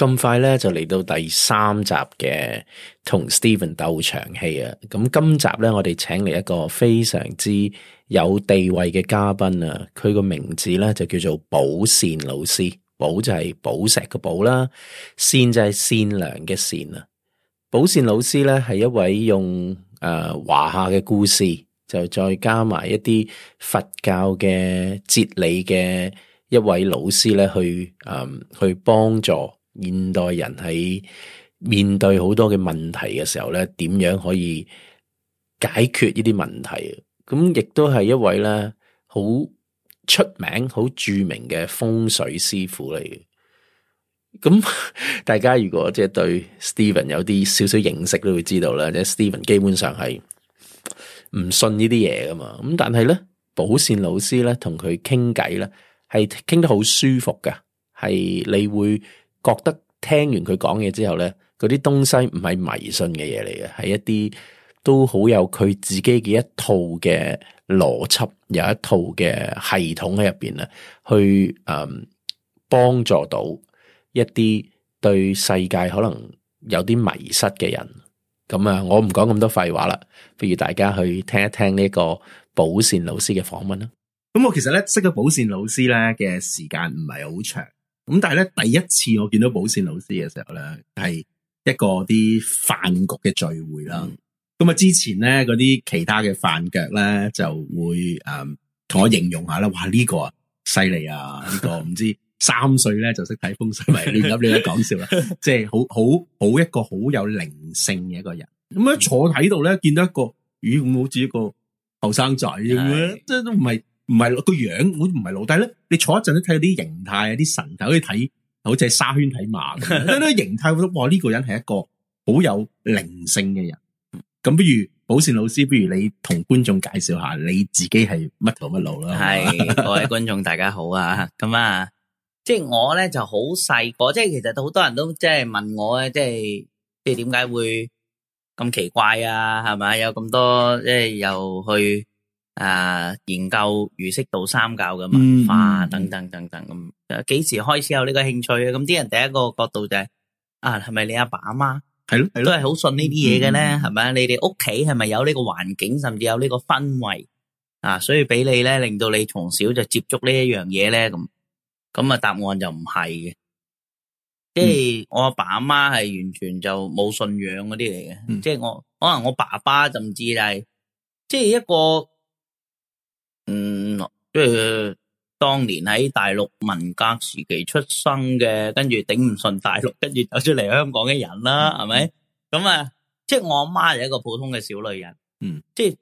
咁快咧就嚟到第三集嘅同 Stephen 鬥長氣啊！咁今集咧我哋請嚟一個非常之有地位嘅嘉賓啊！佢個名字咧就叫做寶善老師，寶就係寶石嘅寶啦，善就係善良嘅善啊！寶善老師咧係一位用誒華、呃、夏嘅故事，就再加埋一啲佛教嘅哲理嘅一位老師咧去誒、呃、去幫助。現代人喺面對好多嘅問題嘅時候咧，點樣可以解決呢啲問題？咁亦都係一位咧好出名、好著名嘅風水師傅嚟嘅。咁大家如果即係對 Steven 有啲少少認識，都會知道啦。即係 Steven 基本上係唔信呢啲嘢噶嘛。咁但係咧，寶善老師咧同佢傾偈咧，係傾得好舒服噶，係你會。覺得聽完佢講嘢之後咧，嗰啲東西唔係迷信嘅嘢嚟嘅，係一啲都好有佢自己嘅一套嘅邏輯，有一套嘅系統喺入邊啊，去誒嗯、幫助到一啲對世界可能有啲迷失嘅人。咁啊，我唔講咁多廢話啦，不如大家去聽一聽呢個寶善老師嘅訪問啦。咁我其實咧識咗寶善老師咧嘅時間唔係好長。咁但係咧，第一次我見到寶善老師嘅時候咧，係一個啲飯局嘅聚會啦。咁啊，之前咧嗰啲其他嘅飯腳咧，就會誒同、嗯、我形容下啦。哇，呢、這個啊犀利啊，呢、這個唔知 三歲咧就識睇風水迷亂咁，你都講笑啦。即、就、係、是、好好好一個好有靈性嘅一個人。咁啊，坐喺度咧，見到一個咦，好似一個後生仔咁樣，即係都唔係。唔係個樣，我唔係老底咧。你坐一陣咧，睇到啲形態啊，啲神態，好似睇，好似係沙圈睇馬咁。 形態覺得哇，呢個人係一個好有靈性嘅人。咁不如寶善老師，不如你同觀眾介紹下你自己係乜頭乜路啦。係，各位觀眾大家好啊。咁啊，即係我咧就好細個，即係其實好多人都即係問我咧，即係即係點解會咁奇怪啊？係咪？有咁多即係又去。誒，研究儒釋道三教嘅文化等等等等咁，誒，幾時開始有呢個興趣嘅？咁啲人第一個角度就係，啊，係咪你阿爸阿媽係咯係咯，都係好信呢啲嘢嘅咧？係咪啊？你哋屋企係咪有呢個環境，甚至有呢個氛圍啊？所以俾你咧，令到你從小就接觸呢一樣嘢咧，咁咁啊？答案就唔係嘅，即係我阿爸阿媽係完全就冇信仰嗰啲嚟嘅，即係我可能我爸爸甚至係即係一個。嗯，即係當年喺大陸文革時期出生嘅，跟住頂唔順大陸，跟住走出嚟香港嘅人啦，係咪？咁啊，即係我阿媽係一個普通嘅小女人，嗯，即係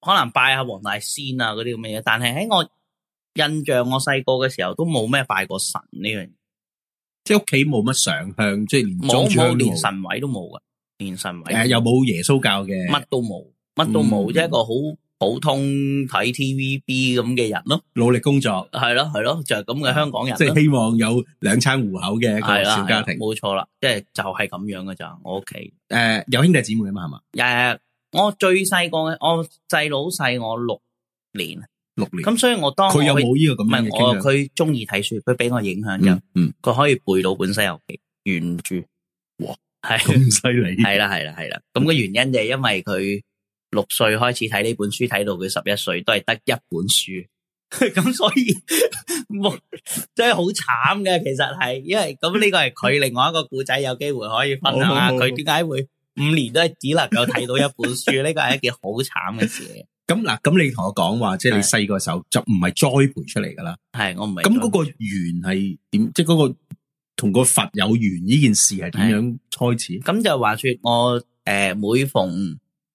可能拜下黃大仙啊嗰啲咁嘅嘢，但係喺我印象，我細個嘅時候都冇咩拜過神呢樣嘢，即係屋企冇乜上香，即係連冇冇連神位都冇嘅，連神位誒又冇耶穌教嘅，乜都冇，乜都冇，即係一個好。普通睇 TVB 咁嘅人咯，努力工作係咯係咯，就係咁嘅香港人。即係希望有兩餐糊口嘅一個小家庭。冇錯啦，即係就係咁樣嘅咋，我屋企。誒，有兄弟姊妹啊嘛係嘛？誒，我最細個，我細佬細我六年，六年。咁所以我當佢有冇呢個咁，唔係我佢中意睇書，佢俾我影響嘅。嗯，佢可以背到本西遊記原著。哇，係咁犀利。係啦係啦係啦，咁嘅原因就係因為佢。六歲開始睇呢本書，睇到佢十一歲都係得一本書，咁 所以冇真係好慘嘅。其實係因為咁，呢個係佢另外一個故仔，有機會可以分享下。佢點解會五年都係只能夠睇到一本書？呢個係一件好慘嘅事。咁嗱，咁你同我講話，即係你細個時候就唔係栽培出嚟噶啦。係我唔係咁，嗰個緣係點？即係嗰個同個佛有緣呢件事係點樣開始？咁就話說我，我、呃、誒每逢。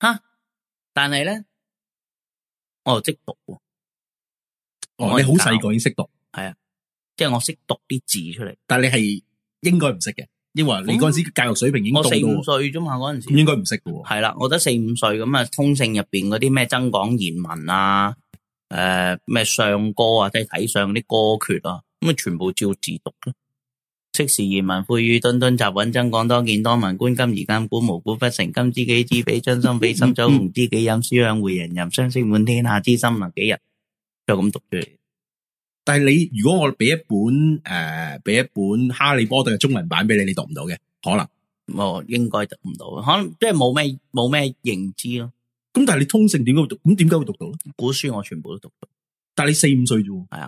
吓，但係咧，我又識讀喎。哦、你好細個已經識讀？係啊，即係我識讀啲字出嚟。但係你係應該唔識嘅，因為你嗰陣時教育水平已經、嗯，我四五歲啫嘛，嗰陣時咁應該唔識嘅。係啦，我得四五歲咁啊，通勝入邊嗰啲咩增廣賢文啊，誒、呃、咩上歌啊，即係睇上啲歌訣啊，咁啊全部照字讀。昔時賢文，誨汝諄諄，集韻增廣。多見多聞，觀今宜鑒古，無古不成今。知己知彼，將心比心。酒逢知己飲，詩向會人吟，相識滿天下，知心能幾人。就咁讀住？但係你如果我俾一本誒，俾一本《哈利波特》嘅中文版俾你，你讀唔到嘅可能，冇應該讀唔到，可能即係冇咩冇咩認知咯。咁但係你通性點解會讀？咁點解會讀到咧？古書我全部都讀到，但係你四五歲啫，係啊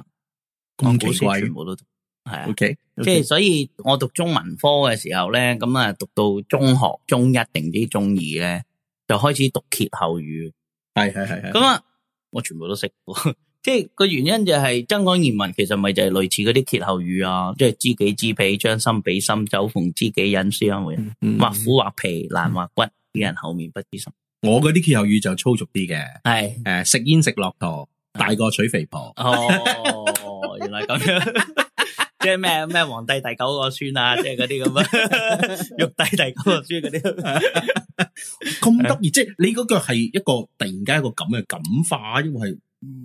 的，講古書全部都讀。係啊，即係 Okay ,、okay. 所以我讀中文科嘅時候咧，咁啊讀到中學中一定啲中二咧，就開始讀歇後語，係係係，咁啊麼我全部都識，即係個原因就係，是《增廣賢文》其實咪就係類似嗰啲歇後語啊，即，就，係，是知己知彼，將心比心，酒逢知己飲，詩香會，畫虎畫皮難畫骨，啲，嗯、人後面不知心。我嗰啲歇後語就粗俗啲嘅，係誒是食煙食駱駝，大個娶肥婆。哦，原來咁樣。即係咩咩皇帝第九個孫啊，即係嗰啲咁樣，玉帝第九個孫嗰啲，咁得意！即係你嗰腳係一個然 Mother,、mm. 突然間一個咁嘅感化，因為係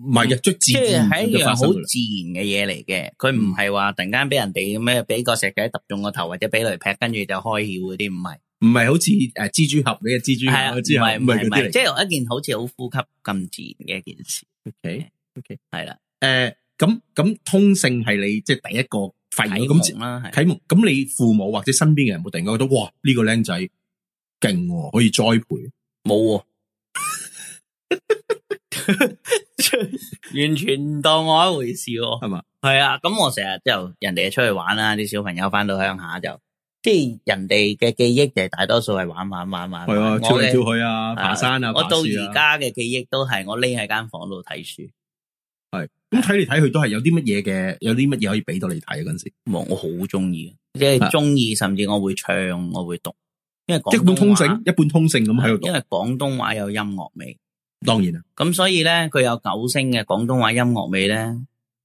唔係日出自然，係一樣好自然嘅嘢嚟嘅，佢唔係話突然間俾人哋咁咩，俾個石仔揼中個頭，或者俾雷劈，跟住就開竅嗰啲，唔係唔係好似誒蜘蛛俠你嘅蜘蛛係啊？唔係唔係，即係一件好似好呼吸咁自然嘅一件事。sk OK OK，係啦，誒。咁咁通勝係你即係第一個訓咁啟蒙啦，係啟蒙。咁你父母或者身邊嘅人冇突然間覺得哇呢、這個僆仔勁喎，可以栽培。冇、啊， 完全唔當我一回事，係嘛？係啊，咁吧我成日就人哋出去玩啦，啲小朋友翻到鄉下就即係人哋嘅記憶就大多數係玩,玩玩玩玩。係啊，跳嚟跳去啊，呢的爬山啊，我到而家嘅記憶都係我匿喺間房度睇書，係。咁睇嚟睇去都係有啲乜嘢嘅？有啲乜嘢可以俾到你睇嗰陣時？冇，我好中意，即係中意，甚至我會唱，我會讀，因為廣東話一般通性，一般通性咁喺度讀。因為廣東話有音樂味，當然啊。咁所以咧，佢有九聲嘅廣東話音樂味咧，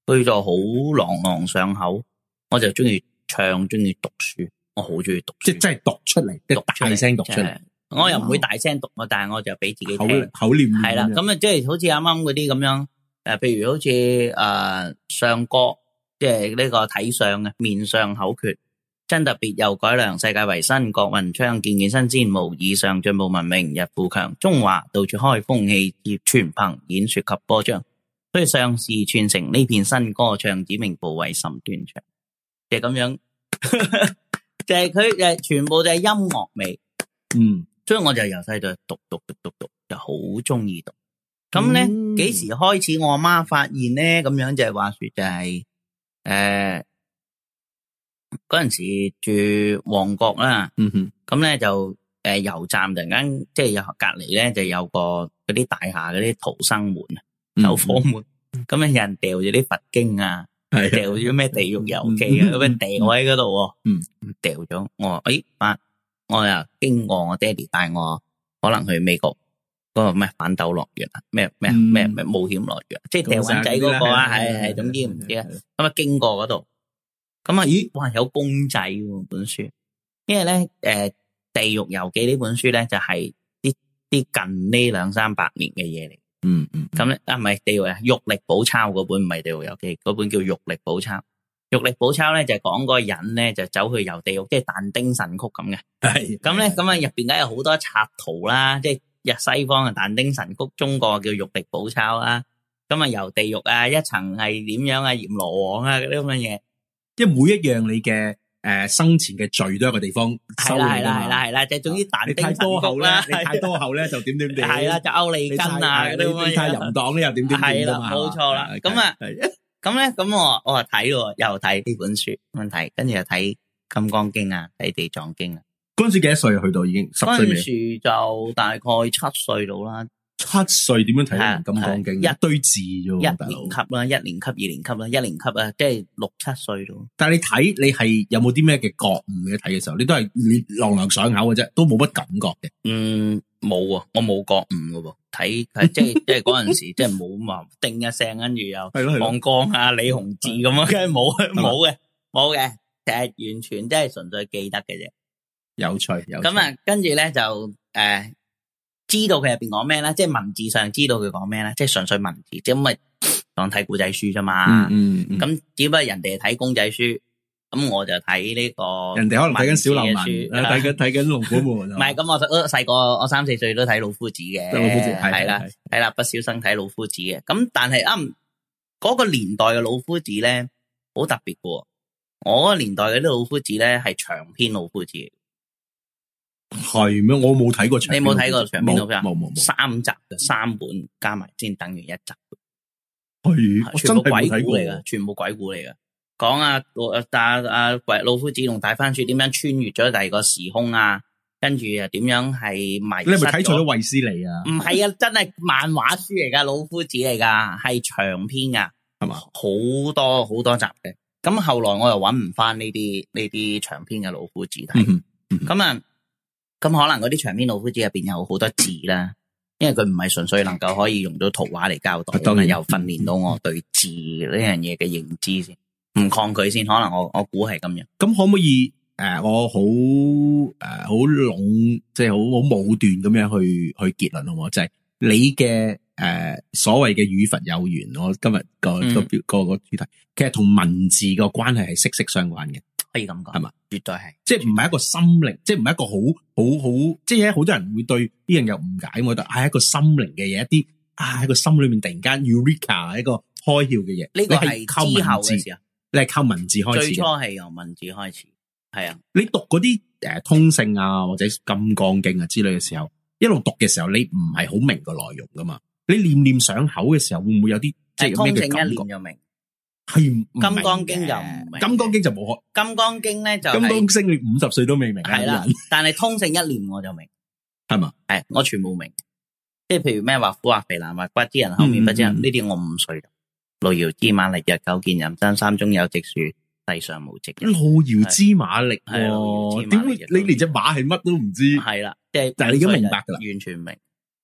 佢就好朗朗上口。我就中意唱，中意讀書，我好中意讀書，即係真係讀出嚟，即大聲讀出嚟。我又唔會大聲讀，但係我就俾自己口口念。係啦，咁啊，即係好似啱啱嗰啲咁樣。誒，譬如好似誒、呃，上歌即係呢個睇相嘅面相口訣，真特別又改良世界維新國運昌，健健身之務以上進步文明日富強，中華到處開風氣，業全憑演說及播章，所以上市串成呢片新歌唱，指明部位甚端詳，就係咁樣， 就係佢誒，全部就係音樂味，嗯，所以我就由細到讀讀讀讀讀，讀，就好中意讀。咁咧，幾時開始我阿媽發現咧？咁樣就係話說、就係呃嗯哼，就係誒，嗰陣時住旺角啦。咁咧就誒，油站突然間即係隔籬咧，就有個嗰啲大廈嗰啲逃生門、走火門，咁、嗯、哼有人掉咗啲佛經啊，掉咗咩地獄遊記啊，咁樣掉喺嗰度。嗯，掉咗我誒，我又、哎、經過我爹哋帶我，可能去美國。個咩反斗樂園啊？咩咩咩咩冒險樂園？即係跳韻仔嗰個啊？係係，總之唔知啊。咁啊，經過嗰度，咁啊，咦？哇，有公仔本書。因為咧，誒，《地獄遊記》呢本書咧就係啲啲近呢兩三百年嘅嘢嚟。嗯嗯。咁咧啊，唔係《地獄》啊，《玉歷寶鈔》嗰本唔係《地獄遊記》，嗰本叫《玉歷寶鈔》。玉歷寶鈔咧就講個人咧就走去遊地獄，即係但丁神曲咁嘅。係。咁咧，咁啊，入邊梗係有好多插圖啦，即係。日西方嘅但丁神曲，中國叫玉曆寶鈔啦。咁啊，由地獄啊，一層係點樣啊，閻羅王啊嗰啲咁嘅嘢，即係每一樣你嘅誒生前嘅罪，都有一個地方收斂噶嘛。係啦係啦係啦係啦，即係總之但丁神曲啦，你太多口咧就點點點。係啦，就勾你脷根啊嗰啲咁嘅嘢。你太淫蕩咧又點點點。係啦，冇錯啦。咁啊，咁咧咁我我話睇咯，又睇呢本書。問題跟住又睇金剛經啊，睇地藏經啊。嗰陣時幾多歲去到已經十歲尾就大概七歲到啦。七歲點樣睇《金剛經》？一,一堆字啫，一年級啦、啊，一年級，二年級啦、啊，一年級啊，即係六七歲到。但係你睇，你係有冇啲咩嘅覺悟嘅睇嘅時候，你都係朗朗上口嘅啫，都冇乜感覺嘅。嗯，冇啊，我冇覺悟噃，睇， 即係即係嗰陣時，即係冇嘛，叮一聲跟住又放光啊，李洪志咁啊，冇嘅， 冇嘅， 冇嘅，其實完全即係純粹記得嘅啫。有趣，有趣。咁啊、嗯，嗯、跟住咧就誒、呃，知道佢入邊講咩咧？即係文字上知道佢講咩咧？即係純粹文字，即係咁啊，當睇故仔書咋嘛？嗯嗯，咁只不過人哋睇公仔書，咁我就睇呢個。人哋可能睇緊小流氓，睇緊睇緊龍虎門。唔係咁，我細個我三四歲都睇老夫子嘅，老夫子係啦，係啦，不小心睇老夫子嘅。咁但係啱嗰個年代嘅老夫子咧，好特別噶。我嗰個年代嗰啲老夫子咧係長篇老夫子。係咩？我冇睇過長。你冇睇過長篇圖？冇冇冇。三集嘅三本加埋先等於一集。係是，真鬼故嚟噶，全部鬼故嚟噶。講啊，阿阿阿老夫子同大番薯點樣穿越咗第二個時空啊？跟住啊，點樣係迷？你係咪睇錯咗衛斯理啊？唔係啊，真係漫畫書嚟噶，老夫子嚟噶，係長篇噶，係嘛嗎？好多好多集嘅。咁後來我又揾唔翻呢啲呢啲長篇嘅老夫子睇。咁啊。咁可能嗰啲長篇老夫子入邊有好多字啦，因為佢唔係純粹能夠可以用到圖畫嚟交代，當然，又訓練到我對字呢樣嘢嘅認知先，唔、嗯、抗拒先，可能我我估係咁樣。咁、嗯、可唔可以誒、呃？我好誒、呃，好籠，即係好好武斷咁樣去去結論好冇？就係、是、你嘅誒、呃、所謂嘅與佛有緣，我今日、嗰個、嗯嗰個、嗰個主題，其實同文字個關係係息息相關嘅。係嘛？絕對係，即係唔係一個心靈，即係唔係一個好好好，即係好多人會對啲人有誤解。我覺得係一個心靈嘅嘢，一啲啊喺個心裏面突然間 Eureka，一個開竅嘅嘢。呢個係靠文字啊，你係靠文字開始。最初係由文字開始，係啊。你讀嗰啲誒通性啊或者金剛經啊之類嘅時候，一路讀嘅時候，你唔係好明個內容噶嘛？你念念上口嘅時候，會唔會有啲即係咩感覺？係《是是金剛經，就金剛經就》金剛經就唔、是、明，了《金剛經》就冇學，《金剛經》咧就金剛聖你五十歲都未明，係啦。但係通性一年我就明，係嘛嗎？係我全部明，即係譬如咩話虎、話肥、難、話骨啲人，後面不知人呢啲、嗯、我五歲。路遙知馬力，日久見人心，山中有直樹，世上無直人。路遙知馬力、啊，係哦？點會你連隻馬係乜都唔知？係啦，即係但係你已經明白噶啦，完全明，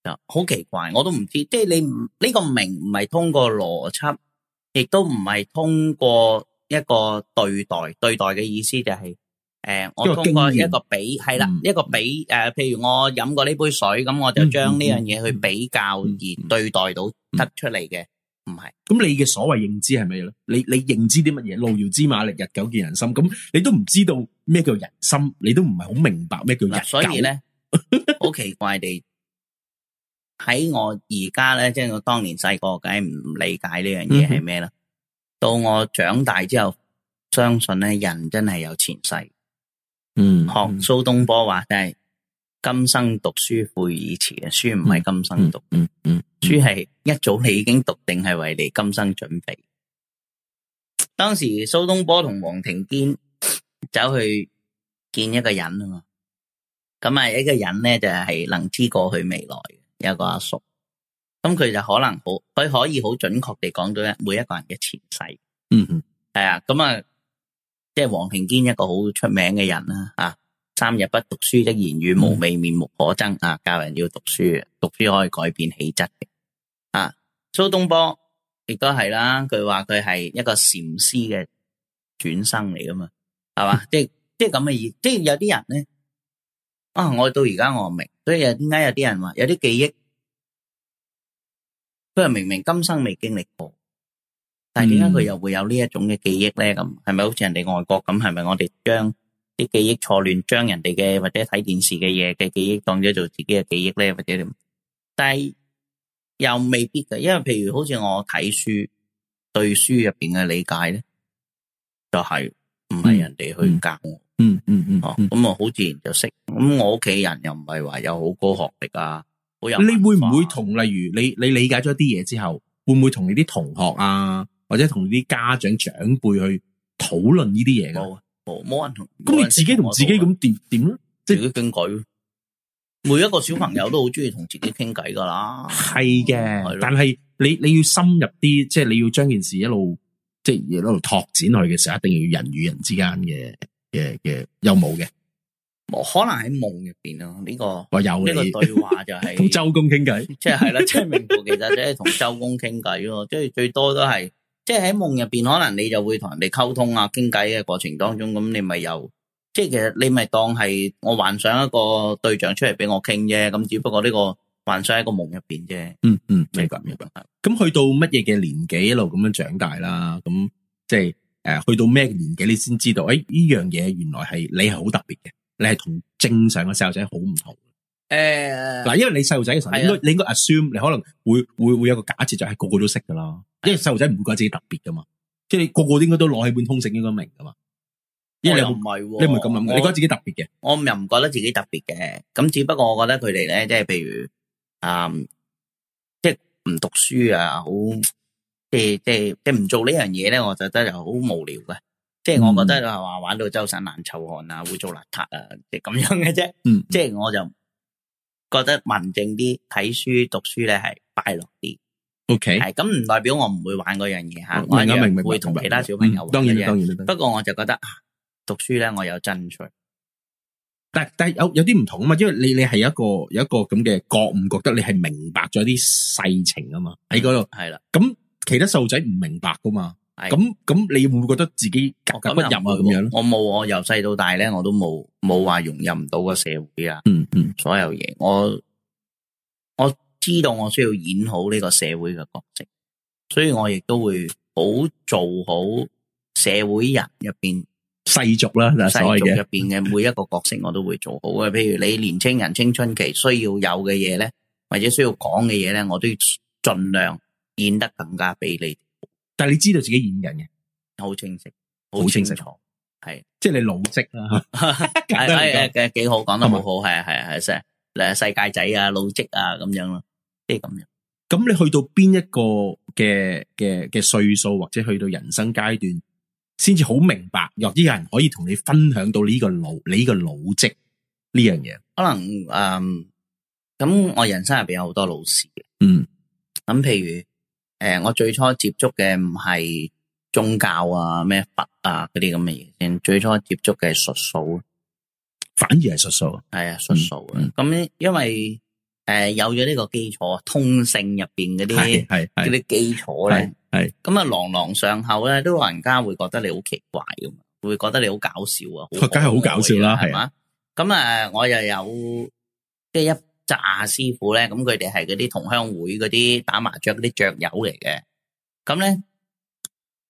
就好奇怪，我都唔知，即係你呢、這個明唔係通過邏輯？亦都唔係通過一個對待對待嘅意思，就係誒，我通過一個比係啦，一個比誒，譬如我飲過呢杯水，咁我就將呢樣嘢去比較而對待到得出嚟嘅，唔係。咁你嘅所謂認知係咩咧？你你認知啲乜嘢？路遙知馬力，日久見人心。咁你都唔知道咩叫人心，你都唔係好明白咩叫人。所以咧，好奇怪哋。喺我而家咧，即係我當年細個，梗係唔理解呢樣嘢係咩啦。嗯、到我長大之後，相信咧人真係有前世。嗯，學蘇東坡話，就係今生讀書悔已遲嘅書，唔係今生讀，嗯嗯，嗯嗯嗯書係一早你已經讀定，係爲你今生準備。當時蘇東坡同黃庭堅走去見一個人啊嘛，咁啊，一個人咧就係能知過去未來。有個阿叔，咁佢就可能好，佢可以好準確地講到一每一個人嘅前世。嗯嗯哼，係啊，咁啊，即係黃庭堅一個好出名嘅人啦。啊，三日不讀書，則言語無味，嗯、面目可憎。啊，教人要讀書，讀書可以改變氣質。啊，蘇東坡亦都係啦，佢話佢係一個禪師嘅轉生嚟噶嘛，係嘛？ 即係即係咁嘅意，即係有啲人咧啊，我到而家我明。所以有點解有啲人話有啲記憶，都係明明今生未經歷過，但係點解佢又會有呢一種嘅記憶咧？咁係咪好似人哋外國咁？係咪我哋將啲記憶錯亂，將人哋嘅或者睇電視嘅嘢嘅記憶當咗做自己嘅記憶咧？或者點？但係又未必嘅，因為譬如好似我睇書，對書入邊嘅理解咧，就係唔係人哋去教我。嗯嗯嗯嗯嗯哦，咁啊，好自然就識咁。我屋企人又唔係話有好高學歷啊，好有文化，啊你會會。你會唔會同例如你你理解咗啲嘢之後，會唔會同你啲同學啊，或者同你啲家長長輩去討論呢啲嘢？冇冇人同。咁你自己同自己咁點點咧？即係啲傾偈。每一個小朋友都好中意同自己傾偈噶啦。係嘅，但係你你要深入啲，即係你要將件事一路即係一路拓展去嘅時候，一定要人與人之間嘅。嘅嘅有冇嘅？可能喺夢入邊咯，呢個我有呢個對話就係同周公傾偈，即係啦，即係明道其實即係同周公傾偈咯，即係最多都係即係喺夢入邊，可能你就會同人哋溝通啊，傾偈嘅過程當中，咁你咪又，即係其實你咪當係我幻想一個對象出嚟俾我傾啫，咁只不過呢個幻想喺個夢入邊啫。嗯嗯，明白，明白。咁去到乜嘢嘅年紀，一路咁樣長大啦，咁即係。誒，去到咩年紀你先知道？誒，呢樣嘢原來係你係好特別嘅，你係同正常嘅細路仔好唔同。誒，嗱，因為你細路仔嘅時候，你應該你應該 assume 你可能會會會有個假設，就係個個都識噶啦。因為細路仔唔會覺得自己特別噶嘛，即係你個個應該都攞起本通勝，應該明噶嘛。我又唔係，你唔係咁諗嘅？你覺得自己特別嘅？我又唔覺得自己特別嘅，咁只不過我覺得佢哋咧，即係譬如，嗯，即係唔讀書啊，好。即係即係即係唔做呢樣嘢咧，我覺得就好無聊嘅。即係我覺得係話玩到周身難臭汗啊，會做邋遢啊，即係咁樣嘅啫。嗯。即係我就覺得文靜啲睇書讀書咧係快樂啲。O K 係咁，唔代表我唔會玩嗰樣嘢吓。我一樣會同其他小朋友玩嘅。當然當然。不過我就覺得讀書咧，我有爭取。但但有有啲唔同啊嘛，因為你你係一個有一個咁嘅覺悟，覺得你係明白咗啲細情啊嘛，喺嗰度係啦咁。其他細路仔唔明白噶嘛，咁咁是的 你會唔會覺得自己格格不入啊？咁樣我，我冇我由細到大咧，我都冇冇話融入唔到個社會啊。、嗯，嗯嗯，所有嘢，我我知道我需要演好呢個社會嘅角色，所以我亦都會好做好社會人入邊、嗯、世俗啦，世、就是、族入邊嘅每一個角色我都會做好嘅。譬 如你年青人，青春期需要有嘅嘢咧，或者需要講嘅嘢咧，我都盡量。演得更加俾你，但係你知道自己演人嘅，好清晰，好清晰，係是，即係你老積啦、啊，梗係梗幾好，講得冇好，係啊係啊係，即係世界仔老啊老積啊咁樣咯，即係咁樣。咁你去到邊一個嘅嘅嘅歲數，或者去到人生階段，先至好明白，有啲人可以同你分享到呢個老，你呢個老積呢樣嘢，可能嗯，咁我人生入邊有好多老師嘅，嗯，咁譬如。誒，我最初接觸嘅唔係宗教啊，咩佛啊嗰啲咁嘅嘢，先最初接觸嘅術數，反而係術數，係啊術數啊。咁因為誒有咗呢個基礎，通勝入邊嗰啲，嗰啲基礎咧，係咁啊，朗朗上口咧，都老人家會覺得你好奇怪㗎嘛，會覺得你好搞笑啊，梗係好搞笑啦，係嘛？咁啊，我又有即係一。炸師傅咧，咁佢哋係嗰啲同鄉會嗰啲打麻雀嗰啲雀友嚟嘅，咁咧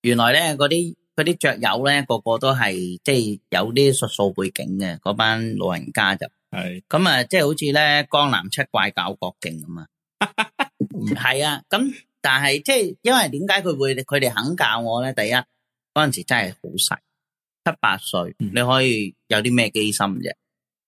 原來咧嗰啲嗰啲雀友咧個個都係即係有啲術數背景嘅，嗰班老人家就係咁啊，即係好似咧江南七怪教郭靖咁啊，係啊，咁但係即係因為點解佢會佢哋肯教我咧？第一嗰陣時真係好細，七八歲，你可以有啲咩機心啫？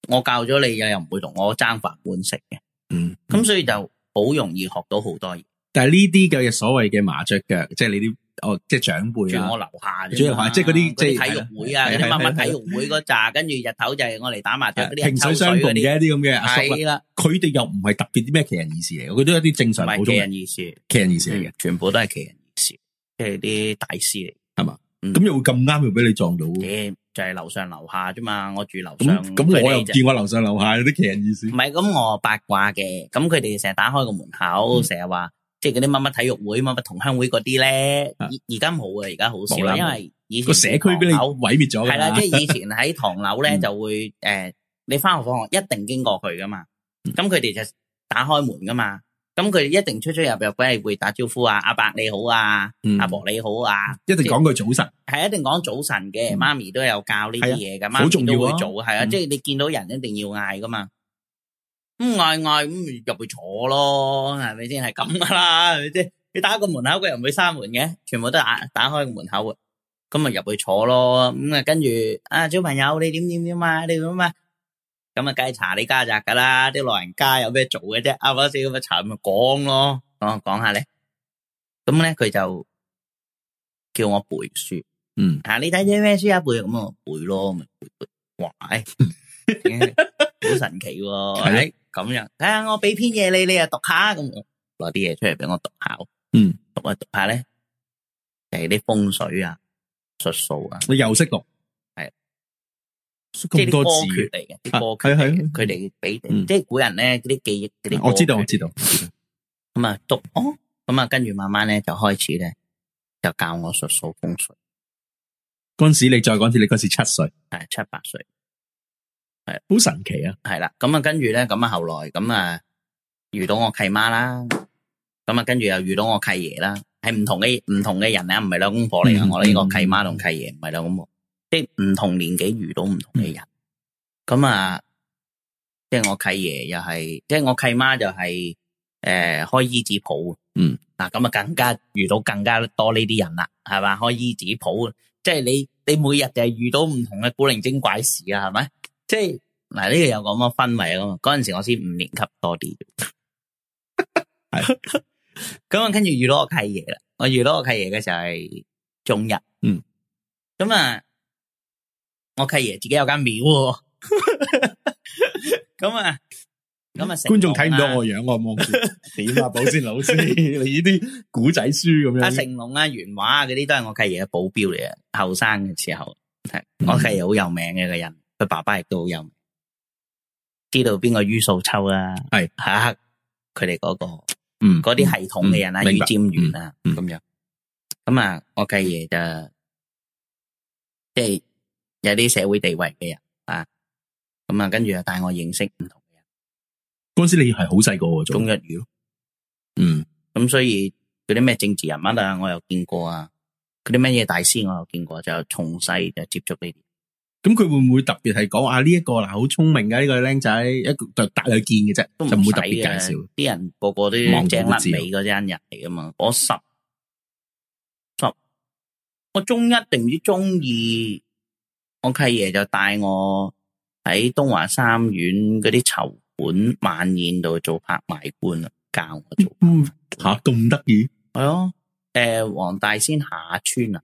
我教咗你嘅又唔會同我爭飯碗食嘅，嗯，咁所以就好容易學到好多嘢。但係呢啲嘅所謂嘅麻雀腳，即係你啲哦，即係長輩啊，即係我樓下，即係嗰啲即係體育會啊，有啲乜乜體育會嗰扎，跟住日頭就係我嚟打麻雀嗰啲，萍水相投嘅啲咁嘅阿叔啦。佢哋又唔係特別啲咩奇人異事嚟，我覺得有啲正常。唔係奇人異事。奇人異事嚟嘅，全部都係奇人異事，即係啲大師嚟，係嘛？咁又會咁啱，又俾你撞到。就係樓上樓下啫嘛，我住樓上。咁咁我又見我樓上樓下有啲奇人異事。唔係，咁我八卦嘅，咁佢哋成日打開個門口，成日話即係嗰啲乜乜體育會、乜乜同鄉會嗰啲咧。而而家冇啊，而家好少啦，因為個社區畀你毀滅咗。係啦，即係以前喺唐樓咧，就會誒，你翻學放學一定經過佢噶嘛，咁佢哋就打開門噶嘛。咁佢一定出出入入，佢係會打招呼啊，阿伯你好啊，阿婆你好啊，一定講句早晨，係一定講早晨嘅，媽咪都有教呢啲嘢噶嘛，媽咪好重要都會做，係啊，即係你見到人一定要嗌噶嘛，咁嗌嗌咁入去坐咯，係咪先係咁啦，係咪先？你打個門口，佢又唔會閂門嘅，全部都打打開個門口啊，咁啊入去坐咯，咁啊跟住啊小朋友，你點點點啊，你好嘛？咁啊，梗係查你家宅噶啦，啲老人家有咩做嘅啫，啱唔啱先咁啊？查咪講咯，講講下咧。咁咧佢就叫我背書，嗯吓，你睇睇咩書啊？背咁啊，背咯咪，背背，喂，好神奇喎，係咁樣啊？睇下，我俾篇嘢你，你啊讀下咁，攞啲嘢出嚟俾我讀下，嗯，讀下讀下咧，係啲風水啊、術數啊，你又識讀。即係啲歌訣嚟嘅，啲歌訣，佢哋俾即係古人咧嗰啲記憶嗰啲。我知道，我知道。咁啊，讀我，咁啊，跟住慢慢咧就開始咧，就教我術數風水。嗰時你再講次，你嗰時七歲，係七八歲，係好神奇啊！係啦，咁啊，跟住咧，咁啊，後來咁啊，遇到我契媽啦，咁啊，跟住又遇到我契爺啦，係唔同嘅唔同嘅人啊，唔係兩公婆嚟啊！我呢個契媽同契爺唔係兩公婆。即係唔同年紀遇到唔同嘅人，咁、嗯、啊，即係我契爺又係，即係我契媽就係、是、誒、呃、開醫字鋪，嗯，嗱咁啊更加遇到更加多呢啲人啦，係嘛，開醫字鋪，即係你你每日就係遇到唔同嘅古靈精怪事啊，係咪？即係嗱呢個有咁嘅氛圍啊嘛，嗰陣時我先五年級多啲，咁啊跟住遇到我契爺啦，我遇到我契爺嘅時候係中一，嗯，咁啊。我契爺自己有間廟，咁啊，咁啊，啊， 啊，成觀眾睇唔到我樣，我望住點啊？寶善老師，你呢啲古仔書咁樣，阿成龍啊，原畫啊，嗰啲都係我契爺嘅保鏢嚟啊。後生嘅時候， 我契爺好有名嘅一個人，佢爸爸亦都好有名，知道邊個 是、那個于素秋啊？係，下一刻佢哋嗰個，嗯，嗰啲系統嘅人啊，于占元啊，咁樣。咁啊，我契爺就即係。有啲社會地位嘅人啊，咁啊，跟住又帶我認識唔同嘅人。嗰陣時你係好細個，中一完，嗯，咁所以嗰啲咩政治人物啊，我又見過啊，嗰啲咩嘢大師我又見過，就從細就接觸呢啲。咁佢會唔會特別係講啊？呢一個嗱，好聰明嘅呢個僆仔，一個就帶佢見嘅啫，就唔會特別介紹。啲人個個都望住個字，嗰陣人嚟噶嘛。我十十，我中一定唔知中二。我契爺就帶我喺東華三院嗰啲籌館晚宴度做拍賣官啦，教我做。吓咁得意係啊，誒，黃、哎呃、大仙下村啊，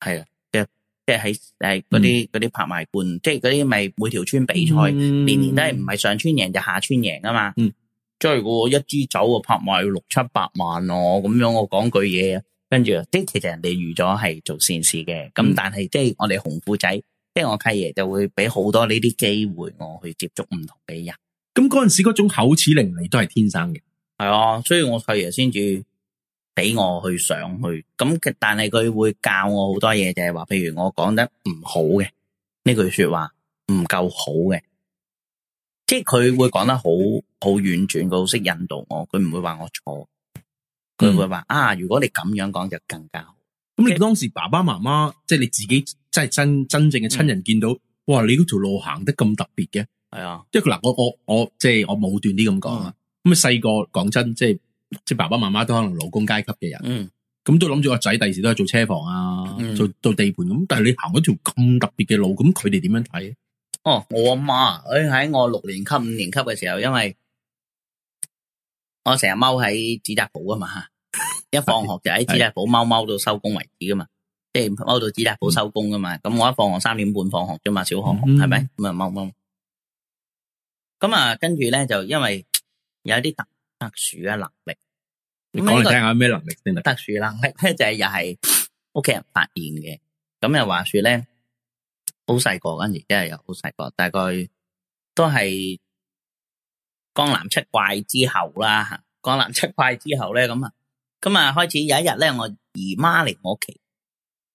係啊，即係即係喺誒嗰啲啲拍賣官，即係嗰啲咪每條村比賽，年、嗯、年都係唔係上村贏就是、下村贏噶嘛。即係、嗯、一支酒嘅拍賣要六七百萬咯，啊，咁樣我講句嘢，啊，跟住即係其實人哋預咗係做善事嘅，咁、嗯、但係即係我哋紅褲仔。即係我契爺就會俾好多呢啲機會我去接觸唔同嘅人，咁嗰陣時嗰種口齒伶俐都係天生嘅，係啊，所以我契爺先至俾我去上去，咁但係佢會教我好多嘢，就係話，譬如我講得唔好嘅呢句說話唔夠好嘅，即係佢會講得好好婉轉，佢好識引導我，佢唔會話我錯，佢唔會話，嗯，啊，如果你咁樣講就更加好。咁你當時爸爸媽媽即係、就是、你自己真，即係真真正嘅親人見到，嗯、哇！你嗰條路行得咁特別嘅，係啊，即係嗱，我我我即係我武斷啲咁講啊。咁啊細個講真，即係即係爸爸媽媽都可能勞工階級嘅人，咁、嗯、都諗住個仔第時都係做車房啊，做做地盤咁。但係你行嗰條咁特別嘅路，咁佢哋點樣睇？哦，我阿媽，媽，佢喺我六年級五年級嘅時候，因為我成日踎喺紙紮舖啊嘛。一放學就喺紙紮舖踎，踎到收工為止噶嘛，即係踎到紙紮舖收工噶嘛。咁我一放學三點半放學啫嘛，小學係咪？咁啊踎踎咁啊，跟住咧就因為有啲特特殊嘅能力。你講嚟聽下咩能力先啦？特殊能力咧就又係屋企人發現嘅。咁又話說咧，好細個嗰陣時真係又好細個，大概都係江南七怪之後啦。江南七怪之後咧咁啊。咁啊，開始有一日咧，我姨媽嚟我屋企。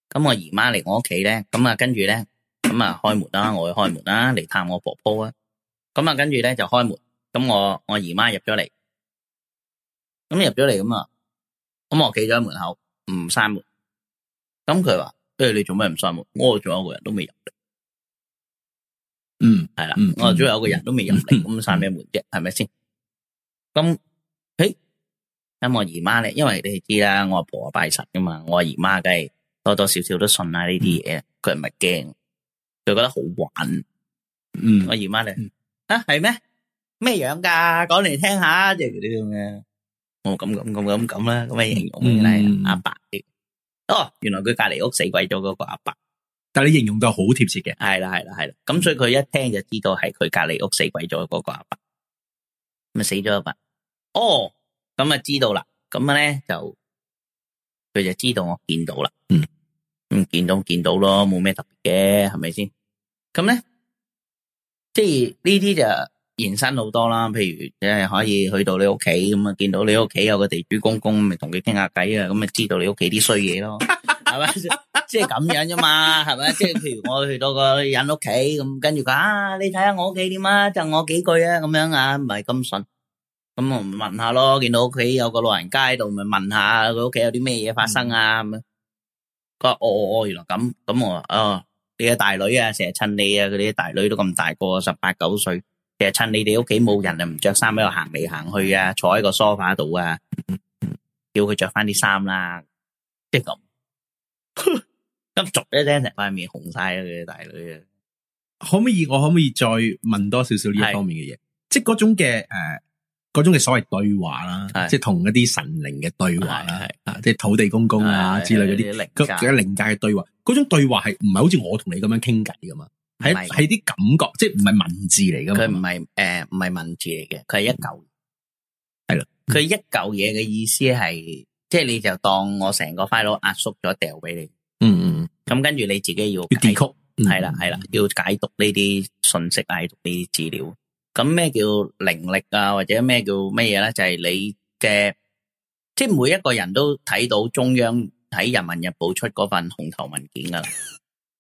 咁我姨媽嚟我屋企咧，咁啊，跟住咧，咁啊，開門啦，我去開門啦，嚟探我婆婆啊。咁啊，跟住咧就開門。咁我我姨媽入咗嚟。咁你入咗嚟咁啊，咁我企咗喺門口，唔閂門。咁佢話，誒，你做咩唔閂門？我仲有個人都未入嚟。嗯，係啦，我仲有個人都未入嚟，咁閂咩門啫？係咪先？咁。咁我姨媽咧，因為你哋知啦，我阿婆拜神噶嘛，我阿姨媽梗係多多少少都信下呢啲嘢，佢唔係驚，佢覺得好玩。嗯，我姨媽咧，啊係咩咩樣噶？講嚟聽下，即係嗰啲咁嘅。哦，我咁咁咁咁咁啦，咁樣形容啦，阿伯。哦，原來佢隔籬屋死鬼咗嗰個阿伯。但係你形容到好貼切嘅。係啦，係啦，係啦。咁所以佢一聽就知道係佢隔籬屋死鬼咗嗰個阿伯。咁啊死咗阿伯。哦。咁啊，知道啦，咁啊咧就佢就知道我見到啦，嗯，咁見到見到咯，冇咩特別嘅，係咪先？咁咧，即係呢啲就延伸好多啦。譬如即係可以去到你屋企咁啊，見到你屋企有個地主公公，咪同佢傾下偈啊，咁咪知道你屋企啲衰嘢咯，係咪？即係咁樣啫嘛，係咪？即係譬如我去到個人屋企咁，跟住佢啊，你睇下我屋企點啊，贈我幾句啊，咁樣啊，唔係咁順。咁我咪問下咯，見到屋企有個老人家喺度，咪問下佢屋企有啲咩嘢發生啊？咁啊，哦哦，原來咁，咁我話，哦，你嘅大女啊，成日趁你啊，佢啲大女都咁大個，十八九歲，成日趁你哋屋企冇人啊，唔着衫喺度行嚟行去啊，坐喺個梳化度啊，叫佢着翻啲衫啦，即係咁，咁逐一咧成塊面紅晒啦，佢大女啊，可唔可以？我可唔可以再問多少少呢一方面嘅嘢？即係嗰種嘅誒。嗰種嘅所謂對話啦，即係同一啲神靈嘅對話啦，啊，即係土地公公啊之類嗰啲靈，佢而家靈界嘅對話，嗰種對話係唔係好似我同你咁樣傾偈噶嘛？係係啲感覺，即係唔係文字嚟噶嘛？佢唔係誒，唔係文字嚟嘅，佢係一嚿。係啦，佢一嚿嘢嘅意思係，即係你就當我成個 file 壓縮咗掉俾你。嗯嗯，咁跟住你自己要解讀，係啦係啦，要解讀呢啲信息啊，解讀呢啲資料。咁咩叫靈力啊？或者咩叫咩嘢咧？就係、是、你嘅，即係每一個人都睇到中央喺《人民日報》出嗰份紅頭文件噶啦，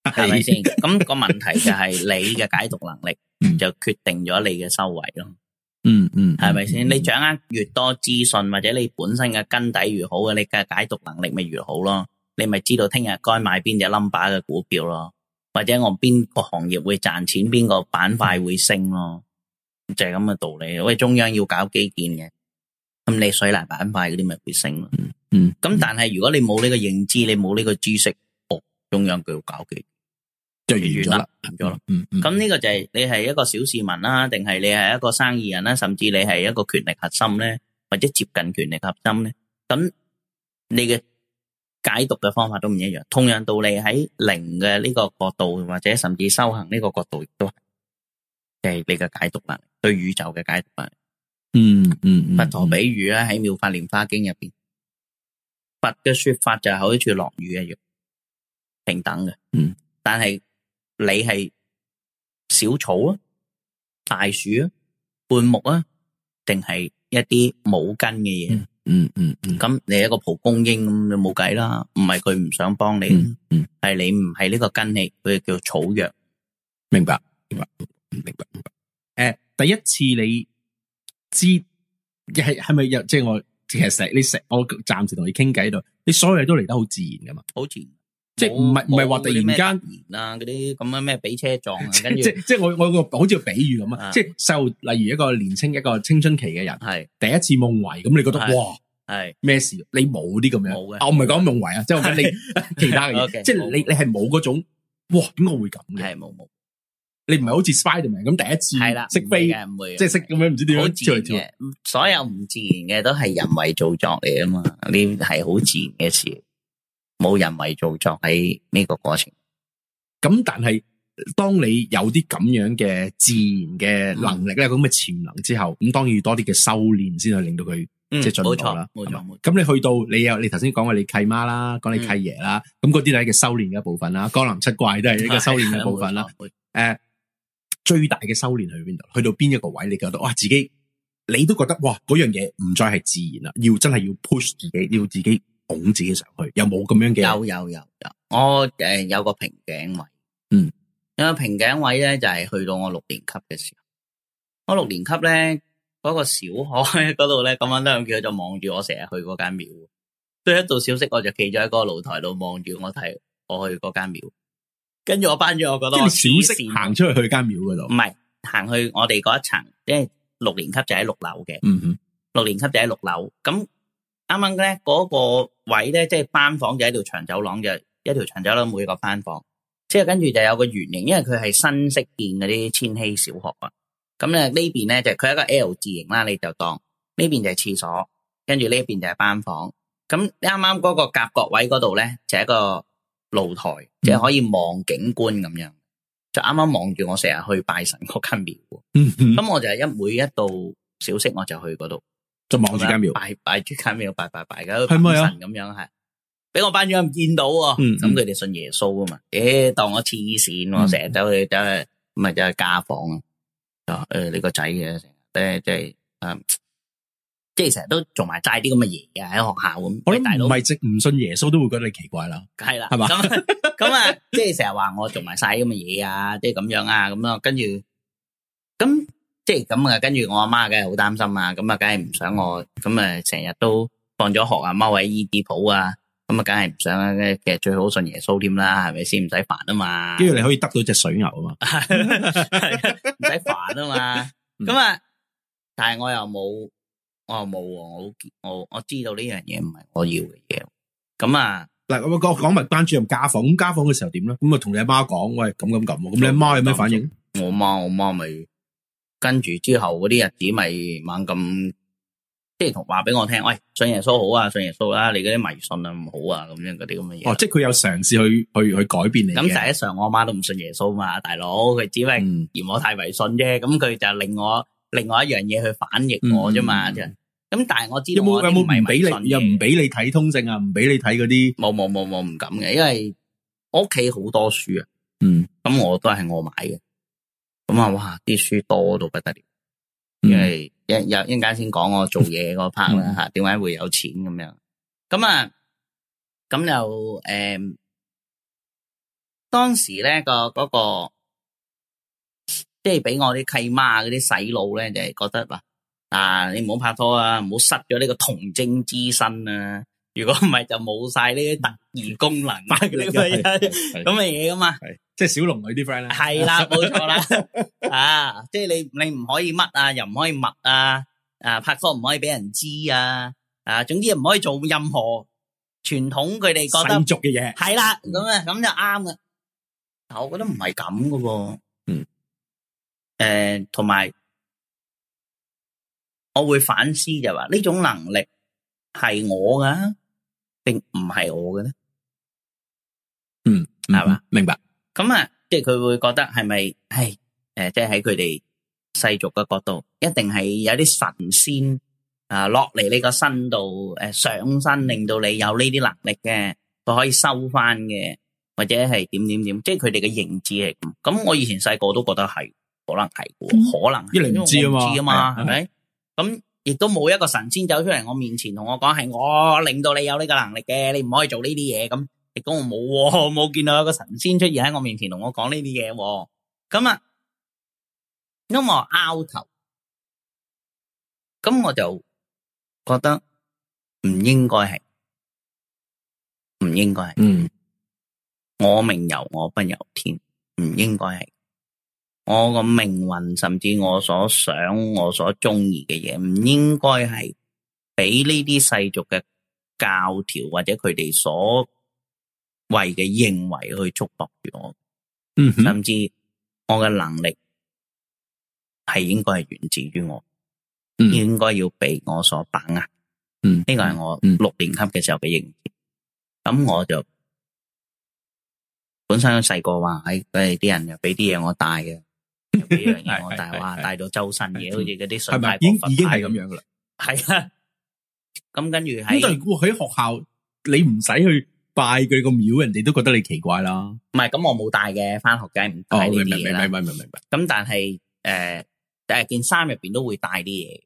係咪先？咁 個問題就係你嘅解讀能力就決定咗你嘅收圍咯。嗯嗯，係咪先？你掌握越多資訊，或者你本身嘅根底越好嘅，你嘅解讀能力咪越好咯？你咪知道聽日該買邊隻 number 嘅股票咯，或者我邊個行業會賺錢，邊個板塊會升咯。 就係咁嘅道理。喂，中央要搞基建嘅，咁你水泥板塊嗰啲咪會升咯。嗯，咁但係如果你冇呢個認知，你冇呢個知識，哦，中央就要搞基建，就完咗啦，完咗啦。嗯，咁呢個就係你係一個小市民啦，定係你係一個生意人啦，甚至你係一個權力核心咧，或者接近權力核心咧，咁你嘅解讀嘅方法都唔一樣。同樣道理喺零嘅呢個角度，或者甚至修行呢個角度亦都係你嘅解讀啦。對宇宙嘅解讀啊，嗯嗯，佛陀比喻咧喺《妙法蓮花經》入邊，佛嘅說法就係好似落雨一樣，平等嘅，嗯。但係你係小草啊、大樹啊、灌木啊，定係一啲冇根嘅嘢？嗯嗯嗯。咁你係一個蒲公英咁，你冇計啦，唔係佢唔想幫你，嗯，係你唔係呢個根器，佢叫草藥。明白，明白，明白，明白。誒。第一次你知係係咪又即係我其實你成我暫時同你傾偈度，你所有嘢都嚟得好自然㗎嘛，好自然，即係唔係唔係話突然間啊嗰啲咁樣咩俾車撞啊，跟住即係我我個好似比喻咁啊，即係就例如一個年輕一個青春期嘅人係第一次夢遺咁，你覺得哇係咩事？你冇啲咁樣，我唔係講夢遺啊，即係你其他嘅，嘢。」即係你你係冇嗰種哇，點解會咁嘅？係冇冇。你唔係好似 Spiderman 咁第一次識飛，唔會即係識咁樣，唔知點樣跳嚟跳。所有唔自然嘅都係人為造作嚟啊嘛，呢啲係好自然嘅事，冇人為造作喺呢個過程。咁但係當你有啲咁樣嘅自然嘅能力咧，有咁嘅潛能之後，咁當然要多啲嘅修煉先去令到佢即係進步啦。冇錯，冇錯。咁你去到你有你頭先講過你契媽啦，講你契爺啦，咁嗰啲係嘅修煉嘅部分啦。江南七怪都係一個修煉嘅部分啦。誒。最大嘅修煉去邊度？去到邊一個位？你覺得哇，自己你都覺得哇，嗰樣嘢唔再係自然啦，要真係要 push 自己，要自己拱自己上去，有冇咁樣嘅。有有有有，我誒、呃、有個瓶頸位，嗯，有個瓶頸位咧就係、是、去到我六年級嘅時候，我六年級咧嗰、那個小學嗰度咧，咁樣都咁叫就望住我成日去嗰間廟，所以一到小息我就企喺個露台度望住我睇我去嗰間廟。跟住我班咗，我覺得我小息行時出去去間廟嗰度，唔係行去我哋嗰一層，即係六年級就喺六樓嘅。嗯哼，六年級就喺六樓。咁啱啱咧嗰個位咧，即係班房就一條長走廊嘅一條長走廊，走廊每個班房，即係跟住就有個圓形，因爲佢係新式建嗰啲千禧小學啊。咁咧呢邊咧就佢一個 L 字形啦，你就當呢邊就係廁所，跟住呢邊就係班房。咁啱啱嗰個夾角位嗰度咧就一個。露台即係、就是、可以望景觀咁樣，就啱啱望住我成日去拜神嗰間廟，咁 我就係一每一度小息我就去嗰度就望住間廟拜拜住間廟拜拜拜，喺度拜，拜，拜，拜，拜神咁樣係，俾嗎我班主任見到啊，咁佢哋信耶穌啊嘛，耶、欸、當我黐線，我成日走去走去，唔係、嗯、就係家訪啊，誒呢個仔嘅，成日誒即係啊。嗯嗯即係成日都做埋晒啲咁嘅嘢嘅喺學校咁，我啲大佬唔係即唔信耶穌都會覺得你奇怪啦，係啦，係嘛吧？咁 啊，即係成日話我做埋晒咁嘅嘢啊，即係咁樣啊，咁咯，跟住咁即係咁啊，跟住我阿媽梗係好擔心啊，咁、嗯、啊，梗係唔想我咁啊，成日都放咗學啊，踎喺醫啲鋪啊，咁啊，梗係唔想啊。其實最好信耶穌添啦，係咪先？唔使煩啊嘛，跟住你可以得到隻水牛 啊，嘛、 嗯，唔使煩啊嘛。咁啊，但係我又冇。我冇，我我我知道呢樣嘢唔係我要嘅嘢。咁啊，嗱，我講講埋班主任家訪，咁家訪嘅時候點咧？咁啊，同你阿媽講，喂，咁咁咁，咁你阿媽有咩反應？我媽，我媽咪跟住之後嗰啲日子咪猛咁，即係同話俾我聽，喂，信耶穌好啊，信耶穌啦，你嗰啲迷信啊唔好啊，咁樣嗰啲咁嘅嘢。哦，即係佢有嘗試去去去改變你。咁第一常我阿媽都唔信耶穌啊嘛，大佬佢只係嫌我太迷信啫，咁佢就令我。另外一樣嘢去反映我啫嘛，咁但係我知道我啲又唔俾你，又唔俾你睇通勝啊，唔俾你睇嗰啲。冇冇冇冇，唔敢嘅，因為我屋企好多書啊。嗯，咁我都係我買嘅。咁啊，哇！啲書多到不得了。因為一陣間先講我做嘢嗰 part 啦吓，點解會有錢咁樣？咁啊，咁又誒，當時咧個嗰個。即係俾我啲契媽嗰啲洗腦咧，就係覺得啦啊，你唔好拍拖啊，唔好失咗呢個童貞之身啊！如果唔係就冇晒呢啲特異功能啊！咁嘅嘢噶嘛，即係小龍女啲 friend 咧係啦，冇錯啦啊！即係你你唔可以乜啊，又唔可以乜啊啊，拍拖唔可以俾人知啊啊，總之又唔可以做任何傳統佢哋覺得族嘅嘢係啦，咁啊咁就啱嘅。但我覺得唔係咁噶噃。誒，同埋、呃、我會反思就話呢種能力係我噶，定唔係我嘅咧？嗯，係嘛？明白。咁吧白啊，即係佢會覺得係咪？係誒，即係喺佢哋世俗嘅角度，一定係有啲神仙啊落嚟呢個身度，誒、啊、上身，令到你有呢啲能力嘅，佢可以收翻嘅，或者係點點點，即係佢哋嘅認知係咁。咁我以前細個都覺得係。可能係，可能你唔知啊嘛，係 咪？咁亦都冇一個神仙走出嚟我面前我，同我講係我令到你有呢個能力嘅，你唔可以做呢啲嘢。咁亦都冇，冇見到有個神仙出現喺我，我面前同我講呢啲嘢。咁啊，咁我拗頭，咁我就覺得唔應該係，唔應該係。嗯，我命由我不由天，唔應該係。我個命運，甚至我所想、我所中意嘅嘢，唔應該係俾呢啲世俗嘅教條或者佢哋所謂嘅認為去束縛住我。嗯、哼甚至我嘅能力係應該係源自於我，嗯、應該要俾我所把握。呢個係我六年級嘅時候嘅認知。咁我就本身細個話，佢哋、哎、啲人又俾啲嘢我帶嘅。幾樣嘢我帶哇，帶咗周身嘅，好似嗰啲神牌、佛牌，係咪？已經已經係咁樣噶啦。係啊，咁跟住喺喺學校，你唔使去拜佢個廟，人哋都覺得你奇怪啦。唔係，咁我冇帶嘅，翻學梗唔帶呢啲嘢啦。明白，明白，明白。咁但係誒，第二件衫入邊都會帶啲嘢。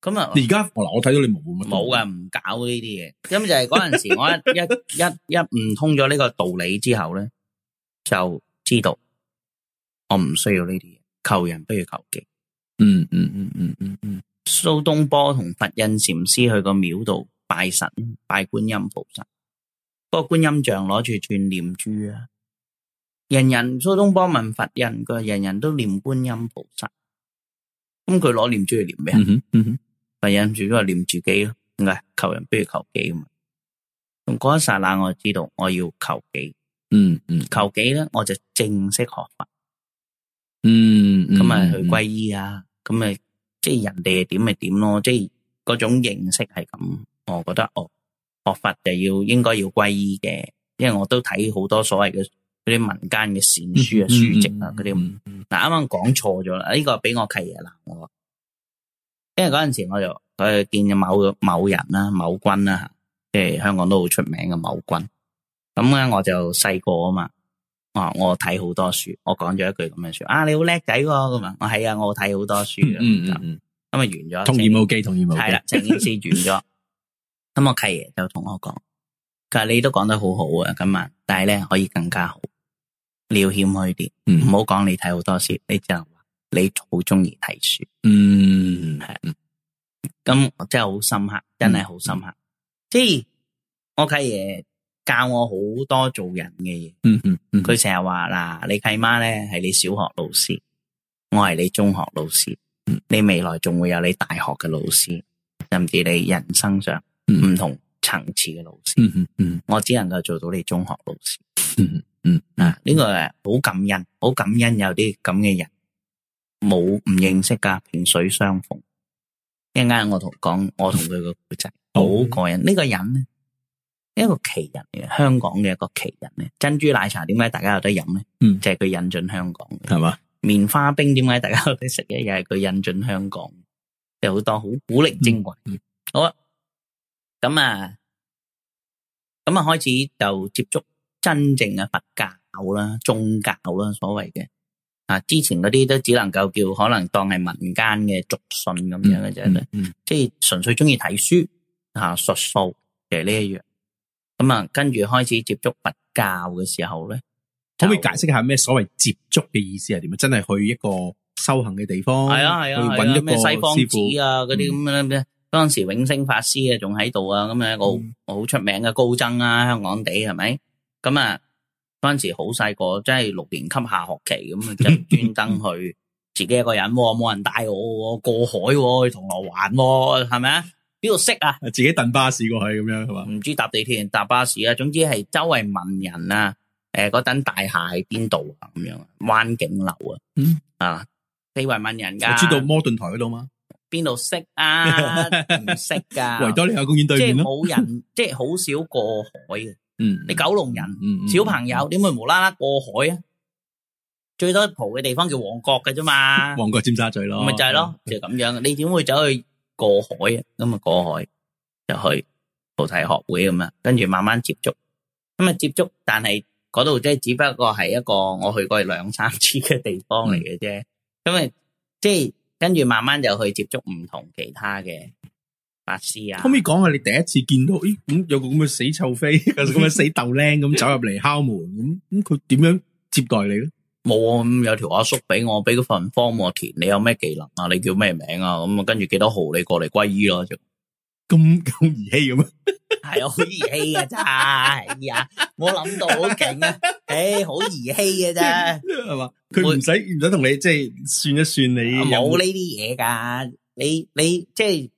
咁啊，而家我嗱，我睇到你冇乜，冇嘅，唔搞呢啲嘢。咁就係嗰陣時，我一一一一悟通咗呢個道理之後咧，就知道。我唔需要呢啲嘢，求人不如求己。嗯嗯嗯嗯嗯嗯。蘇、嗯嗯嗯嗯嗯、東坡同佛印禪師去個廟度拜神，拜觀音菩薩。個觀音像攞住串念珠啊！人人蘇東坡問佛印佢話，人人都念觀音菩薩。咁佢攞念珠去念咩啊？嗯嗯嗯嗯、佛印住都話念自己咯，唔係求人不如求己嘛。咁嗰一剎那，我知道我要求己。嗯嗯，嗯求己咧，我就正式學佛。嗯，咁、嗯、咪去皈依啊！咁咪即係人哋點咪點咯，即係嗰種認識係咁。我覺得哦，學佛就要應該要皈依嘅，因為我都睇好多所謂嘅嗰啲民間嘅善書啊、書籍啊嗰啲。嗱，啱啱講錯咗啦，呢、這個俾我契爺啦我。因為嗰陣時我就我見咗某某人啦、某君啦，即係香港都好出名嘅某君。咁啊，我就細個啊嘛。啊、哦！我睇好多書，我講咗一句咁樣說啊！你好叻仔咁啊！我係啊！我睇好多書嘅、嗯，嗯咁啊完咗，嗯、是同意冇？機，同意冇？係啦，成件事完咗。咁我契爺就同我講，佢話你都講得好好啊，今日，但係咧可以更加好，你要謙虛啲，唔好講你睇好多書，你只能話你好中意睇書，嗯，係，咁真係好深刻，真係好深刻，即係、嗯嗯、我契爺。教我好多做人嘅嘢，佢成日話嗱，你契媽咧係你小學老師，我係你中學老師，嗯、你未來仲會有你大學嘅老師，甚至你人生上唔同層次嘅老師。嗯嗯嗯、我只能夠做到你中學老師，嗯嗯、啊，呢、呢個好感恩，好感恩有啲咁嘅人，冇唔認識噶，萍水相逢，一陣間我同講，我同佢個仔好過癮，呢、呢個人咧。一個奇人嚟嘅，香港嘅一個奇人咧。珍珠奶茶點解大家有得飲咧？嗯，就係佢引進香港嘅，係嘛？吧棉花冰點解大家有得食嘅？又係佢引進香港，有好多好古靈精怪嘅。嗯嗯、好啊，咁啊，咁啊，開始就接觸真正嘅佛教啦、宗教啦，所謂嘅啊，之前嗰啲都只能夠叫可能當係民間嘅俗信咁樣嘅啫，即係純粹中意睇書啊、術數嘅呢一樣。咁啊，跟住開始接觸佛教嘅時候咧，可唔可以解釋下咩所謂接觸嘅意思係點啊？真係去一個修行嘅地方，係啊係啊，去搵一個西方寺啊，嗰啲咁咧。當時永惺法師啊，仲喺度啊，咁樣一個好出名嘅高僧啊，香港地係咪？咁啊，嗰陣時好細個，即係六年級下學期咁啊，就專登去自己一個人，冇人帶我過海去銅鑼灣，係咪啊？邊度識啊？自己蹬巴士過去咁樣係嘛？唔知搭地鐵、搭巴士啊。總之係周圍問人啊。誒，嗰等大廈喺邊度啊？咁樣啊，灣景樓啊。啊，你話問人噶？你知道摩頓台嗰度嗎？邊度識啊？唔識噶。維多利亞公園對面咯。即係冇人，即係好少過海嘅。嗯。你九龍人，嗯嗯，小朋友點會無啦啦過海啊？最多蒲嘅地方叫旺角㗎啫嘛。旺角尖沙咀咯。咪就係咯，就係咁樣。你點會走去？過海啊，咁啊過海入去菩提學會咁啊，跟住慢慢接觸，咁啊接觸，但係嗰度即係只不過係一個我去過兩三次嘅地方嚟嘅啫，咁啊即係跟住慢慢就去接觸唔同其他嘅法師啊。可唔可以講下你第一次見到，咦咁有個咁嘅死臭飛，咁嘅死豆靚咁走入嚟敲門，咁咁佢點樣接待你咧？冇啊！咁有條阿叔俾我，俾嗰份 form 我填，你有咩技能啊？你叫咩名啊？咁啊，跟住幾多號你過嚟歸依咯？就咁咁兒戲嘅咩？係啊，好兒戲嘅咋？呀，我諗到好勁啊！唉、哎，好兒戲嘅啫，係嘛？佢唔使唔使同你即係算一算你有，冇呢啲嘢噶。你你即係。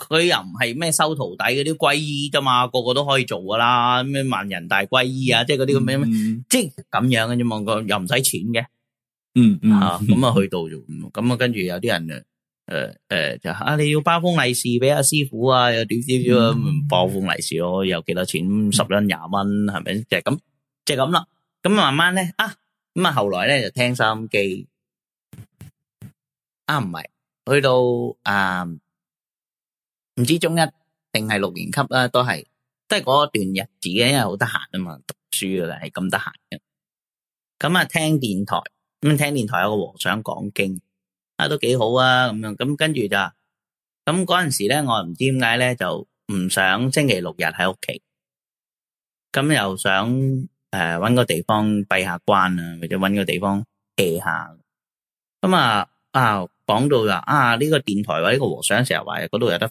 佢又唔係咩收徒弟嗰啲皈依啫嘛，個個都可以做噶啦，咩萬人大皈依啊，即係嗰啲咁樣，即係咁樣嘅啫嘛，個又唔使錢嘅，嗯嗯吓，咁啊去到咁，咁啊跟住有啲人誒誒誒就啊你要包封利是俾阿師傅啊，又點少少包封利是咯，又幾多錢，十蚊廿蚊係咪？即係咁，即係咁啦。咁慢慢咧啊，咁啊後來咧就聽收音機啊，唔係去到啊。唔知中一定係六年級啦，都係都係嗰段日子嘅，因為好得閒啊嘛，讀書啦係咁得閒嘅。咁啊，聽電台咁聽電台有個和尚講經啊，都幾好啊咁樣。咁跟住就咁嗰陣時咧，我唔知點解咧就唔想星期六日喺屋企，咁又想誒搵個地方閉下關啊，或者搵個地方企下。咁啊啊講到啦啊呢個電台位呢個和尚成日話嗰度有得。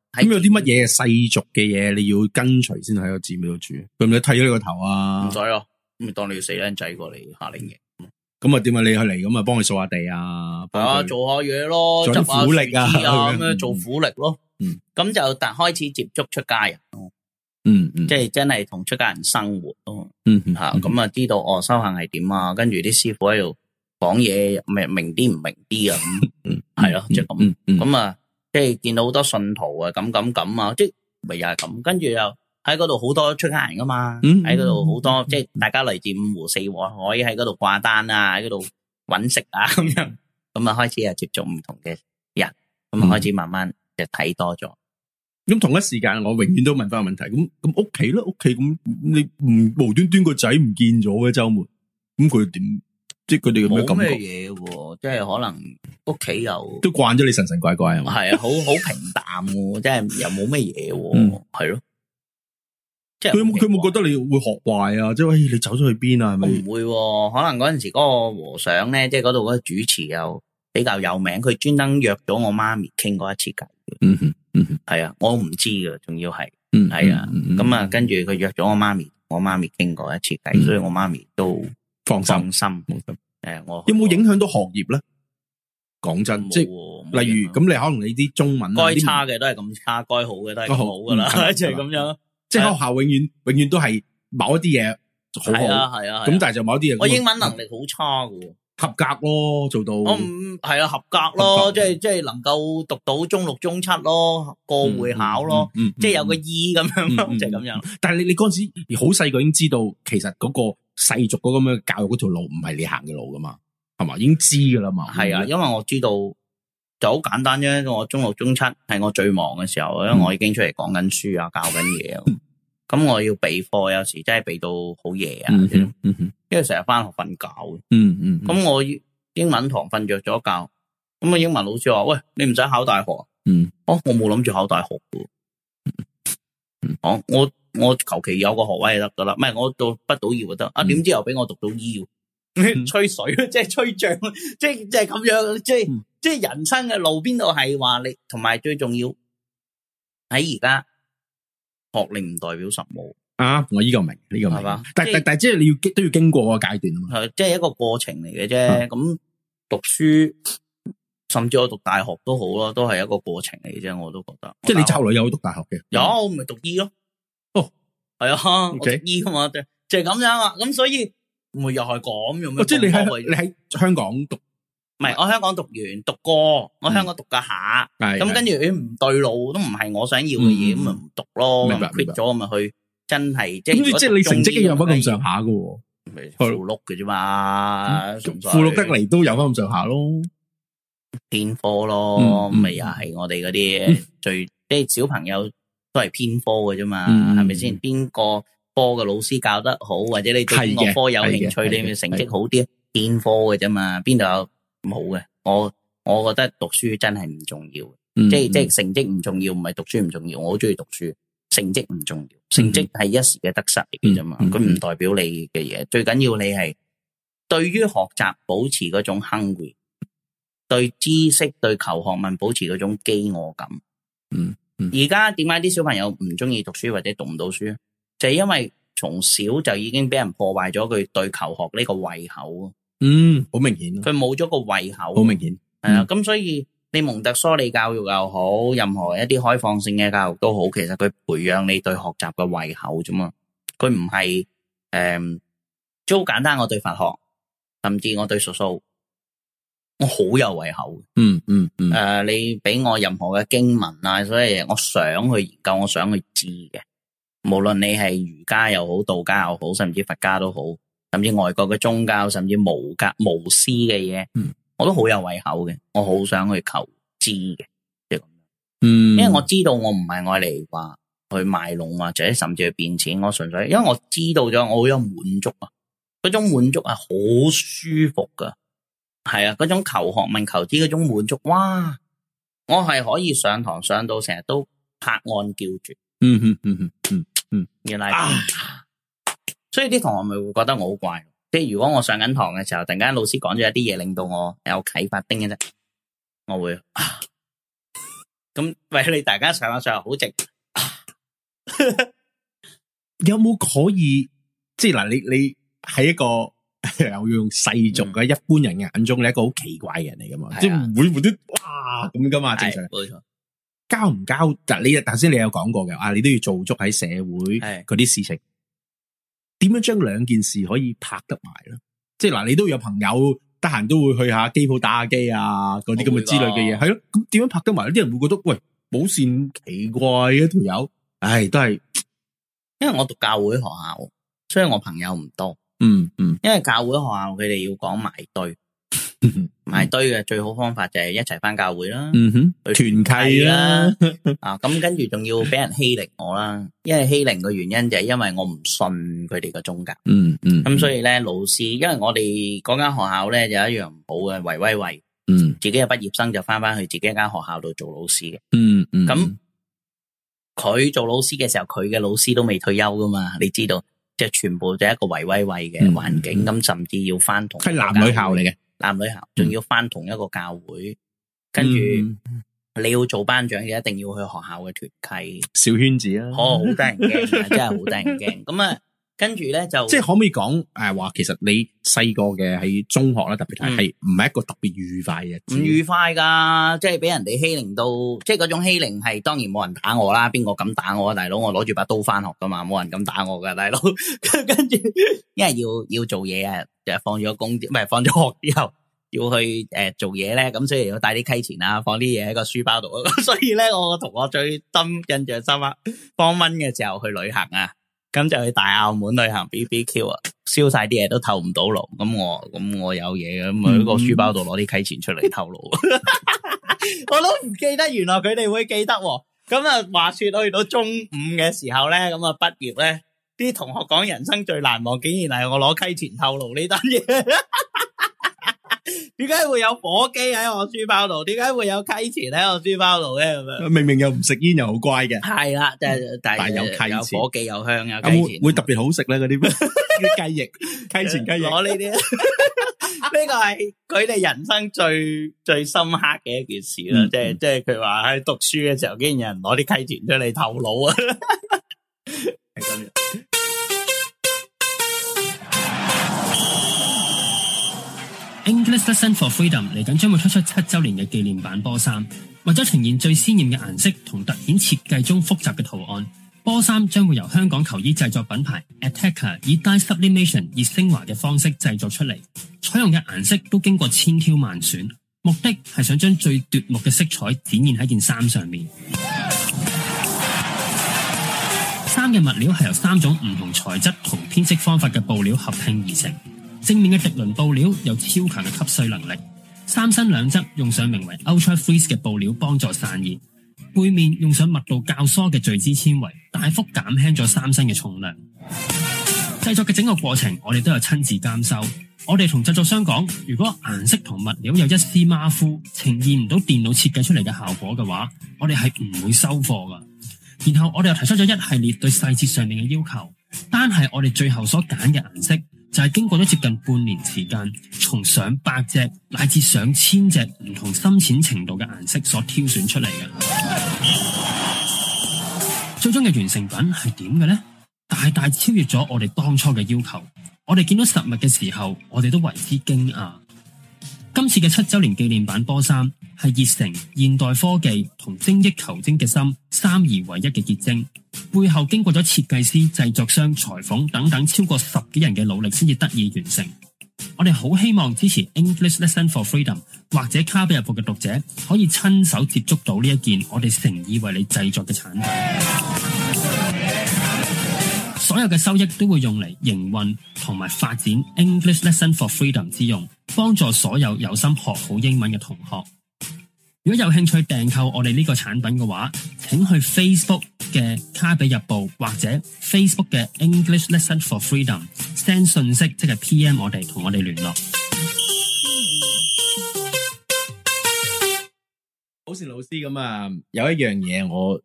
咁有啲乜嘢世俗嘅嘢你要跟隨先喺個寺廟度住，佢唔使剃咗你個頭啊？唔使咯，咁咪當你要死靚仔過嚟夏令營。咁啊，點解你去嚟咁啊？幫佢掃下地啊，做下嘢咯，做苦力啊，咁樣做苦力咯。咁就但開始接觸出家人。嗯，即係、嗯、真係同出家人生活咯、嗯。嗯吓，咁啊，知道哦修行係點啊？跟住啲師傅喺度講嘢，明明啲唔明啲啊、嗯，嗯？嗯，係咯，就咁、是嗯。嗯咁啊。嗯即係見到好多信徒啊，咁咁咁啊，即係咪又係咁？跟住又喺嗰度好多出家人噶嘛，喺嗰度好多即係、嗯、大家嚟自五湖四海，可以喺嗰度掛單啊，喺嗰度搵食啊，咁樣咁啊、嗯，開始啊接觸唔同嘅人，咁啊開始慢慢就睇多咗。咁、嗯、同一時間，我永遠都問翻個問題，咁咁屋企咯，屋企咁你唔無端端個仔唔見咗嘅、啊、週末，咁佢點？即係佢哋有咩感覺？嘢、啊，即係可能屋企有都慣咗你神神怪怪係 啊，好好平淡嘅、啊，即係又冇咩嘢，係咯、嗯啊。即係佢佢冇覺得你會學壞啊？即係、哎、你走咗去邊啊？係咪？唔會、啊，可能嗰陣時嗰個和尚咧，即係嗰度嗰個主持又比較有名，佢專登約咗我媽咪傾過一次偈、嗯。嗯嗯嗯，係啊，我唔知噶，仲要係、啊嗯，嗯係啊，咁啊、嗯哼，跟住佢約咗我媽咪，我媽咪傾過一次偈，所以我媽咪都。放心，心誒，我有冇影響到學業咧？講真，即係例如咁，你可能你啲中文該差嘅都係咁差，該好嘅都係好噶啦，就係咁樣。即係學校永遠永遠都係某一啲嘢好係啊，係啊。咁但係就某一啲嘢，我英文能力好差噶，合格咯，做到。我唔係啊，合格咯，即係即係能夠讀到中六、中七咯，過會考咯，即係有個 E 咁樣，即係咁樣。但係你你嗰陣時好細個已經知道，其實嗰個。世俗嗰咁樣教育嗰條路唔係你行嘅路噶嘛，係嘛？已經知噶啦嘛。係啊，嗯、因為我知道就好簡單啫。我中六、中七係我最忙嘅時候，因為我已經出嚟講緊書啊，教緊嘢。咁、嗯、我要備課，有時真係備到好夜啊。嗯嗯、因為成日翻學瞓覺。嗯嗯哼。咁我英文堂瞓着咗覺，咁啊英文老師話：喂，你唔使考大學。嗯。哦，我冇諗住考大學。嗯嗯、哦。我。我我求其有個學位就得噶啦，唔係我到不到醫就得。啊，點知又俾我讀到醫？吹水即係吹脹，即係即係咁樣，即係即係人生嘅路邊度係話你，同埋最重要喺而家學歷唔代表實務啊！我依個明，呢個明係嘛？但但但即係你要都要經過個階段啊嘛，即係一個過程嚟嘅啫。咁、嗯、讀書甚至我讀大學都好咯，都係一個過程嚟嘅啫。我都覺得，即係你後來有去讀大學嘅，有咪讀醫咯？嗯係啊，我讀醫噶嘛，就係咁樣啊。咁所以，咪又係咁樣。即係你喺你喺香港讀，唔係我香港讀完讀過，我香港讀架下。係。咁跟住，如果唔對路，都唔係我想要嘅嘢，咁咪唔讀咯。明白。quit 咗咁咪去，真係即係。咁即係即係你成績有翻咁上下噶？附錄嘅啫嘛，附錄得嚟，都有翻咁上下咯。偏科咯，咪又係我哋嗰啲最即係小朋友。都係偏科嘅啫嘛，係咪先？邊個科嘅老師教得好，或者你對邊個科有興趣，你咪成績好啲。偏科嘅啫嘛，邊度有冇嘅？我我覺得讀書真係唔重要，即係即係成績唔重要，唔係讀書唔重要。我好中意讀書，成績唔重要，成績係一時嘅得失嚟嘅啫嘛，佢唔、嗯、代表你嘅嘢。嗯嗯、最緊要你係對於學習保持嗰種 hungry，對知識對求學問保持嗰種飢餓感。嗯。而家點解啲小朋友唔中意讀書或者讀唔到書？就係因為從小就已經俾人破壞咗佢對求學呢個胃口。嗯，好明顯，佢冇咗個胃口。好明顯，係啊。咁所以你蒙特梭利教育又好，任何一啲開放性嘅教育都好，其實佢培養你對學習嘅胃口啫嘛。佢唔係誒，即係好簡單，我對佛學，甚至我對數數。我好有胃口。嗯嗯嗯，誒、嗯，uh, 你俾我任何嘅經文啊，所有嘢，我想去研究，我想去知嘅。無論你係儒家又好，道家又好，甚至佛家都好，甚至外國嘅宗教，甚至無教無私嘅嘢，嗯、我都好有胃口嘅。我好想去求知嘅，即係咁樣。嗯，因為我知道我唔係我嚟話去賣弄啊，或者甚至去變錢，我純粹因為我知道咗，我好有滿足啊，嗰種滿足係好舒服噶。係啊，嗰種求學問、求知嗰種滿足，哇！我係可以上堂上到成日都拍案叫絕，嗯嗯嗯嗯嗯嗯，原來 所以啲同學咪會覺得我好怪，即係如果我上緊堂嘅時候，突然間老師講咗一啲嘢，令到我有啟發，叮嘅啫，我會咁喂、啊、 你大家上一上上好直，靜啊、 有冇可以即係嗱，你你係一個。又 要用世俗嘅、嗯、一般人嘅眼中，你一個好奇怪嘅人嚟噶嘛？嗯、即係唔會唔會啲哇咁噶嘛？正常冇錯，對錯交唔交？你頭先你有講過嘅，啊，你都要做足喺社會嗰啲事情。點樣將兩件事可以拍得埋咧？即係嗱，你都有朋友得閒都會去下機鋪打下機啊，嗰啲咁嘅之類嘅嘢係咯。咁點樣拍得埋咧？啲人會覺得喂，寶善奇怪條友，唉，都係因為我讀教會學校，所以我朋友唔多。嗯嗯，因為教會學校佢哋要講埋堆，埋堆嘅最好方法就係一齊翻教會啦。嗯哼，團契啦啊，咁跟住仲要俾人欺凌我啦。因為欺凌嘅原因就係因為我唔信佢哋嘅宗教。嗯嗯，咁所以咧，老師，因為我哋嗰間學校咧有一樣唔好嘅，為威為，嗯，自己嘅畢業生就翻翻去自己一間學校度做老師嘅。嗯嗯，咁佢做老師嘅時候，佢嘅老師都未退休噶嘛，你知道。就全部就係一個圍威喂嘅環境，咁、嗯嗯、甚至要返同係男女校嚟嘅，男女校仲、嗯、要返同一個教會，跟住、嗯、你要做班長嘅，一定要去學校嘅團契小圈子啦，啊。哦，好得人驚， 真係好得人驚。咁啊。 跟住咧就，即係可唔可以講誒？話，呃、其實你細個嘅喺中學咧，特別係唔係一個特別愉快嘅，唔愉快噶，即係俾人哋欺凌到，即係嗰種欺凌係當然冇人打我啦，邊個敢打我啊？大佬，我攞住把刀翻學噶嘛，冇人敢打我噶，大佬。 跟住因為要要做嘢啊，就放咗工，唔係放咗學之後要去誒、呃、做嘢咧，咁所以要帶啲溪錢啊，放啲嘢喺個書包度。 所以咧，我同我最深印象深刻，放蚊嘅時候去旅行啊。咁就去大澳門旅行 B B Q 啊，燒晒啲嘢都透唔到爐。咁我咁我有嘢咁喺個書包度攞啲溪錢出嚟透爐。 我都唔記得，原來佢哋會記得。咁啊，話說去到中五嘅時候咧，咁啊畢業咧，啲同學講人生最難忘，竟然係我攞溪錢透爐呢單嘢。 點解會有火機喺我書包度？點解會有溪錢喺我書包度咧咁樣，明明又唔食煙又好乖嘅，係啦， 但係但係有有火機又香有溪錢，會特別好食咧嗰啲咩雞翼溪錢雞翼，攞呢啲呢個係佢哋人生最最深刻嘅一件事啦，即係即係佢話喺讀書嘅時候，竟然有人攞啲溪錢出嚟透腦啊！係 咁樣。English Lesson for Freedom 嚟緊將會推出七周年嘅紀念版波衫，為咗呈現最鮮艷嘅顏色同凸顯設計中複雜嘅圖案，波衫將會由香港球衣製作品牌 Attacker 以 Dye Sublimation 以升華嘅方式製作出嚟，採用嘅顏色都經過千挑萬選，目的係想將最奪目嘅色彩展現喺件衫上面。衫嘅 物料係由三種唔同材質同編織方法嘅布料合拼而成。正面嘅滌綸布料有超強嘅吸水能力，三身兩側用上名為 Ultra Freeze 嘅布料幫助散熱，背面用上密度較疏嘅聚酯纖維，大幅減輕咗三身嘅重量。製 作嘅整個過程，我哋都有親自監修。我哋同製作商講，如果顏色同物料有一絲馬虎，呈現唔到電腦設計出嚟嘅效果嘅話，我哋係唔會收貨噶。然後我哋又提出咗一系列對細節上面嘅要求，單係我哋最後所揀嘅顏色，就係經過咗接近半年時間，從上百隻乃至上千隻唔同深淺程度嘅顏色所挑選出嚟嘅。 最終嘅完成品係點嘅呢？大大超越咗我哋當初嘅要求，我哋見到實物嘅時候，我哋都為之驚訝。今次嘅七周年紀念版波衫係熱誠、現代科技同精益求精嘅心三而為一嘅結晶。背後經過咗設計師、製作商、裁縫等等超過十幾人嘅努力，先至得以完成。我哋好希望支持 English Lesson for Freedom 或者卡比日報嘅讀者，可以親手接觸到呢一件我哋誠意為你製作嘅產品。所有嘅收益都會用嚟營運同埋發展 English Lesson for Freedom 之用，幫助所有有心學好英文嘅同學。如果有興趣訂購我哋呢個產品嘅話，請去 Facebook 嘅卡比日報或者 Facebook 嘅 English Lesson for Freedom，send 信息，即係 PM 我哋同我哋聯絡。寶善老師咁啊，有一樣嘢我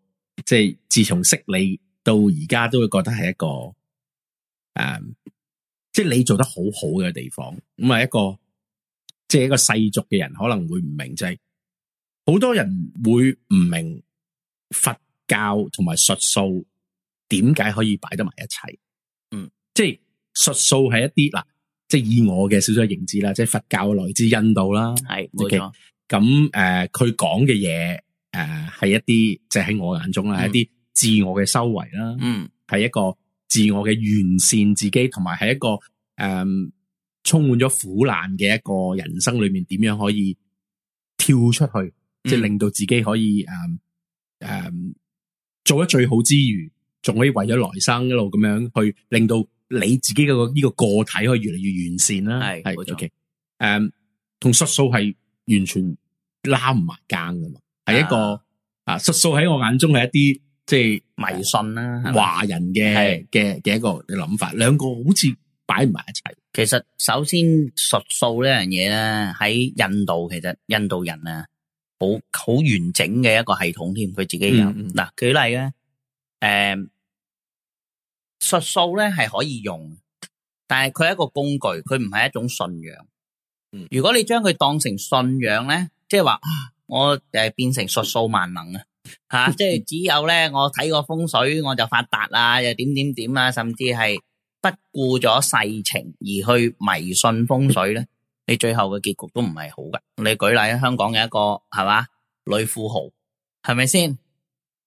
即係、就是、自從識你到而家都會覺得係一個誒，即、嗯、係、就是、你做得好好嘅地方。咁啊，一個即係、就是、一個世俗嘅人可能會唔明，就係、是。好多人會唔明佛教同埋術數點解可以擺得埋一齊？嗯，即係術數係一啲嗱，即係以我嘅少少認知啦，即係佛教來自印度啦，係冇錯。咁誒，佢講嘅嘢誒係一啲，即係喺我眼中啦，嗯、係一啲自我嘅修為啦，嗯，係一個自我嘅完善自己，同埋係一個誒、呃、充滿咗苦難嘅一個人生裏面，點樣可以跳出去？即係令到自己可以誒誒、嗯嗯、做得最好之餘，仲可以為咗來生一路咁樣去令到你自己個呢個個體可以越嚟越完善啦。係冇錯，誒同術數係完全拉唔埋羹㗎嘛，係一個啊術數，喺我眼中係一啲即係迷信啦，啊，華人嘅嘅嘅一個諗法，兩個好似擺唔埋一齊。其實首先術數呢樣嘢咧，喺印度其實印度人啊。好好完整嘅一個系統添，佢自己有嗱，舉例咧，誒，術數咧係可以用，但係佢係一個工具，佢唔係一種信仰。嗯，如果你將佢當成信仰咧，即係話我誒變成術數萬能啊，吓，即係只有咧我睇過風水我就發達啦，又點點點啊，甚至係不顧咗世情而去迷信風水咧。你最後嘅結局都唔係好㗎。你舉例，香港有一個係咪女富豪，係咪先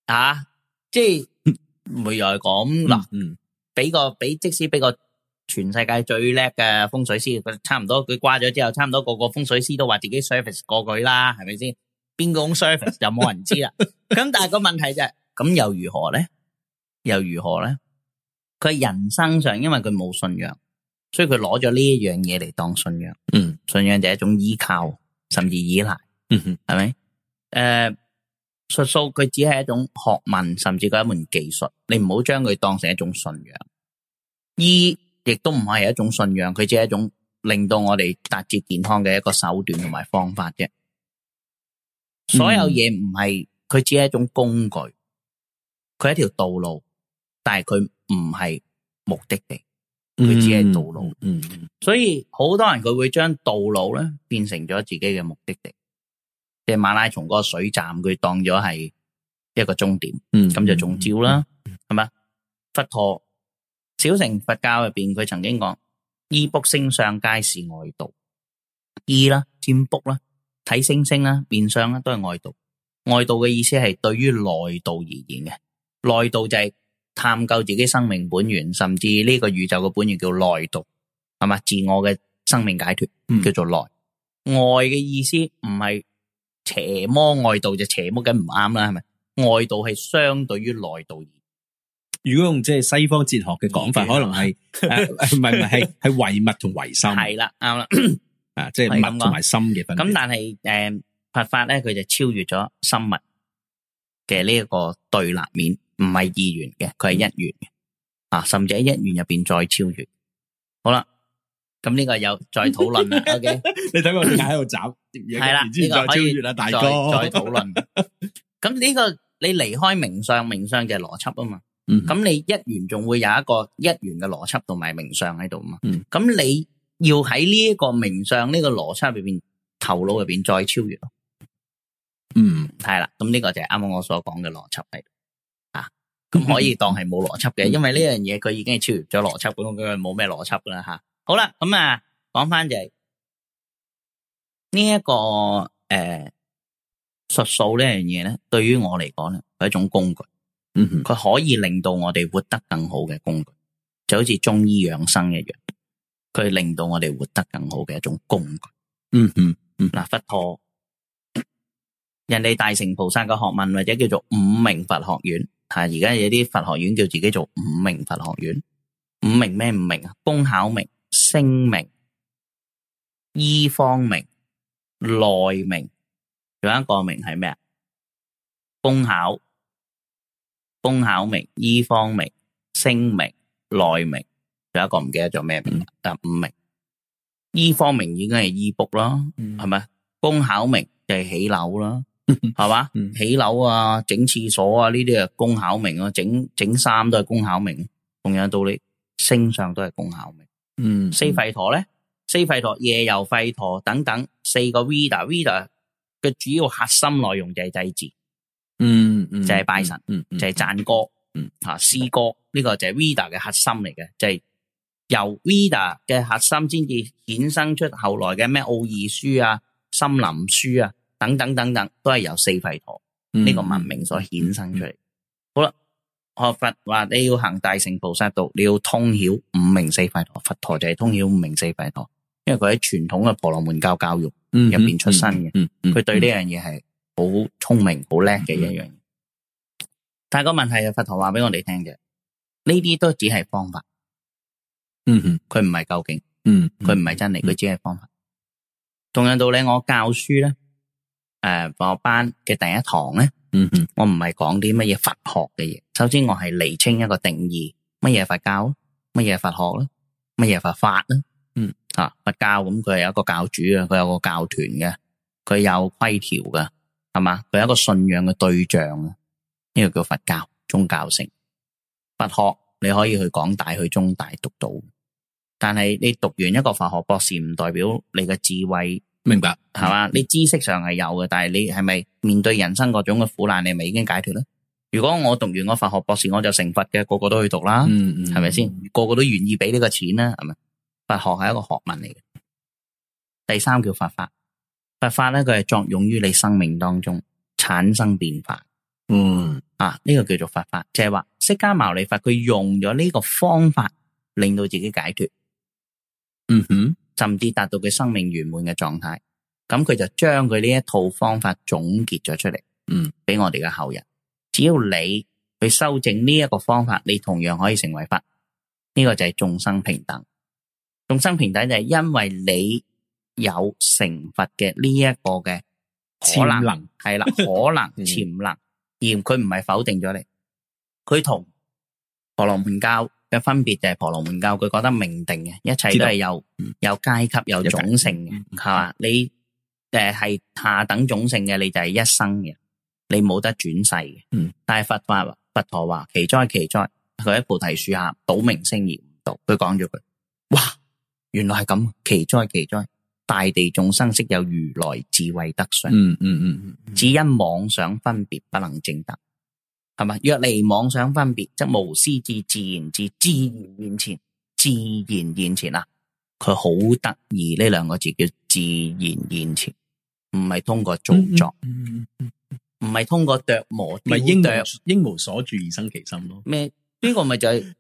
啊？即係回來講嗱，俾個俾即使俾個全世界最叻嘅風水師，佢差唔多佢掛咗之後，差唔多個個風水師都話自己 service 過佢啦，係咪先？邊個 service 就冇人知啦？咁 但係個問題就係，咁又如何呢？又如何呢？佢人生上，因為佢冇信仰。所以佢攞咗呢一樣嘢嚟，當信仰，嗯，信仰就一種依靠，甚至依賴，嗯哼，係咪？誒、呃，術數佢只係一種學問，甚至佢一門技術，你唔好將佢當成一種信仰。醫亦都唔係一種信仰，佢只係一種令到我哋達至健康嘅一個手段同埋方法啫。所有嘢唔係，佢只係一種工具，佢係一條道路，但係佢唔係目的地。佢只係道路，嗯嗯，所以好多人佢會將道路咧，變成咗自己嘅目的地，即係馬拉松嗰個水站，佢當咗係一個終點，咁，嗯，就中招啦，係咪，嗯嗯嗯。佛陀小乘佛教入邊，佢曾經講：衣卜星相皆是外道。衣啦、佔卜啦、睇星星啦、面相啦，都係外道。外道嘅意思係對於內道而言嘅，內道就係，是。探究自己生命本源，甚至呢個宇宙嘅本源叫內道，係嘛？自我嘅生命解脱叫做內。嗯、外嘅意思唔係邪魔外道，就邪魔梗唔啱啦，係咪？外道系相對於內道而。如果用即係西方哲學嘅講法，的可能係唔係唔係系係唯物同唯心係啦，啱啦。啊，即係物同埋心嘅、 啊就是、分。咁但係誒佛法咧，佢就超越咗生物嘅呢一個對立面。唔係二元嘅，佢係一元嘅，啊，甚至喺一元入邊再超越。好啦，咁呢個又再討論啦。O K，你等我點解喺度斬啲嘢，係啦，呢個可以再再討論。咁呢個你離開名相，名相嘅邏輯啊嘛，咁你一元仲會有一個一元嘅邏輯同埋名相喺度啊嘛，咁你要喺呢一個名相呢個邏輯入邊，頭腦入邊再超越咯。嗯，係啦，咁呢個就係啱啱我所講嘅邏輯喺度。咁可以當係冇邏輯嘅，因為呢樣嘢佢已經係超越咗邏輯，咁佢冇咩邏輯噶啦吓。好啦，咁啊，講翻就係呢一個誒術數呢樣嘢咧，對於我嚟講咧係一種工具，嗯哼，佢可以令到我哋活得更好嘅工具，就好似中醫養生一樣，佢令到我哋活得更好嘅一種工具，嗯哼，嗱、嗯啊，佛陀，人哋大乘菩薩嘅學問或者叫做五明佛學院。吓！而家有啲佛學院叫自己做五明佛學院，五明咩五明啊？工巧明、聲明、醫方明、內明，仲有一個名係咩啊？工巧、工巧明、醫方明、聲明、內明，仲有一個唔記得做咩名、嗯、啊？五明醫方明已經係醫卜啦，係咪、嗯？工巧明就係起樓啦。係嘛？起樓啊，整廁所啊，呢啲係功巧明啊。整整衫都係功巧明，同樣道理，升上都係功巧明。嗯，四吠陀咧，四吠陀夜游吠陀等等四個 Veda Veda 嘅主要核心內容就係祭祀，嗯嗯，就係拜神，嗯，就係讚歌，嗯，吓詩歌呢個就係 Veda 嘅核心嚟嘅，就係由 Veda 嘅核心先至衍生出後來嘅咩奧義書啊、森林書啊。等等等等，都係由四吠陀呢、嗯、個文明所衍生出嚟。嗯、好啦，學佛話你要行大乘菩薩道，你要通曉五明四吠陀，佛陀就係通曉五明四吠陀，因為佢喺傳統嘅婆羅門教教、教育入邊出身嘅，佢、嗯嗯嗯嗯嗯、對呢樣嘢係好聰明、好叻嘅一樣嘢。嗯嗯嗯嗯、但係個問題係，佛陀話俾我哋聽嘅，呢啲都只係方法。嗯，佢唔係究竟，嗯，佢唔係真理，佢只係方法。同樣道理，我教書咧。誒，我、uh, 佛學班嘅第一堂咧，嗯哼，我唔係講啲乜嘢佛學嘅嘢。首先，我係厘清一個定義：乜嘢佛教，啊？乜嘢佛學，啊？啦，乜嘢佛法，啊？啦、嗯，嗯啊，佛教咁佢係有一個教主啊，佢有個教團嘅，佢有規條噶，係嘛？佢有一個信仰嘅對象啊，呢、這個叫佛教，宗教性佛學，你可以去港大去中大讀到，但係你讀完一個佛學博士唔代表你嘅智慧。明白係嘛？你知識上係有嘅，但係你係咪面對人生各種嘅苦難，你係咪已經解脫咧？如果我讀完我佛學博士，我就成佛嘅，個個都去讀啦，嗯嗯，係咪先？個個都願意俾呢個錢啦，係咪？佛學係一個學問嚟嘅。第三叫佛法，佛法咧，佢係作用於你生命當中產生變化。嗯啊，呢個叫做佛法，即係話釋迦牟尼佛佢用咗呢個方法，令到自己解脫。嗯哼。甚至達到佢生命圓滿嘅狀態，咁佢就將佢呢一套方法總結咗出嚟，嗯，俾我哋嘅後人。只要你去修正呢一個方法，你同樣可以成為佛。呢個就係眾生平等，眾生平等就係因為你有成佛嘅呢一個嘅可能，係啦能，可能潛能、 嗯、而佢唔係否定咗你，佢同婆羅門教嘅分別就係婆羅門教佢覺得命定嘅，一切都係有、嗯、有階級有種性，係嘛、嗯？你誒係下等種性嘅，你就係一生嘅，你冇得轉世嘅。嗯，但係佛法佛陀話，奇哉奇哉，佢喺菩提樹下，睹明星而悟道，佢講咗句：哇，原來係咁，奇哉奇哉，大地眾生悉有如來智慧德相。嗯嗯嗯，嗯嗯只因妄想分別不能證得。係嘛？若離妄想分別，則無師智自然智自然現前，自然現前啊！佢好得意呢兩個字叫自然現前，唔係通過造作，唔係通過琢磨，唔係應應無所住而生其心咯。咩？呢個咪就係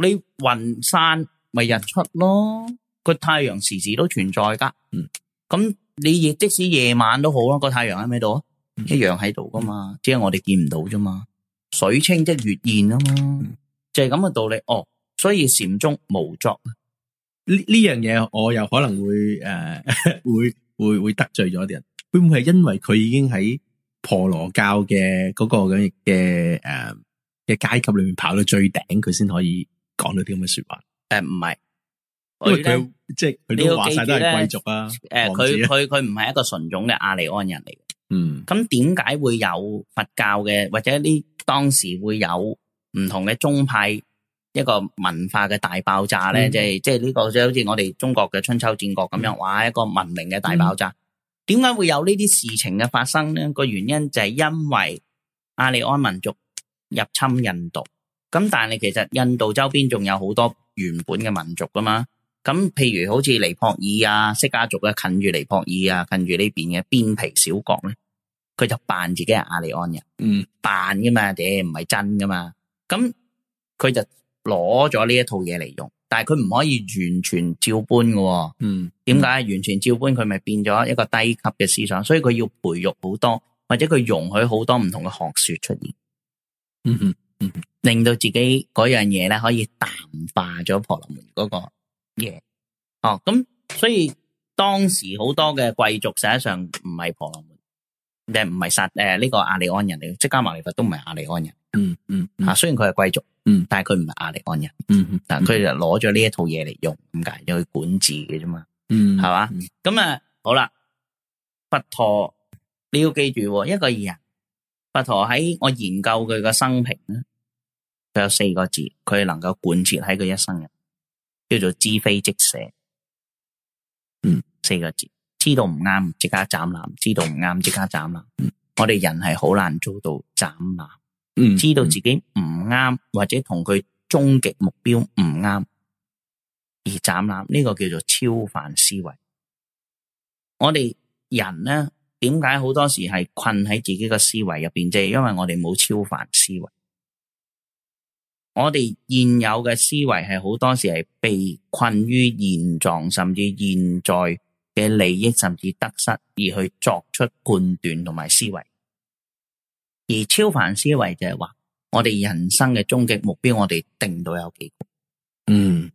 你雲散咪日出咯？個太陽時時都存在噶。咁你亦即使夜晚都好啦，個太陽喺咩度啊？一樣喺度噶嘛，只係我哋見唔到啫嘛。水清即月現啊嘛，就係咁嘅道理哦。所以禪宗無作呢呢樣嘢，我又可能會誒，會會會得罪咗啲人。會唔會係因為佢已經喺婆羅教嘅嗰個嘅嘅誒嘅階級裏面跑到最頂，佢先可以講到啲咁嘅說話？誒，唔係，因為佢即係佢都話晒都係貴族啊。誒，佢佢佢唔係一個純種嘅亞利安人嚟。嗯，咁點解會有佛教嘅或者呢？當時會有唔同嘅宗派，一個文化嘅大爆炸呢？即係即係呢個就好似我哋中國嘅春秋戰國咁樣，嗯、哇，一個文明嘅大爆炸。點解、嗯、會有呢啲事情嘅發生呢？個原因就係因為亞利安民族入侵印度，咁但係其實印度周邊仲有好多原本嘅民族噶嘛。咁，譬如好似尼泊爾啊，釋家族嘅近住尼泊爾啊，近住呢邊嘅邊陲小國咧，佢就扮自己係亞利安人，嗯，扮噶嘛，定唔係真噶嘛。咁佢就攞咗呢一套嘢嚟用，但係佢唔可以完全照搬噶喎，嗯，點解啊？嗯、完全照搬佢咪變咗一個低級嘅思想，所以佢要培育好多，或者佢容許好多唔同嘅學說出現，嗯哼，令、嗯、到、嗯嗯嗯、自己嗰樣嘢咧可以淡化咗婆羅門嗰個。嘢哦，咁 Yeah .、oh, 所以當時好多嘅貴族實際上唔係婆羅門，誒唔係剎誒呢個阿利安人嚟，即加埋佛都唔係阿利安人。嗯嗯，吓，雖然佢係貴族，嗯，但係佢唔係阿利安人。嗯嗯，嗯啊、嗯但佢、嗯嗯、就攞咗呢一套嘢嚟用，咁、就、解、是、去管治嘅啫嘛。嗯，係嘛吧。咁啊、嗯，好啦，佛陀你要記住一個人，佛陀喺我研究佢嘅生平咧，佢有四個字，佢係能夠管治喺佢一生嘅。叫做知非即捨，嗯，四個字，知道唔啱即刻斬纜，知道唔啱即刻斬纜。嗯、我哋人係好難做到斬纜，嗯，知道自己唔啱或者同佢終極目標唔啱而斬纜，呢、這個叫做超凡思維。我哋人呢，點解好多時係困喺自己嘅思維入邊，即係因為我哋冇超凡思維。我哋現有嘅思維係好多時係被困於現狀，甚至現在嘅利益，甚至得失而去作出判斷同埋思維。而超凡思維就係話，我哋人生嘅終極目標，我哋定到有幾個？嗯，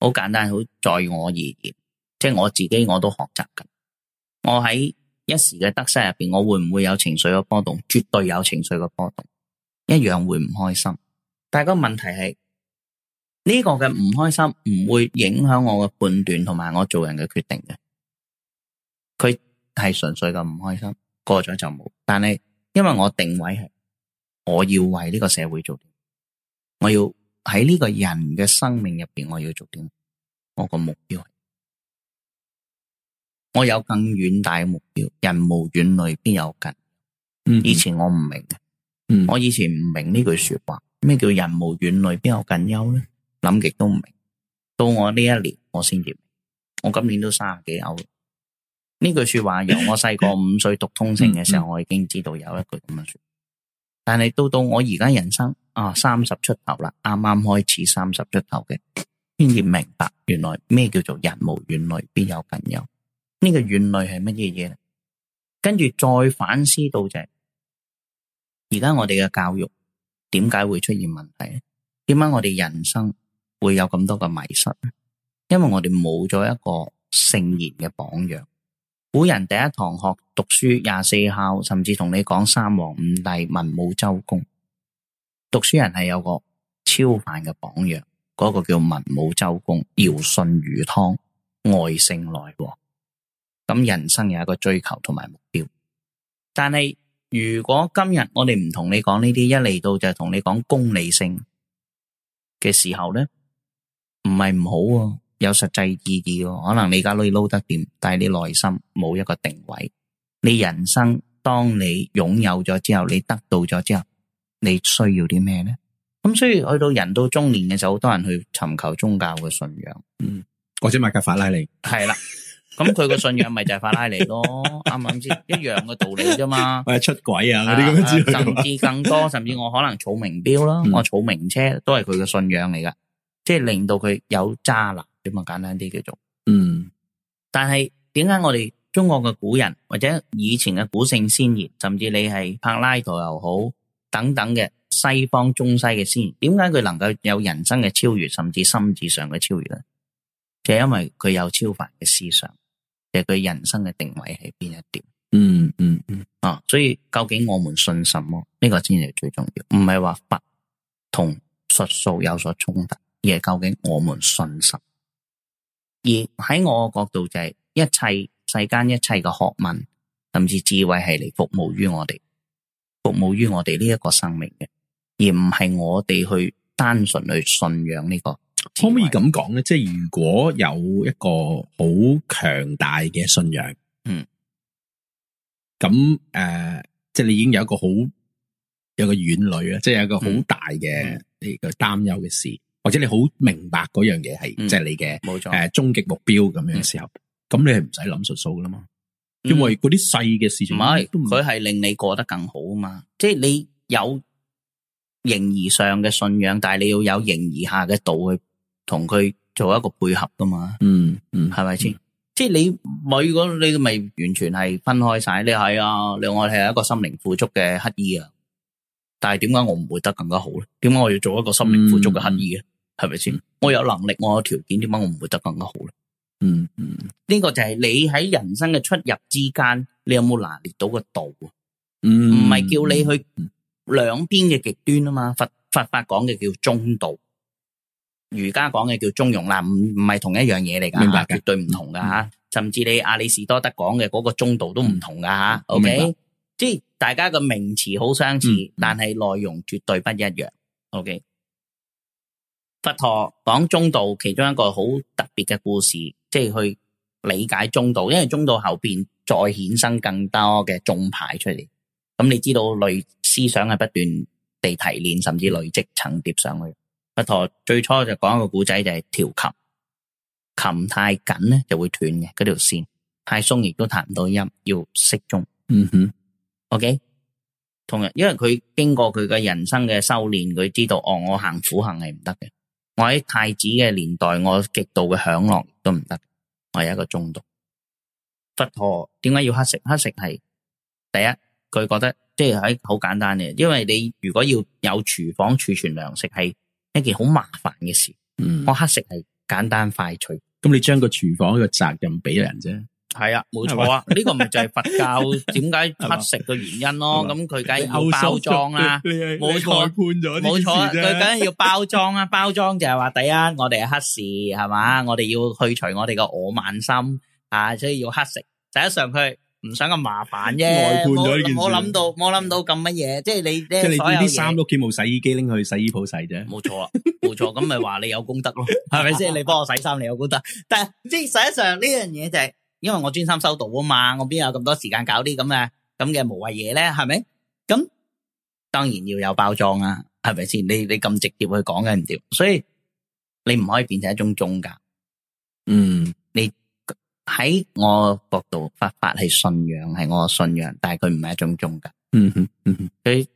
好簡單，好，在我而言，即係我自己，我都學習緊。我喺一時嘅得失入邊，我會唔會有情緒嘅波動？絕對有情緒嘅波動，一樣會唔開心。但係個問題係呢、呢個嘅唔開心唔會影響我嘅判斷同埋我做人嘅決定嘅，佢係純粹嘅唔開心，過咗就冇。但係因為我定位係我要為呢個社會做點，我要喺呢個人嘅生命入邊我要做點，我個目標，我有更遠大嘅目標，人無遠慮，邊有近？嗯，以前我唔明嘅，嗯，我以前唔明呢句說話。咩叫人無遠慮，邊有近憂咧？諗極都唔明，到我呢一年我先至明。我今年都三十幾歐。呢句說話由我細個五歲讀通勝嘅時候，我已經知道有一句咁嘅說。但係到到我而家人生啊三十出頭啦，啱啱開始三十出頭嘅先至明白，原來咩叫做人無遠慮，邊有近憂？這個、遠慮呢個遠慮係乜嘢嘢？跟住再反思到就係而家我哋嘅教育。點解會出現問題？點解我哋人生會有咁多嘅迷失？因為我哋冇咗一個聖賢嘅榜樣。古人第一堂學讀書廿四孝，甚至同你講三皇五帝、文武周公。讀書人係有個超凡嘅榜樣，嗰個叫文武周公、堯舜禹湯，外聖內王。咁人生有一個追求同埋目標，但係如果今日我哋唔同你講呢啲，一嚟到就同你講功利性嘅時候呢，唔係唔好啊，有實際意義咯啊。可能你而家可以撈得掂，但係你內心冇一個定位。你人生當你擁有咗之後，你得到咗之後，你需要啲咩呢？咁所以去到人到中年嘅時候，好多人去尋求宗教嘅信仰。嗯，或者買架法拉利。係啦。咁佢個信仰咪就係法拉利咯，啱唔啱先？一樣嘅道理啫嘛。出軌啊嗰啲咁樣，甚至更多， 甚至我可能儲名錶啦，嗯、我儲名車都係佢嘅信仰嚟噶，即係令到佢有渣男。咁啊簡單啲叫做。嗯。但係點解我哋中國嘅古人或者以前嘅古聖先賢，甚至你係柏拉圖又好等等嘅西方中西嘅先賢，點解佢能夠有人生嘅超越，甚至心智上嘅超越咧？就係、是、因為佢有超凡嘅思想。其實佢人生嘅定位係邊一點、嗯？嗯嗯嗯，啊，所以究竟我們信什麼？呢、這個先係最重要，唔係話佛同術數有所衝突。而係究竟我們信什麼？而喺我嘅角度、就是，就係一切世間一切嘅學問，甚至智慧，係嚟服務於我哋，服務於我哋呢一個生命嘅，而唔係我哋去。單純去信仰呢個，可唔可以咁講咧？即係如果有一個好強大嘅信仰，嗯，咁誒，即係你已經有一個好，有個遠慮啊，即係有一個好大嘅呢個擔憂嘅事，或者你好明白嗰樣嘢係即係你嘅冇錯誒終極目標咁樣嘅時候，咁你係唔使諗述數噶啦嘛，因為嗰啲細嘅事情唔係，佢係令你過得更好啊嘛，即係你有。.形而上嘅信仰，但係你要有形而下嘅道去同佢做一個配合噶嘛？嗯嗯，係咪先？是是嗯、即係你咪如果你咪完全係分開晒？你係啊，你我係一個心靈富足嘅乞衣啊。但係點解我唔會得更加好咧？點解我要做一個心靈富足嘅乞衣嘅？係咪先？是是嗯、我有能力，我有條件，點解我唔會得更加好咧、嗯？嗯嗯，呢個就係你喺人生嘅出入之間，你有冇拿捏到個道啊？唔係叫你去。兩邊嘅極端啊嘛，佛佛法講嘅叫中道，儒家講嘅叫中庸啦，唔唔係同一樣嘢嚟噶，明白？絕對唔同噶吓，甚至你亞里士多德講嘅嗰個中道都唔同噶吓。OK，即係大家嘅名詞好相似，但係內容絕對不一樣。OK，佛陀講中道其中一個好特別嘅故事，即係去理解中道，因為中道後邊再衍生更多嘅宗派出嚟，咁你知道類。思想係不斷地提煉，甚至累積層疊上去。佛陀最初就講一個故仔，就係調琴。琴太緊咧就會斷嘅，嗰條綫太鬆亦都彈唔到音，要適中。嗯哼，OK。同樣，因為佢經過佢嘅人生嘅修煉，佢知道哦，我行苦行係唔得嘅。我喺太子嘅年代，我極度嘅享樂都唔得。我有一個中毒。佛陀點解要乞食？乞食係第一。佢覺得即係喺好簡單嘅，因為你如果要有廚房儲存糧食係一件好麻煩嘅事，嗯、我乞食係簡單快脆，咁你將個廚房嘅責任俾人啫。係啊，冇錯啊，呢吧個咪就係佛教點解乞食嘅原因咯。咁佢梗係要包裝啊，冇錯，外判咗，冇錯，佢梗係要包裝啊，包裝就係話第一，我哋乞食係嘛，我哋要去除我哋嘅我慢心啊，所以要乞食。實際上佢。唔想咁麻煩啫，判咗冇諗到冇諗到咁乜嘢，即係你即係所有啲衫屋企冇洗衣機拎去洗衣鋪洗啫，冇錯啊，冇錯，咁咪話你有功德咯，係咪先？你幫我洗衫，你有功德，但係即係實際上呢樣嘢就係因為我專心修道啊嘛，我邊有咁多時間搞啲咁嘅咁嘅無謂嘢咧，係咪？咁當然要有包裝啊，係咪先？你你咁直接去講嘅唔掂，所以你唔可以變成一種中介，嗯，你。喺我角度，佛法係信仰，係我嘅信仰，但係佢唔係一種宗教。嗯嗯，佢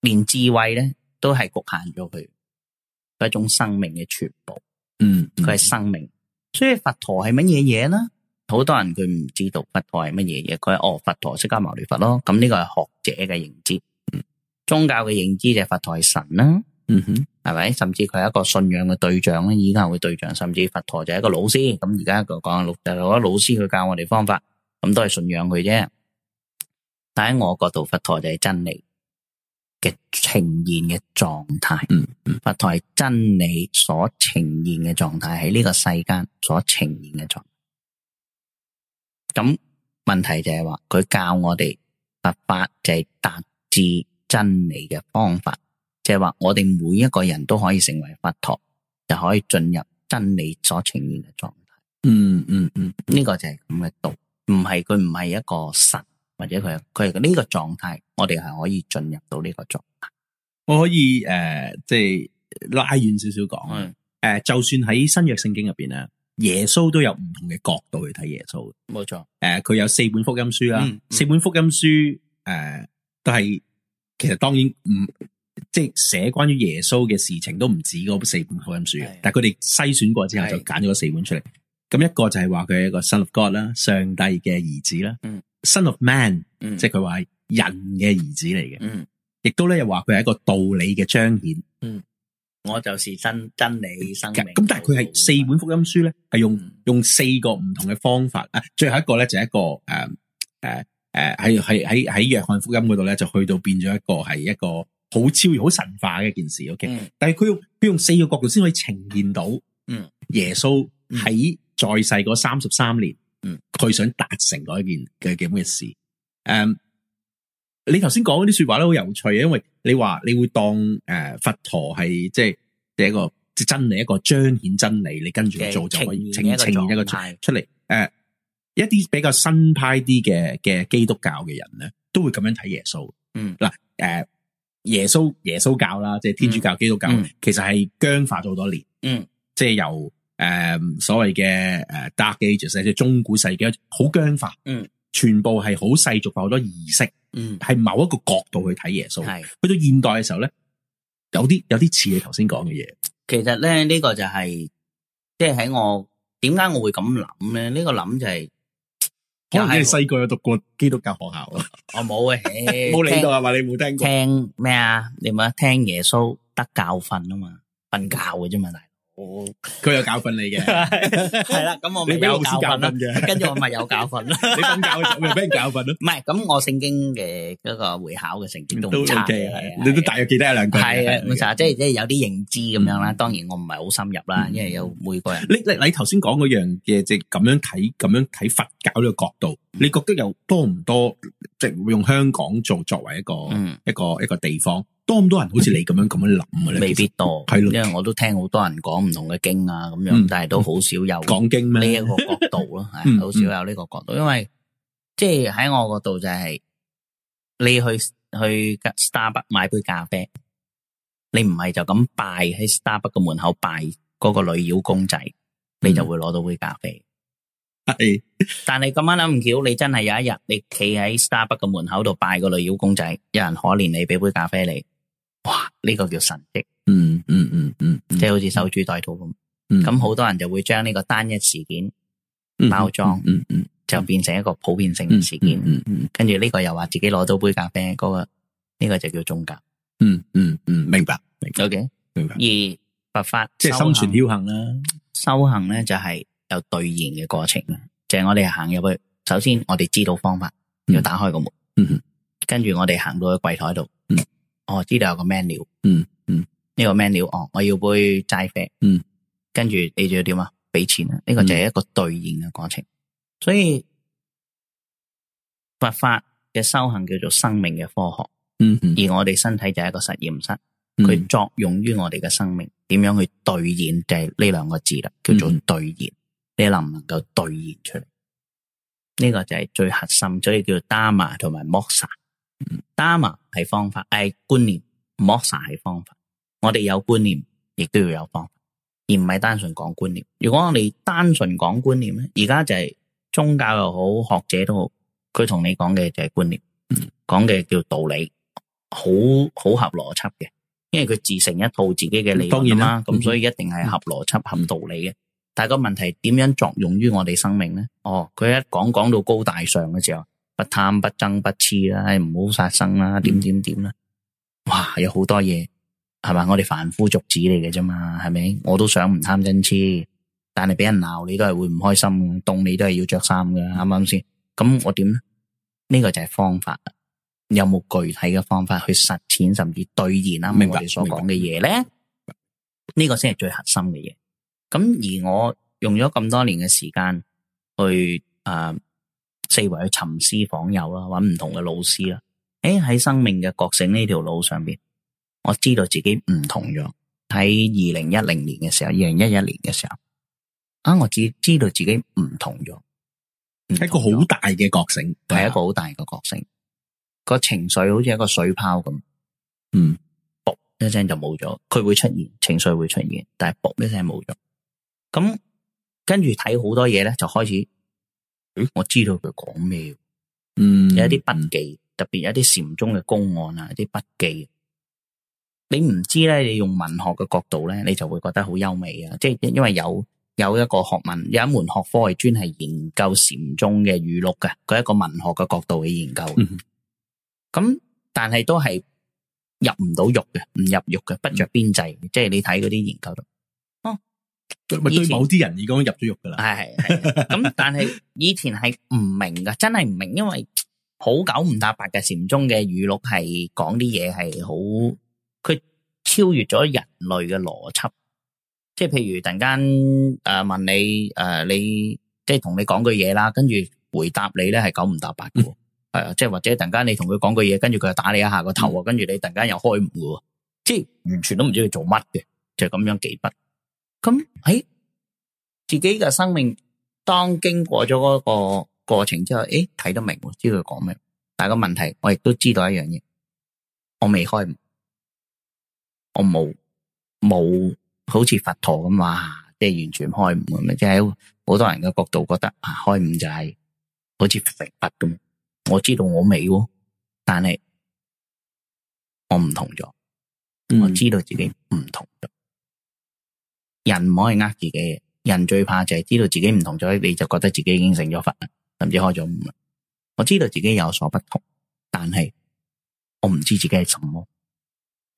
連智慧咧都係局限咗佢佢係一種生命嘅全部。嗯，佢係生命，所以佛陀係乜嘢嘢呢？好多人佢唔知道佛陀係乜嘢嘢，佢係哦，佛陀釋迦牟尼佛咯。咁呢個係學者嘅認知。嗯，宗教嘅認知就係佛陀係神啦。嗯哼。係咪？甚至佢係一個信仰嘅對象咧，而家會對象，甚至佛陀就係一個老師。咁而家講六，就係老師，佢教我哋方法，咁都係信仰佢啫。但喺我角度，佛陀就係真理嘅呈現嘅狀態。嗯，嗯佛陀係真理所呈現嘅狀態，喺呢個世間所呈現嘅狀態。咁問題就係話，佢教我哋佛法就係達至真理嘅方法。即係話，我哋每一個人都可以成為佛陀，就可以進入真理所呈現嘅狀態。嗯嗯嗯，呢、嗯嗯嗯呢個就係咁嘅道，唔係佢唔係一個神，或者佢佢係呢個狀態，我哋係可以進入到呢個狀態。我可以誒，即、呃、係、就是、拉遠少少講。誒是、呃，就算喺新約聖經入邊咧，耶穌都有唔同嘅角度去睇耶穌。冇錯，誒、呃，佢有四本福音書啦，嗯嗯、四本福音書，誒、呃，都係其實當然唔。嗯嗯嗯即係寫關於耶穌嘅事情都唔止嗰四本福音書，但係佢哋篩選過之後就揀咗四本出嚟。咁一個就係話佢係一個 Son of God 啦，上帝嘅兒子啦，Son of、mm. Man，即係佢話係人嘅兒子嚟嘅。嗯，mm. 亦都咧又話佢係一個道理嘅彰顯。嗯，mm. 我就是真真理、生命。咁但係佢係四本福音書咧，係用、嗯、用四個唔同嘅方法。誒，最後一個咧就係一個誒誒誒喺喺喺喺約翰福音嗰度咧就去到變咗一個係一個。Uh, uh, uh, 好超越、好神化嘅一件事，OK、嗯。但係佢用佢用四個角度先可以呈現到在在，嗯，耶穌喺在世嗰三十三年，嗯，佢想達成嗰一件嘅咁嘅事。誒、um,，你頭先講嗰啲說話咧好有趣，因為你話你會當誒、呃、佛陀係即係一個即係真理一個彰顯真理，你跟住做實就可以呈現一個出嚟。誒、呃呃呃呃，一啲比較新派啲嘅嘅基督教嘅人咧，都會咁樣睇耶穌。嗯，嗱，誒。耶穌耶穌教啦，即係天主教、基督教，其實係僵化咗好多年。嗯，即係由誒、呃、所謂嘅誒 dark ages 即係中古世紀，好僵化。嗯，全部係好世俗化，好多儀式。嗯，係某一個角度去睇耶穌。係是去到現代嘅時候咧，有啲有啲似你頭先講嘅嘢。其實咧，呢、這個就係即係喺我點解我會咁諗咧？呢、這個諗就係、是。因為細個有讀過基督教學校啊！我冇啊，冇理到係嘛？你冇聽過？聽咩啊？你冇啊？聽耶穌得教訓啊嘛？瞓覺嘅啫嘛？哦，佢有教訓你嘅，係啦，咁我有教訓嘅，跟住我咪有教訓咯。你訓教，我咪俾你教訓咯。唔係，咁我聖經嘅嗰個會考嘅成績都唔差嘅。係啊，你都大約記得一兩句，係啊，冇錯，即係即係有啲認知咁樣啦。當然我唔係好深入啦，因爲有每個人。你你你頭先講嗰樣嘢，即係咁樣睇，咁樣睇佛教呢個角度，你覺得又多唔多？即係會用香港做作為一個，嗯，一個一個地方。多唔多人好似你咁樣咁樣諗嘅咧？未必多，係咯了，因為我都聽好多人講唔同嘅經啊，咁、嗯、樣，但係都好少有講經呢一個角度咯，係好少有呢個角度，因為即係喺我角度就係、是、你去去 Starbuck 買杯咖啡，你唔係就咁拜喺 Starbuck 個門口拜嗰個女妖公仔，嗯、你就會攞到杯咖啡。係、嗯，嗯、但係今晚諗唔到，你真係有一日你企喺 Starbuck 個門口度拜個女妖公仔，有人可憐你俾杯咖啡你。哇！呢個叫神跡，嗯嗯嗯嗯，即係好似守株待兔咁。咁好多人就會將呢個單一事件包裝，嗯嗯，就變成一個普遍性嘅事件，嗯嗯。跟住呢個又話自己攞到杯咖啡，個呢個就叫宗教，嗯嗯嗯，明白，有嘅，明白。而佛法即係心存僥倖啦，修行咧就係有兌現嘅過程，就係我哋行入去。首先，我哋知道方法，要打開個門，嗯嗯。跟住我哋行到去櫃台度，嗯。哦，知道有個 menu，嗯嗯，呢、嗯、個 menu，哦，我要杯齋啡，嗯，跟住你仲要點啊？俾錢啊？呢、這個就係一個兌現嘅過程，所以佛法嘅修行叫做生命嘅科學，嗯嗯，而我哋身體就係一個實驗室，佢作用於我哋嘅生命，點樣去兌現就係呢兩個字啦，叫做兌現，你能唔能夠兌現出嚟？呢、這個就係最核心，所以叫做 Dharma 同埋 Moksa Dharma 係方法，係觀念；Mosa 係方法。我哋有觀念，亦都要有方法，而唔係單純講觀念。如果我哋單純講觀念咧，而家就係宗教又好，學者都好，佢同你講嘅就係觀念，講嘅、嗯、叫道理，好好合邏輯嘅。因為佢自成一套自己嘅理念。當然啦，咁所以一定係合邏輯、嗯、合道理嘅。但係個問題，點樣作用於我哋生命咧？哦，佢一講講到高大上嘅時候。不貪不爭不痴啦，唔好殺生啦，點點點啦，哇，有好多嘢係嘛，我哋凡夫俗子嚟嘅啫嘛，係咪？我都想唔貪真痴，但係俾人鬧你都係會唔開心，凍你都係要着衫嘅，啱啱先？咁、嗯、我點咧？呢、呢個就係方法，有冇具體嘅方法去實踐甚至兌現啦？明白我哋所講嘅嘢咧？呢個先係最核心嘅嘢。咁而我用咗咁多年嘅時間去誒。呃四圍去尋師訪友啦，揾唔同嘅老師啦。誒、哎，喺生命嘅覺醒呢條路上邊，我知道自己唔同咗。喺二零一零年嘅時候，二零一一年嘅時候，啊，我知知道自己唔同咗。係一個好大嘅覺醒，係一個好大嘅覺醒。個情緒好似一個水泡咁，嗯，噗一聲就冇咗。佢會出現，情緒會出現，但係噗一聲冇咗。咁跟住睇好多嘢咧，就開始。嗯、我知道佢講咩，嗯，有一啲筆記，特別有啲禪宗嘅公案啊，啲筆記，你唔知咧，你用文學嘅角度咧，你就會覺得好優美啊，即係因為有有一個學問，有一門學科係專係研究禪宗嘅語錄嘅，佢一個文學嘅角度去研究，咁、嗯、哼但係都係入唔到肉嘅，唔入肉嘅，不着邊際，嗯、即係你睇嗰啲研究。對某啲人已經入咗獄噶啦，係係咁，但係以前係唔明噶， 真係唔明，因為好九唔搭八嘅禪宗嘅語錄係講啲嘢係好，佢超越咗人類嘅邏輯，即係譬如突然間誒問你誒、呃、你即係同你講句嘢啦，跟住回答你咧係九唔搭八嘅，係啊， 即係或者突然間你同佢講句嘢，跟住佢又打你一下個頭，跟住、嗯、你突然間又開悟，即係完全都唔知佢做乜嘅，就咁、係、樣幾筆。咁誒、欸，自己嘅生命當經過咗嗰個過程之後，誒、欸、睇得明，知道佢講咩。但係個問題，我亦都知道一樣嘢，我未開悟，我冇冇好似佛陀咁話、啊，即係完全開悟咁。即係喺好多人嘅角度覺得啊，開悟就係好似成佛咁。我知道我未，但係我唔同咗，我知道自己唔同咗。嗯人唔可以呃自己嘅，人最怕就係知道自己唔同咗，你就覺得自己已經成咗佛，甚至開咗悟啦。我知道自己有所不同，但係我唔知自己係什麼，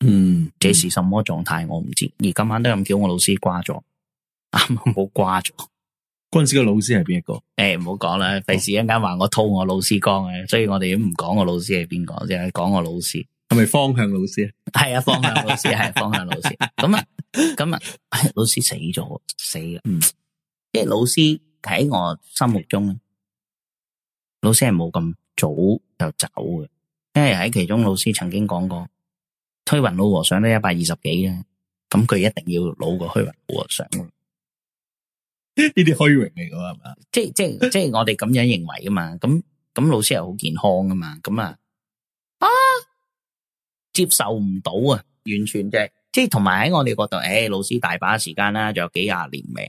嗯，這是什麼狀態我唔知。嗯、而今晚都咁叫我老師掛咗，啱啱好掛咗。嗰陣時個老師係邊一個？誒、欸，唔好講啦，費事一陣間話我套我老師講嘅，所以我哋都唔講我老師係邊個，淨係講我老師。係咪方向老師啊？係啊，方向老師係方向老師。咁啊，咁啊，老師死咗死啦。嗯，即係老師喺我心目中，老師係冇咁早就走嘅。因為喺其中，老師曾經講過，虛雲老和尚都一百二十幾啊，咁佢一定要老過虛雲老和尚。呢啲虛榮嚟噶係嘛？即係即係即係我哋咁樣認為噶嘛？咁咁老師係好健康噶嘛？咁啊啊！接受唔到啊！完全嘅，就是，即係同埋喺我哋角度，誒、欸，老師大把時間啦，仲有幾廿年命，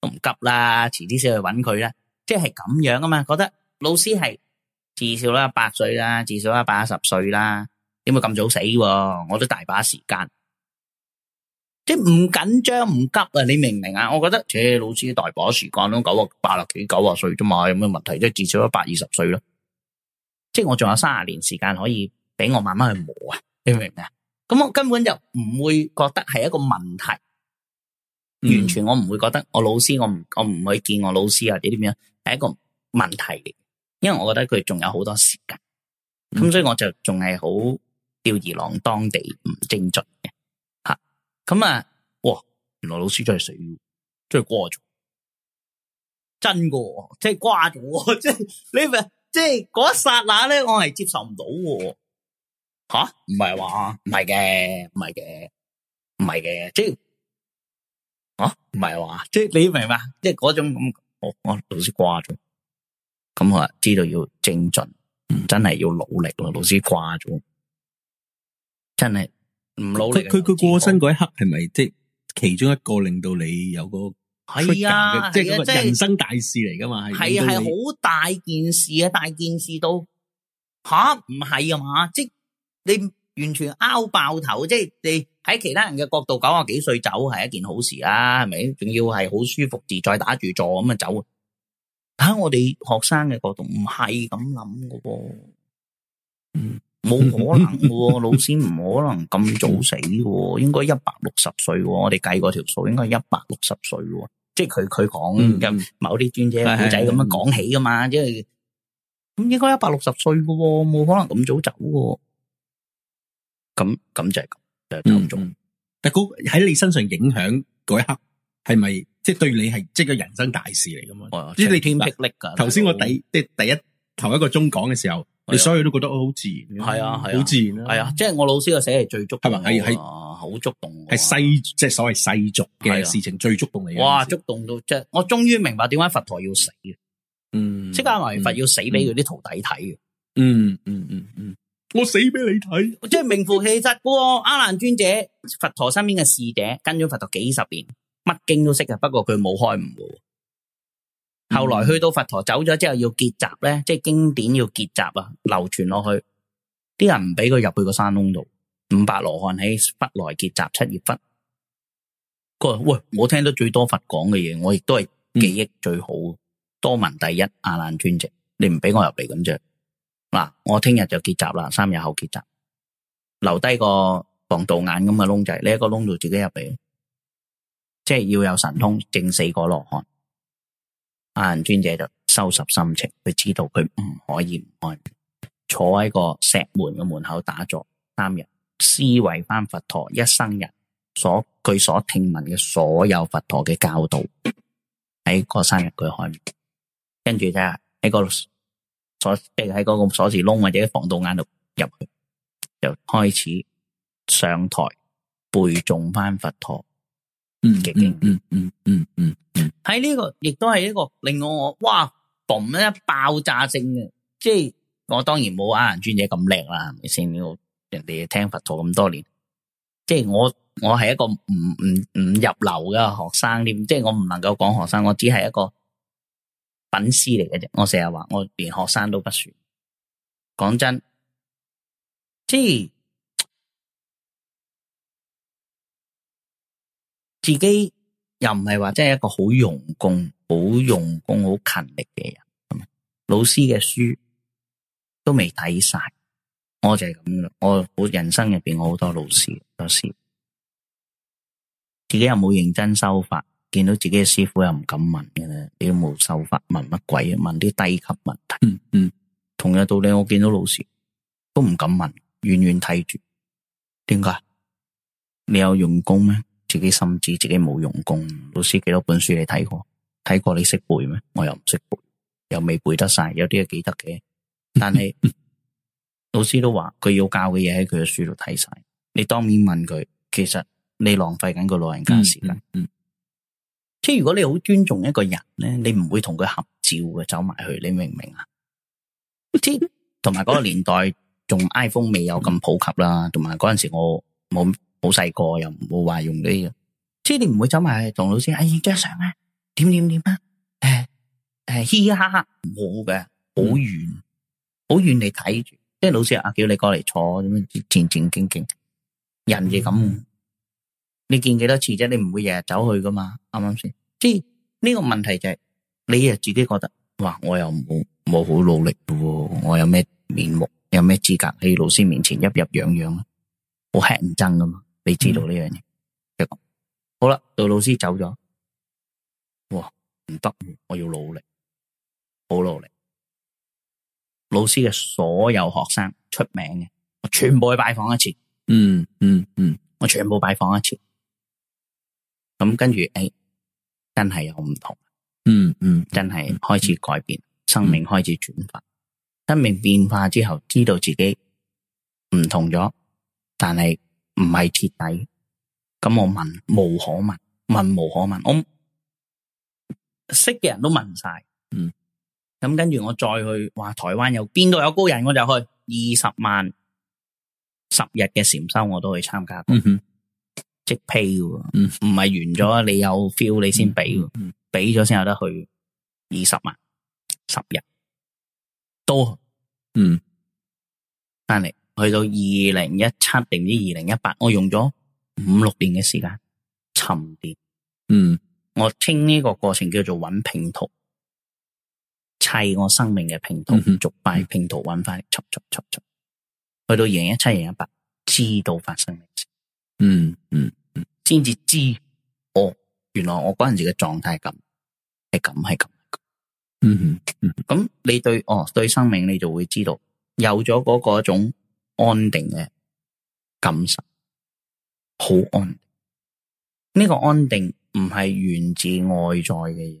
都唔急啦，遲啲先去揾佢啦。即係咁樣啊嘛，覺得老師係至少啦八歲啦，至少啦八十歲啦，點會咁早死啊？我都大把時間，即係唔緊張唔急啊！你明唔明啊？我覺得，誒、欸，老師大把時間咯，九啊八啊幾九啊歲啫嘛，有咩問題？即係至少一百二十歲咯，即係我仲有三十年時間可以俾我慢慢去磨啊！你明嘅？咁我根本就唔會覺得係一個問題，嗯、完全我唔會覺得我老師我唔我唔會見我老師或者點樣,係一個問題嚟嘅。因為我覺得佢仲有好多時間，咁、嗯、所以我就仲係好吊兒郎當地唔精進嘅吓。咁啊，哇！原來老師真係死，真係瓜咗，真㗎即係瓜咗，即係你咪即係嗰一剎那咧，我係接受唔到。吓，唔係話唔係嘅，唔係嘅，唔係嘅，即係啊，唔係話，即係你明白，即係嗰種我我、哦啊、老師掛咗，咁、嗯、我、嗯、知道要精進，真係要努力、嗯、老師掛咗，真係唔努力。佢佢過身嗰一刻係咪即係其中一個令到你有個係啊，即係人生大事嚟噶嘛？係係好大件事啊，大件事到吓唔係啊嘛、啊？即你完全拗爆頭，即係你喺其他人嘅角度，九十幾歲走係一件好事啦，係咪？仲要係好舒服自在打住坐咁啊走啊！喺我哋學生嘅角度，唔係咁諗嘅喎，嗯，冇可能嘅，老師唔可能咁早死嘅，應該一百六十歲，我哋計過條數，應該一百六十歲，即係佢佢講跟某啲尊者古仔咁樣講起噶嘛，即係咁應該一百六十歲嘅，冇可能咁早走。咁咁就係，就係當中。但係喺你身上影響嗰一刻，係咪即係對你係即係個人生大事嚟噶嘛？即係天霹靂噶。頭先我第即係第一頭一個鐘講嘅時候，你所有都覺得好自然，係啊，好自然啊，係啊。即係我老師嘅寫係最觸，係咪？係係好觸動，係細即係所謂世俗嘅事情最觸動你。哇，觸動到即係我終於明白點解佛陀要死嘅，嗯，即係阿彌陀佛要死俾佢啲徒弟睇嘅，嗯嗯嗯嗯。我死畀你睇，我真係名副其實嗰個阿難尊者，佛陀身邊嘅侍者，跟咗佛陀幾十年，乜經都識嘅。不過佢冇開悟。後來去到佛陀走咗之後，要結集咧，即係經典要結集啊，流傳落去，啲人唔畀佢入去個山窿度。五百羅漢喺佛來結集七葉分。佢話，喂，我聽到最多佛講嘅嘢，我亦都係記憶最好，嗯、多聞第一。阿難尊者，你唔畀我入嚟，咁啫。嗱、啊，我聽日就結集啦，三日後結集，留低個防盜眼咁嘅窿，仔，呢一個窿度自己入嚟，即係要有神通證四果羅漢。阿、啊、難尊、尊者就收拾心情，佢知道佢唔可以唔開，坐喺個石門嘅門口打坐三日，思維翻佛陀一生人，所佢所聽聞嘅所有佛陀嘅教導，喺嗰三日佢開，跟住就喺、那個。鎖即係喺嗰個鎖匙窿或者防盜眼度入去，就開始上台背誦翻佛陀。嗯嗯嗯嗯嗯嗯喺呢、嗯嗯這個亦都係一、這個令我我哇嘣咧爆炸性嘅，即係我當然冇阿難尊者咁叻啦，先要人哋聽佛陀咁多年，即係我我係一個唔唔唔入流嘅學生添，即、就、係、是、我唔能夠講學生，我只係一個。品師嚟嘅啫，我成日話我連學生都不算。講真，即係自己又唔係話真係一個好用功、好用功、好勤力嘅人。老師嘅書都未睇晒，我就係咁啦。我人生入邊，我好多老師老師，自己又冇認真修法。見到自己嘅師傅又唔敢問嘅咧，你都冇手法問乜鬼啊？問啲低級問題。嗯嗯，嗯同樣道理，我見到老師都唔敢問，遠遠睇住。點解？你有用功咩？自己心知自己冇用功。老師幾多本書你睇過？睇過你識背咩？我又唔識背，又未背得晒。有啲嘢記得嘅，但係 老師都話佢要教嘅嘢喺佢嘅書度睇晒。你當面問佢，其實你浪費緊個老人家時間。嗯。嗯。嗯即係如果你好尊重一個人咧，你唔會同佢合照嘅，走埋去，你明唔明啊？即係同埋嗰個年代，仲 iPhone 未有咁普及啦，同埋嗰陣時我冇好細個，又唔會話用呢啲，即係、嗯、你唔會走埋去同老師，哎呀影張相啊，點點點啊，誒誒嘻嘻哈哈，冇嘅，好遠，好遠你睇住，即係、就是、老師啊叫你過嚟坐，咁樣戰戰兢兢，人哋咁。嗯你見幾多次啫？你唔會日日走去噶嘛？啱啱先？即係呢個問題就係、是、你又自己覺得，哇！我又冇冇好努力喎，我有咩面目？有咩資格喺老師面前一入嚷嚷？好乞人憎噶嘛？你知道呢樣嘢？嗯、好啦，到老師走咗，哇！唔得，我要努力，好努力。老師嘅所有學生出名嘅，我全部去拜訪一次。嗯嗯嗯，我全部拜訪一次。咁跟住，誒、哎，真係有唔同，嗯嗯，真係開始改變，嗯、生命開始轉化，嗯、生命變化之後，知道自己唔同咗，但係唔係徹底，咁我問無可問，問無可問，我識嘅人都問晒，嗯，咁跟住我再去話台灣有邊度有高人，我就去二十萬十日嘅禪修我都去參加，嗯哼。即 pay 嘅唔唔係完咗，你有 feel 你先俾，俾咗先有得去二十萬十日，多，嗯，翻嚟去到二零一七定唔知二零一八，我用咗五六年嘅時間沉澱，嗯，我稱呢個過程叫做揾拼圖，砌我生命嘅拼圖，逐塊拼圖揾翻，拆去，去，去，去，去，去到二零一七二零一八，2018，知道發生咩事、嗯，嗯嗯。先至知，哦，原來我嗰陣時嘅狀態係咁，係咁，係咁。嗯，咁你對，哦，對生命你就會知道，有咗嗰個一種安定嘅感受，好安定，呢個安定唔係源自外在嘅嘢，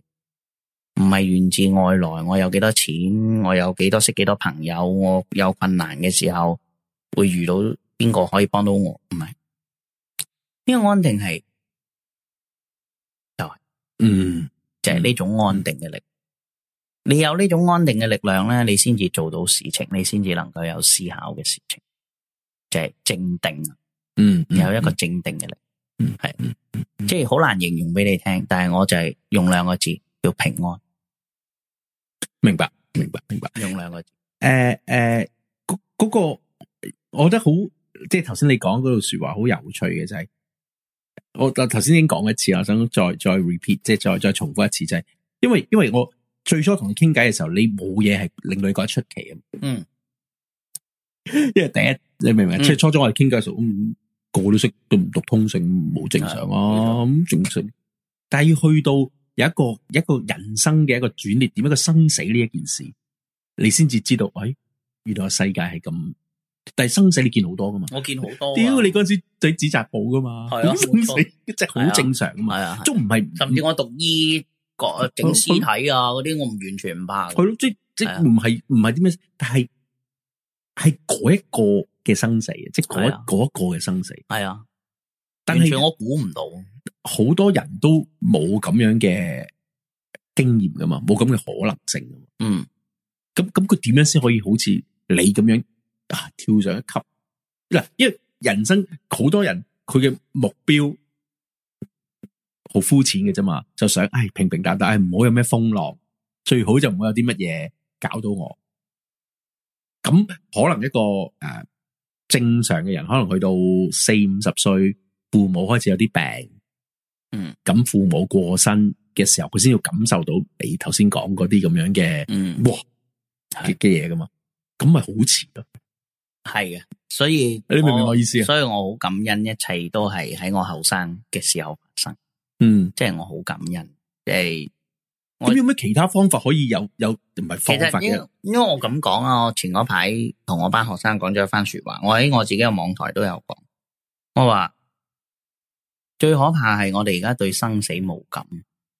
唔係源自外來。我有幾多錢，我有幾多識幾多朋友，我有困難嘅時候會遇到邊個可以幫到我，唔係。呢個安定係就係，嗯，就係呢種安定嘅力。你有呢種安定嘅力量咧，你先至做到事情，你先至能夠有思考嘅事情，就係正定。嗯，有一個正定嘅力。嗯，係，嗯，即係好難形容俾你聽，但係我就係用兩個字叫平安。明白，明白，明白。用兩個字、呃，誒、呃、誒，嗰、嗰、嗰個、嗰個、我覺得好，即係頭先你講嗰套說話好有趣嘅就係、是。我頭先已經講一次，我想再再 repeat，即係再再重複一次，就係、是、因為因為我最初同你傾偈嘅時候，你冇嘢係令到你覺得出奇，嗯，因為第一你明唔明？即係、嗯、初、初中我哋傾偈，嘅、嗯、熟個個都識，都唔讀通性冇正常啊，咁正常。但係去到有一個一個人生嘅一個轉捩點，一個生死呢一件事，你先至知道，喂、哎，原來世界係咁。但係生死你見好多噶嘛？我見好多。屌，你嗰陣時睇《紙紮報》噶嘛？係咯，即係好正常噶嘛？係啊，都唔係。甚至我讀醫，個整屍體啊嗰啲，我唔完全唔怕。係咯，即係即唔係唔係啲咩？但係係嗰一個嘅生死，即係嗰一個嘅生死。係啊，完全我估唔到，好多人都冇咁樣嘅經驗噶嘛，冇咁嘅可能性噶嘛。嗯，咁咁佢點樣先可以好似你咁樣？啊、跳上一級嗱，因為人生好多人佢嘅目標好膚淺嘅啫嘛，就想唉，平平淡淡，唔好有咩風浪，最好就唔好有啲乜嘢搞到我。咁可能一個誒、呃、正常嘅人，可能去到四五十歲，父母開始有啲病，嗯，咁父母過身嘅時候，佢先要感受到你頭先講嗰啲咁樣嘅，嗯，哇嘅嘢噶嘛，咁咪好遲咯。係啊，所以你明唔明我意思啊？所以我好感恩，一切都係喺我後生嘅時候發生。嗯，即係我好感恩。即係我有咩其他方法可以有？有，唔係方法。因為我咁講啊，我前嗰排同我班學生講咗一番說話，我喺我自己嘅網台都有講。我話最可怕係我哋而家對生死無感。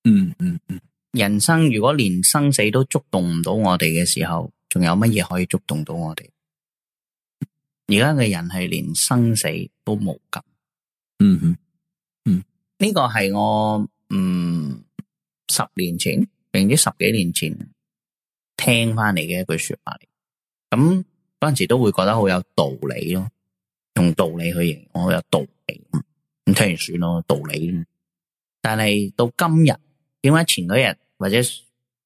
嗯嗯嗯，嗯嗯，人生如果連生死都觸動唔到我哋嘅時候，仲有乜嘢可以觸動到我哋？而家嘅人係連生死都冇感，嗯哼，嗯，呢個係我嗯十年前，甚至十幾年前聽翻嚟嘅一句說話。咁嗰陣時都會覺得好有道理咯，用道理去形容好有道理。咁、嗯、聽完算咯，道理。但係到今日，點解前嗰日或者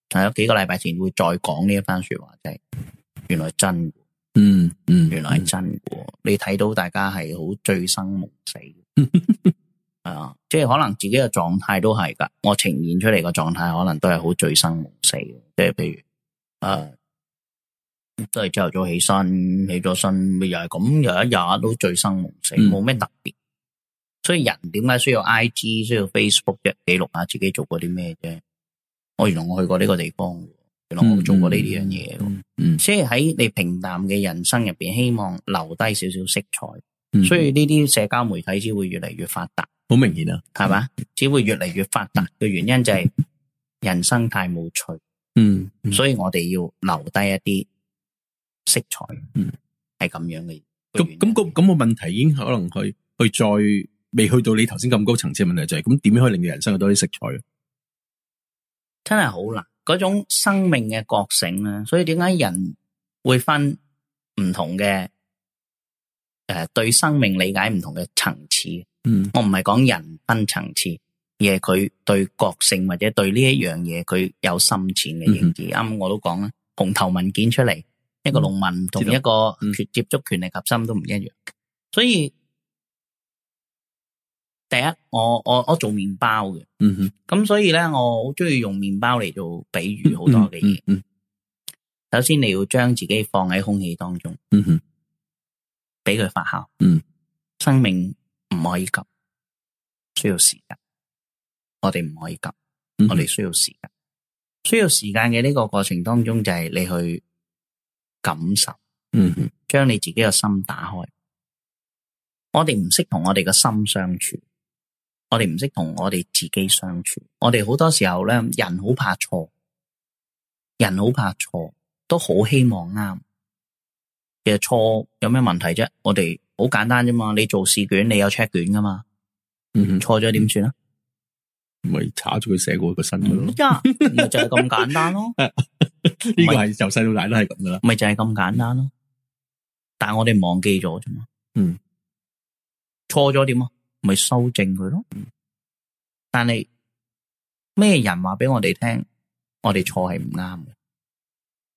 仲有幾個禮拜前會再講呢一番說話，就係原來真。嗯嗯，嗯，原來係真嘅。嗯、你睇到大家係好醉生夢死，係啊，即係可能自己嘅狀態都係噶。我呈現出嚟嘅狀態，可能都係好醉生夢死。即係譬如，誒、啊，都係朝頭早起身，起咗身又係咁，又一日都醉生夢死，冇咩、嗯、特別。所以人點解需要 I G 需要 Facebook 啫、啊？記錄下自己做過啲咩啫。我原來我去過呢個地方。我冇做過呢啲樣嘢，嗯，所以喺你平淡嘅人生入邊，希望留低少少色彩，所以呢啲社交媒體先會越嚟越發達，好明顯啊，係嘛？只會越嚟越發達嘅原因就係人生太冇趣，嗯，所以我哋要留低一啲色彩，嗯，係咁樣嘅。咁咁個咁個問題已經可能去去再未去到你頭先咁高層次嘅問題，就係咁點樣可以令到人生有多啲色彩？真係好難。嗰種生命嘅覺醒啦，所以點解人會分唔同嘅，誒、呃、對生命理解唔同嘅層次？嗯，我唔係講人分層次，而係佢對覺性或者對呢一樣嘢佢有深淺嘅認知。啱、嗯哼，啱我都講啦，紅頭文件出嚟，一個農民同一個接接觸權力核心都唔一樣，所以。第一，我我我做麵包嘅，咁、mm hmm. 所以咧，我好中意用麵包嚟做比喻好多嘅嘢。Mm hmm. 首先，你要將自己放喺空氣當中，俾佢、mm hmm. 發酵。Mm hmm. 生命唔可以急，需要時間。我哋唔可以急，我哋需要時間。需要時間嘅呢個過程當中，就係你去感受，將、mm hmm. 你自己嘅心打開。我哋唔識同我哋嘅心相處。 我哋唔識同我哋自己相處，我哋好多時候咧，人好怕錯，人好怕錯，都好希望啱。其實錯有咩問題啫？我哋好簡單啫嘛，你做試卷，你有 check 卷，噶嘛，嗯，錯咗點算啊？咪炒咗佢寫過個新嘅咯，咪就係咁簡單咯。呢個係由細到大都係咁噶啦，咪就係咁簡單咯，啊。 但係我哋忘記咗啫嘛，嗯，錯咗點啊？咪修正佢咯，但係咩人話俾我哋聽，我哋錯係唔啱嘅。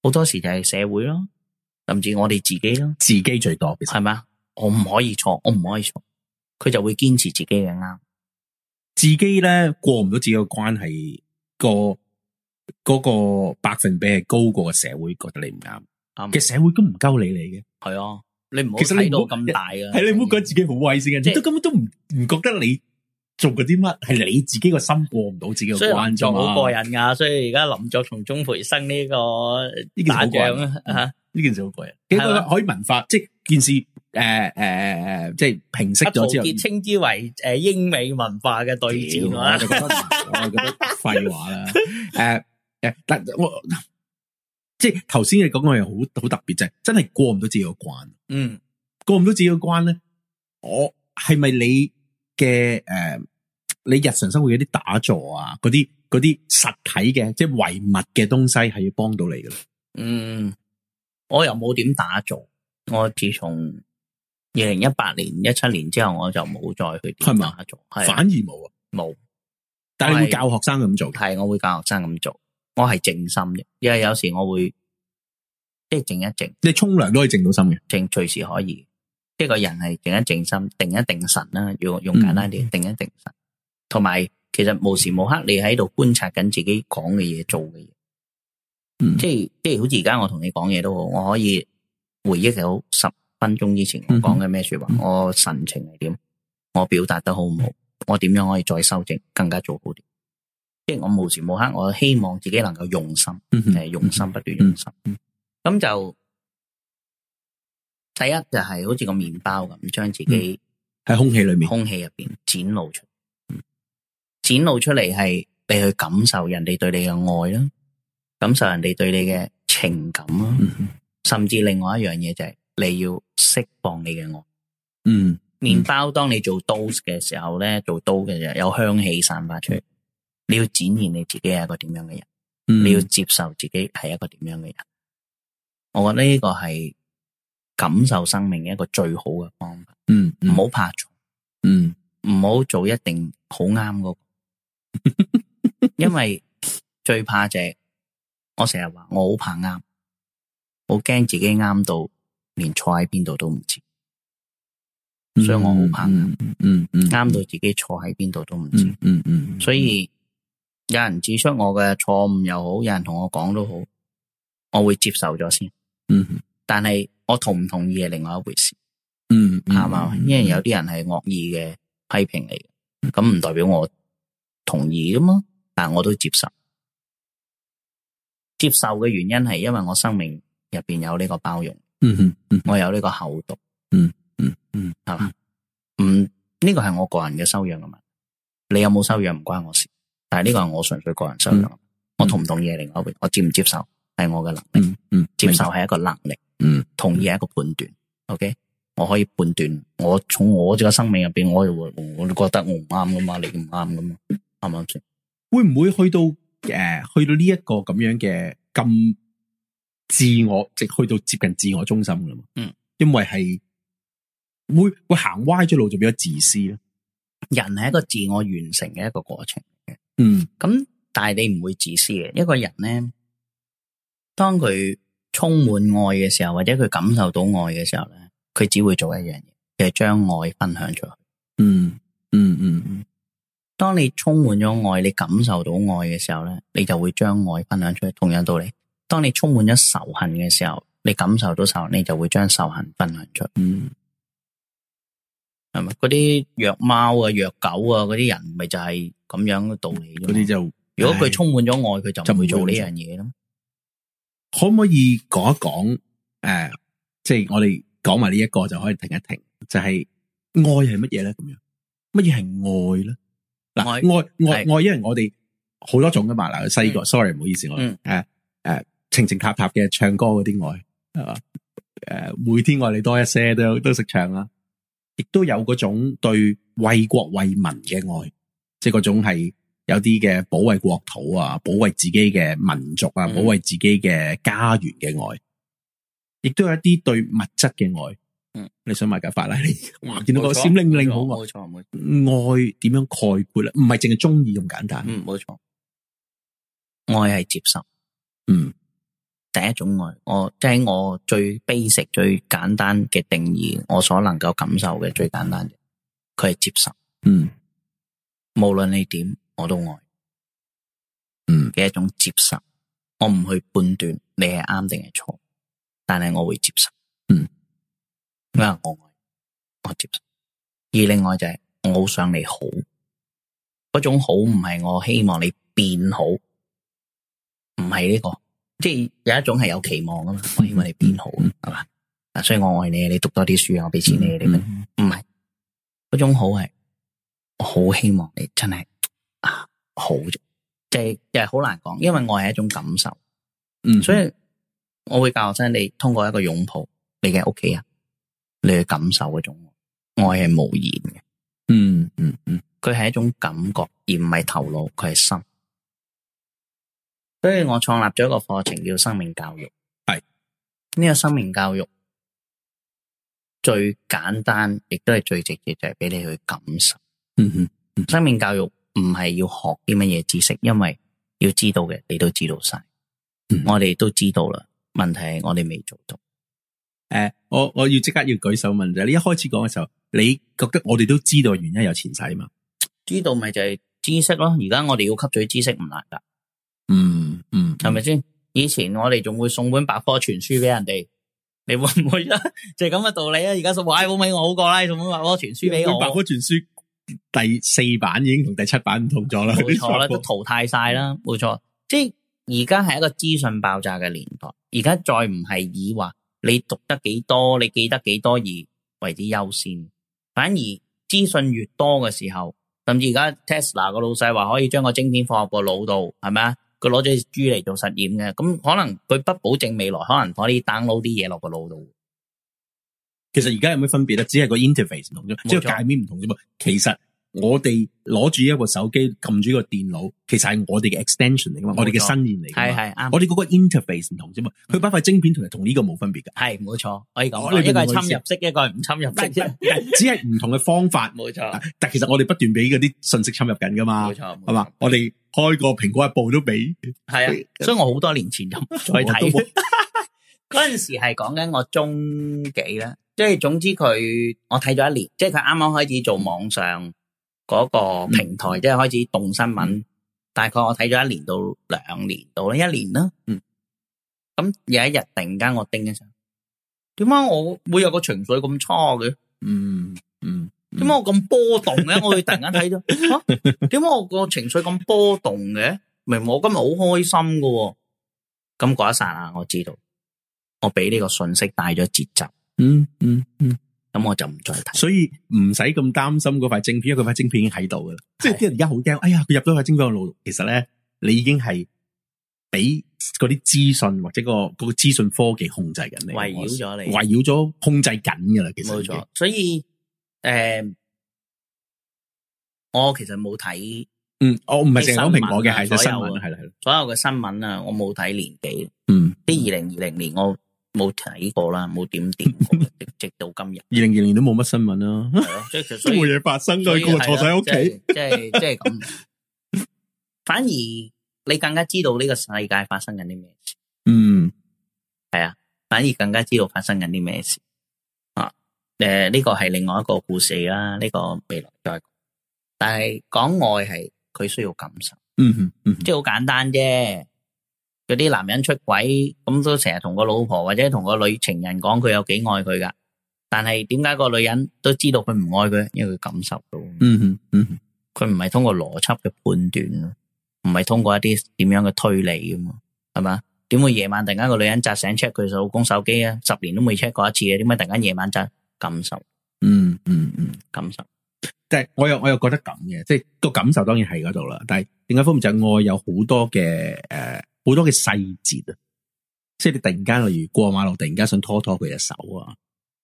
好多時就係社會咯，甚至我哋自己咯，自己最多係咪啊？我唔可以錯，我唔可以錯，佢就會堅持自己嘅啱。自己咧過唔到自己嘅關係個、個百分比係高過個社會覺得你唔啱，其實社會都唔夠你嚟嘅，係啊。你唔好睇到咁大看是是啊！係、就是、你唔好覺得自己好威先，嘅，係都根本都唔唔覺得你做過啲乜，係你自己個心過唔到自己個關啫好、啊、過癮噶、啊，所以而家林作從鍾培生呢個呢件事好過癮。呢件事好個可以文化，吧即係件事。誒誒誒，即係平息咗之後，稱、啊、之為誒英美文化嘅對照、啊。啦、嗯。我覺得廢話啦。誒、嗯、誒，但、嗯、我。嗯嗯嗯嗯嗯啊即係頭先你講嘅嘢好好特別，就真係過唔到自己個關。嗯，過唔到自己個關咧，我係咪你嘅誒、呃？你日常生活有啲打坐啊，嗰啲嗰啲實體嘅，即係遺物嘅東西係要幫到你嘅？啦。嗯，我又冇點打坐。我自從二零一八年一七年之後，我就冇再去點打坐，係嗎是反而冇啊，冇沒。但係你會教學生咁做，係我，我會教學生咁做。我係靜心嘅，因為有時我會即係靜一靜。你沖涼都可以靜到心嘅，靜隨時可以。即係個人係靜一靜心，定一定神啦。要用簡單啲，定一定神。同埋、嗯，其實無時無刻你喺度觀察緊自己講嘅嘢、做嘅嘢。即係即係，就是就是、好似而家我同你講嘢都好，我可以回憶到十分鐘以前我講嘅咩說話，嗯嗯、我神情係點，我表達得好唔好，嗯、我點樣可以再修正，更加做好啲。即係我無時無刻，我希望自己能夠用心，誒、嗯哼，用心不斷用心。咁、嗯、哼就第一就係好似個麵包咁，將自己喺、嗯、空氣裏面，空氣入邊展露出，展露出嚟係你去感受人哋對你嘅愛啦，感受人哋對你嘅情感啦，嗯、哼甚至另外一樣嘢就係你要釋放你嘅愛嗯。嗯，麵包當你做刀嘅時候咧，做刀嘅就有香氣散發出嚟。嗯。你要展現你自己係一個點樣嘅人，嗯、你要接受自己係一個點樣嘅人。我覺得呢個係感受生命嘅一個最好嘅方法。嗯，唔好怕錯，嗯，唔好做、嗯、做一定好啱嗰個， 因為最怕就係我成日話我好怕啱，我驚自己啱到連坐喺邊度都唔知，嗯、所以我好怕啱、嗯，嗯嗯，啱、嗯嗯嗯、到自己坐喺邊度都唔知，嗯嗯，嗯嗯，所以、嗯。有人指出我嘅錯誤又好，有人同我講都好，我會接受咗先。嗯哼，但係我同唔同意係另外一回事。嗯哼，係嘛？因為有啲人係惡意嘅批評嚟，咁唔代表我同意噶嘛。但係我都接受。接受嘅原因係因為我生命入邊有呢個包容。嗯哼，我有呢個厚度。嗯嗯哼嗯，係嘛？嗯，呢、這個係我個人嘅修養啊嘛。你有冇修養唔關我事。但係呢個係我純粹個人修養，嗯、我同唔同意另外一回事，嗯、我接唔接受係我嘅能力，嗯，嗯接受係一個能力，嗯，同意係一個判斷、嗯，OK，我可以判斷，我從我自己生命入邊，我又我哋覺得我唔啱噶嘛，你唔啱噶嘛，啱唔啱先？吧會唔會去到誒、呃？去到呢一個咁樣嘅咁自我，即去到接近自我中心噶嗯，因為係會會行歪咗路就變咗自私咯。人係一個自我完成嘅一,一個過程。嗯，咁但係你唔會自私嘅。一個人咧，當佢充滿愛嘅時候，或者佢感受到愛嘅時候咧，佢只會做一樣嘢，就係、是、將愛分享出去、嗯。嗯，嗯嗯嗯。當你充滿咗愛，你感受到愛嘅時候咧，你就會將愛分享出去。同樣道理，當你充滿咗仇恨嘅時候，你感受到仇恨，你就會將仇恨分享出去。嗯。係咪嗰啲虐貓啊、虐狗啊嗰啲人，咪就係咁樣嘅道理？嗰啲就如果佢充滿咗愛，佢就唔會做呢樣嘢咯。可唔可以講一講？誒，即係我哋講埋呢一個就可以停一停，就係愛係乜嘢咧？咁樣乜嘢係愛咧？嗱，愛愛愛愛，因為我哋好多種噶嘛。嗱，細個，sorry，唔好意思，我誒誒，情情塔塔嘅唱歌嗰啲愛係嘛？誒，每天愛你多一些，都都識唱啦。亦都有嗰種對為國為民嘅愛，即係嗰種係有啲嘅保衛國土啊，保衛自己嘅民族啊，嗯、保衛自己嘅家園嘅愛，亦都有一啲對物質嘅愛。嗯，你想買架法拉利，哇！見到個閃靈靈，好冇？冇錯冇錯。愛點樣概括咧？唔係淨係中意咁簡單。嗯，冇錯，愛係接受，嗯。第一種愛，我即係、就是、我最 basic、最簡單嘅定義，我所能夠感受嘅最簡單嘅，佢係接受。嗯，無論你點，我都愛。嗯嘅一種接受，我唔去判斷你係啱定係錯，但係我會接受。嗯，因為，我愛，我接受。而另外就係、是、我好想你好，嗰種好唔係我希望你變好，唔係呢個。即係有一種係有期望㗎嘛，我希望你變好，係嘛啊！所以我愛你，你讀多啲書，我俾錢你，你咪唔係嗰種好係，我好希望你真係啊好就又係好難講，因為愛係一種感受，嗯，所以我會教學生，你通過一個擁抱，你嘅屋企人，你去感受嗰種愛係無言嘅、嗯嗯，嗯嗯嗯，佢、嗯、係一種感覺，而唔係頭腦，佢係心。所以我創立咗一個課程叫生命教育。係呢是個生命教育最簡單，亦都係最直接，就係、是、俾你去感受。嗯哼，生命教育唔係要學啲乜嘢知識，因為要知道嘅你都知道晒， 我哋都知道啦。問題係我哋未做到。誒、呃，我我要即刻要舉手問就係你一開始講嘅時候，你覺得我哋都知道原因有前世嘛？知道咪就係知識咯。而家我哋要吸取知識唔難噶。嗯嗯，係咪先？以前我哋仲會送本百科全書俾人哋，你會唔會啊？就係咁嘅道理啊！而家送 iPhone 俾、哎、我好過啦，你送本百科全書俾我。佢百科全書第四版已經同第七版唔同咗啦，冇錯啦，都淘汰晒啦，冇錯。即係而家係一個資訊爆炸嘅年代，而家再唔係以話你讀得幾多，你記得幾多而為之優先，反而資訊越多嘅時候，甚至而家 Tesla 個老細話可以將個晶片放入個腦度，係咪啊？佢攞隻豬嚟做實驗嘅，咁可能佢不保證未來，可能可以 download 啲嘢落個腦度。冇錯。其實而家有咩分別咧？只係個 interface 唔同啫，即係界面唔同啫嘛，其實。我哋攞住一個手機，撳住一個電腦，其實係我哋嘅 extension 嚟噶嘛，我哋嘅新現嚟，係係啱。我哋嗰個 interface 唔同啫嘛，佢擺塊晶片同同呢個冇分別噶。係冇錯，可以講，我哋呢個係侵入式，一個係唔侵入式，只係唔同嘅方法。冇錯，但其實我哋不斷俾嗰啲信息侵入緊噶嘛，冇錯，係嘛？我哋開個蘋果日報都俾，係啊，所以我好多年前就再睇。嗰陣時係講緊我中幾啦，即係總之佢我睇咗一年，即係佢啱啱開始做網上。嗰個平台即係開始動新聞，大概我睇咗一年到兩年到咧一年啦，嗯嗯。嗯，咁有一日突然間、啊、我叮一聲，點解我會有個情緒咁差嘅？嗯嗯，點解我咁波動嘅？我去突然間睇咗，點解我個情緒咁波動嘅？明我今日好開心噶，咁過一剎啦，我知道，我俾呢個訊息帶咗節奏。嗯嗯嗯。嗯嗯咁我就唔再睇，所以唔使咁擔心嗰塊晶片，因為佢塊晶片已經喺度嘅喇，是的 即係啲人而家好驚。哎呀，佢入咗塊晶片嘅路，其實咧你已經係俾嗰啲資訊或者、嗰個嗰、嗰個資訊科技控制緊你，圍繞咗你，圍繞咗控制緊噶啦。其實冇錯，所以誒、呃，我其實冇睇。嗯，我唔係淨係講蘋果嘅，係只新聞係係所有嘅新聞啊，聞我冇睇年幾。嗯，啲二零二零年我。冇睇過啦，冇點點過，直到今日。二零二零都冇乜新聞啦，即係其實都冇嘢發生啊，坐喺屋企，即係即係咁。反而你更加知道呢個世界發生緊啲咩事？嗯，係啊，反而更加知道發生緊啲咩事啊？誒，呢個係另外一個故事啦，呢個未來再講。但係講愛係佢需要感受，嗯嗯，即係好簡單啫。有啲男人出軌咁都成日同個老婆或者同個女情人講佢有幾愛佢噶，但係點解個女人都知道佢唔愛佢，因為佢感受到。嗯嗯嗯，佢唔係通過邏輯嘅判斷咯，唔係通過一啲點樣嘅推理噶嘛，係嘛？點會夜晚突然間個女人扎醒 check 佢老公手機啊？十年都未 check 過一次啊？點解突然間夜晚扎感受？嗯嗯嗯，感受。即係我又我又覺得咁嘅，即係個感受當然係嗰度啦。但係點解？方面就係愛有好多嘅誒。好多嘅細節啊，即係你突然間例如過馬路，突然間想拖拖佢隻手啊，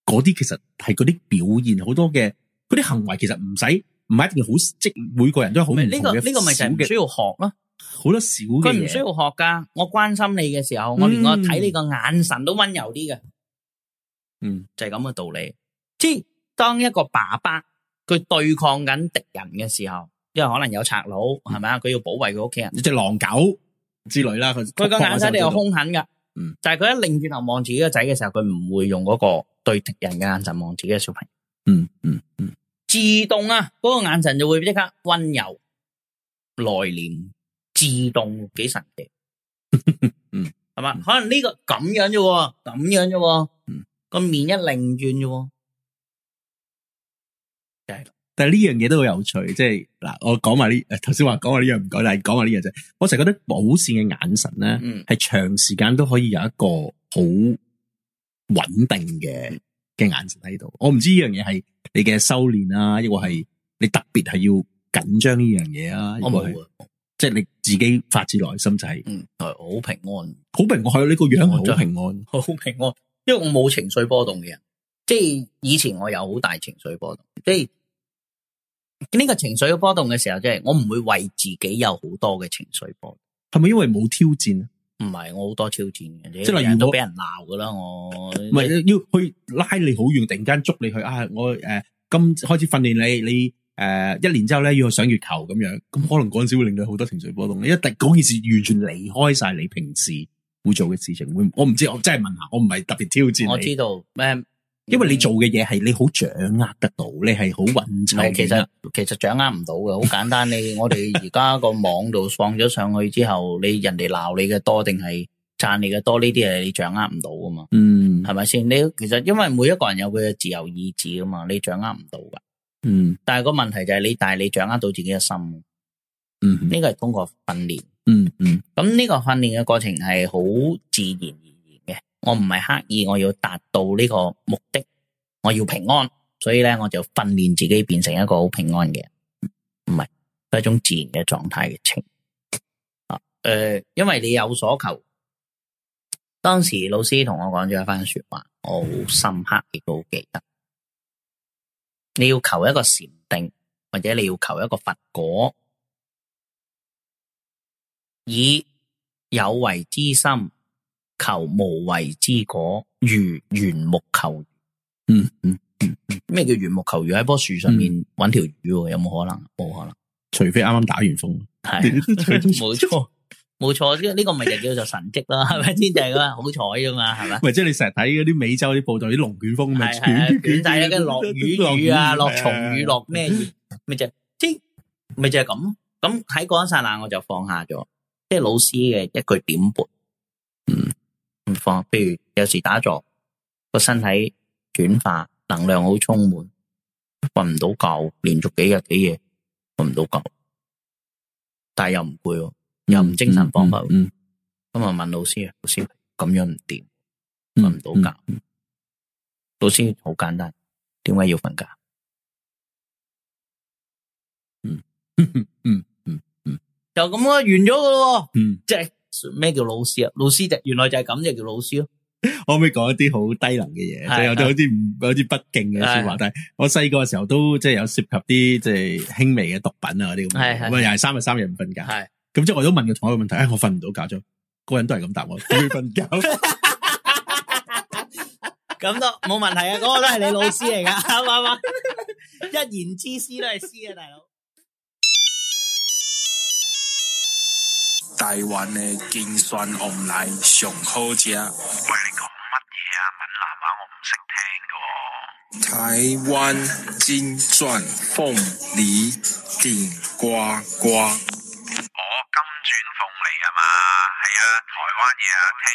嗰啲其實係嗰啲表現，好多嘅嗰啲行為，其實唔使，唔係一定好即每個人都有好。呢、這個呢、這個咪成日需要學咯，好多小佢唔需要學噶。我關心你嘅時候，嗯、我連我睇你個眼神都溫柔啲嘅。嗯，就係咁嘅道理。即係當一個爸爸佢對抗緊敵人嘅時候，因為可能有賊佬係咪啊？佢要保衛佢屋企人，一隻、嗯、狼狗。之類啦，佢佢個眼神你又凶狠噶，嗯，但係佢一擰轉頭望自己個仔嘅時候，佢唔會用嗰個對敵人嘅眼神望自己嘅小朋友，嗯嗯嗯，自動啊，嗰個眼神就會即刻温柔、內斂，自動幾神奇，嗯，係嘛？可能呢個咁樣啫，咁樣啫，嗯，個面一擰轉啫。呢樣嘢都好有趣，即係嗱，我講埋呢，誒、嗯，頭先話講埋呢樣唔該，但係講埋呢樣啫。我成日覺得寶善嘅眼神咧，係長時間都可以有一個好穩定嘅嘅、嗯、眼神喺度。我唔知呢樣嘢係你嘅修煉啦，亦或係你特別係要緊張呢樣嘢啊？我冇、嗯嗯、即係你自己發自內心就係、是，嗯，好平安，好平安，係呢，你個樣好平安，好平安，因為我冇情緒波動嘅人，即係以前我有好大情緒波動，即係。呢個情緒波動嘅時候，即係我唔會為自己有好多嘅情緒波動，係咪因為冇挑戰？唔係，我好多挑戰嘅，即係遇到俾人鬧噶啦，我唔係是你要去拉你好遠，突然間捉你去啊、哎！我誒、呃，今開始訓練你，你誒、呃、一年之後咧要去上月球咁樣，咁可能嗰陣時會令到好多情緒波動。你一定嗰件事完全離開晒你平時會做嘅事情，會我唔知，我真係問下，我唔係特別挑戰，我知道咩？呃因為你做嘅嘢係你好掌握得到，你係好運嘅。係其實其實掌握唔到嘅，好簡單。 你我哋而家個網度放咗上去之後，你人哋鬧你嘅多定係讚你嘅多呢啲係你掌握唔到噶嘛？嗯，係咪先？你其實因為每一個人有佢嘅自由意志噶嘛，你掌握唔到噶。嗯。但係個問題就係你，但係你掌握到自己嘅心嗯哼嗯。嗯。呢個係通過訓練。嗯嗯。咁呢個訓練嘅過程係好自然。我唔係刻意，我要達到呢個目的，我要平安，所以咧我就訓練自己變成一個好平安嘅人，唔係，係、都係、一種自然嘅狀態嘅情。誒、啊呃，因為你有所求，當時老師同我講咗一番說話，我好深刻亦都好記得。你要求一個禪定，或者你要求一個佛果，以有為之心。求無為之果，如緣木求魚。嗯嗯，咩叫緣木求魚？喺樖樹上面揾條魚有冇可能？冇可能，除非啱啱打完風。係是、啊， 冇錯，冇錯，呢個呢個咪就叫做神迹啦，係咪？天定噶，好彩啫嘛，係咪？唔係，即係你成日睇嗰啲美洲啲報道，啲龍捲風咪、啊、捲，捲大啦，跟住落雨啊，落蟲雨、啊、雨，落咩咪就即係咪就係咁？咁喺嗰一剎那，我就放下咗，即係老師嘅一句點撥。嗯。譬如有時打坐個身體轉化能量好充滿，瞓唔到覺，連續幾日幾夜瞓唔到覺，但係又唔攰，又唔精神恍惚，咁啊、嗯嗯嗯嗯、問老師，老師咁樣唔掂，瞓唔到覺、嗯嗯嗯。老師好簡單，點解要瞓覺？嗯嗯嗯嗯嗯，就咁啦，完咗噶咯，嗯，即、嗯、係。嗯嗯嗯咩叫老師啊？老師就原來就係咁就叫老師咯。可唔可以講一啲好低能嘅嘢？就有啲有啲唔有啲不敬嘅說話。但係我細個嘅時候都即係有涉及啲即係輕微嘅毒品啊嗰啲咁。係，係我又係三日三夜唔瞓覺。係咁即係我都問過同一個問題，我瞓唔到覺咗，個人都係咁答我，要瞓覺。咁都冇問題啊！嗰個都係你老師嚟噶，係嘛？一言之師都係師啊，大佬。台灣嘅信我唔梨上好食。喂，你講乜嘢啊？閩南話我唔識聽噶。台灣金鑽鳳梨頂呱呱。我、哦、金鑽鳳梨係、啊哎、嘛？係啊，台灣嘢啊，聽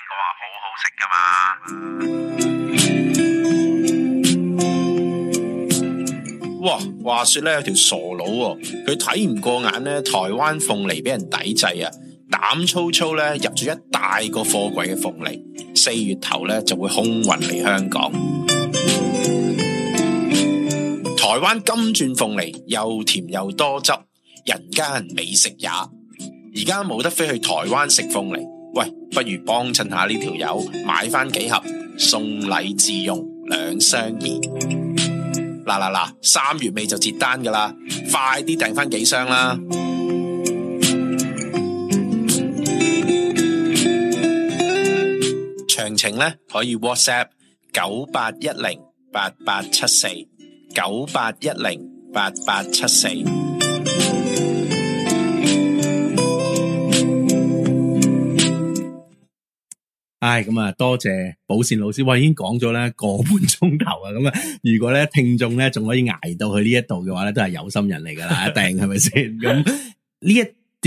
講話好好食噶嘛。哇，話說咧有條傻佬、哦，佢睇唔過眼咧，台灣鳳梨俾人抵制啊！膽粗粗咧入咗一大個貨櫃嘅鳳梨，四月頭咧就會空運嚟香港。台灣金鑽鳳梨又甜又多汁，人間美食也。而家冇得飛去台灣食鳳梨，喂，不如幫襯下呢條友買翻幾盒送禮自用兩相宜。嗱嗱嗱，三月尾就截單噶啦，快啲訂翻幾箱啦！詳情咧可以 WhatsApp 九八一零八八七四九八一零八八七四。唉，咁啊，多謝寶善老師，我已經講咗咧個半鐘頭啊。咁啊，如果咧聽眾咧仲可以捱到去呢一度嘅話咧，都係有心人嚟噶啦，一定係咪先？咁呢一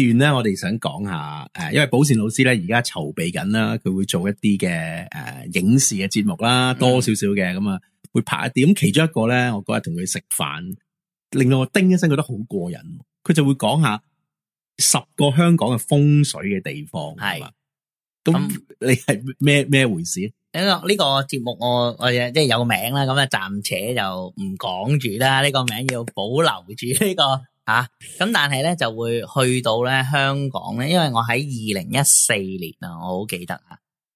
段咧，我哋想講下，誒，因為寶善老師咧而家籌備緊啦，佢會做一啲嘅，誒影視嘅節目啦，多少少嘅，咁啊，會拍一啲。其中一個咧，我嗰日同佢食飯，令到我叮一聲，覺得好過癮。佢就會講下十個香港嘅風水嘅地方，係是。咁、嗯嗯、你係咩咩回事咧？呢個呢個節目我我嘢即係有個名，這個名啦，咁啊暫且就唔講住啦，呢個名要保留住呢個。 啊，咁但係咧就會去到咧香港咧，因為我喺二零一四年啊，我好記得啊，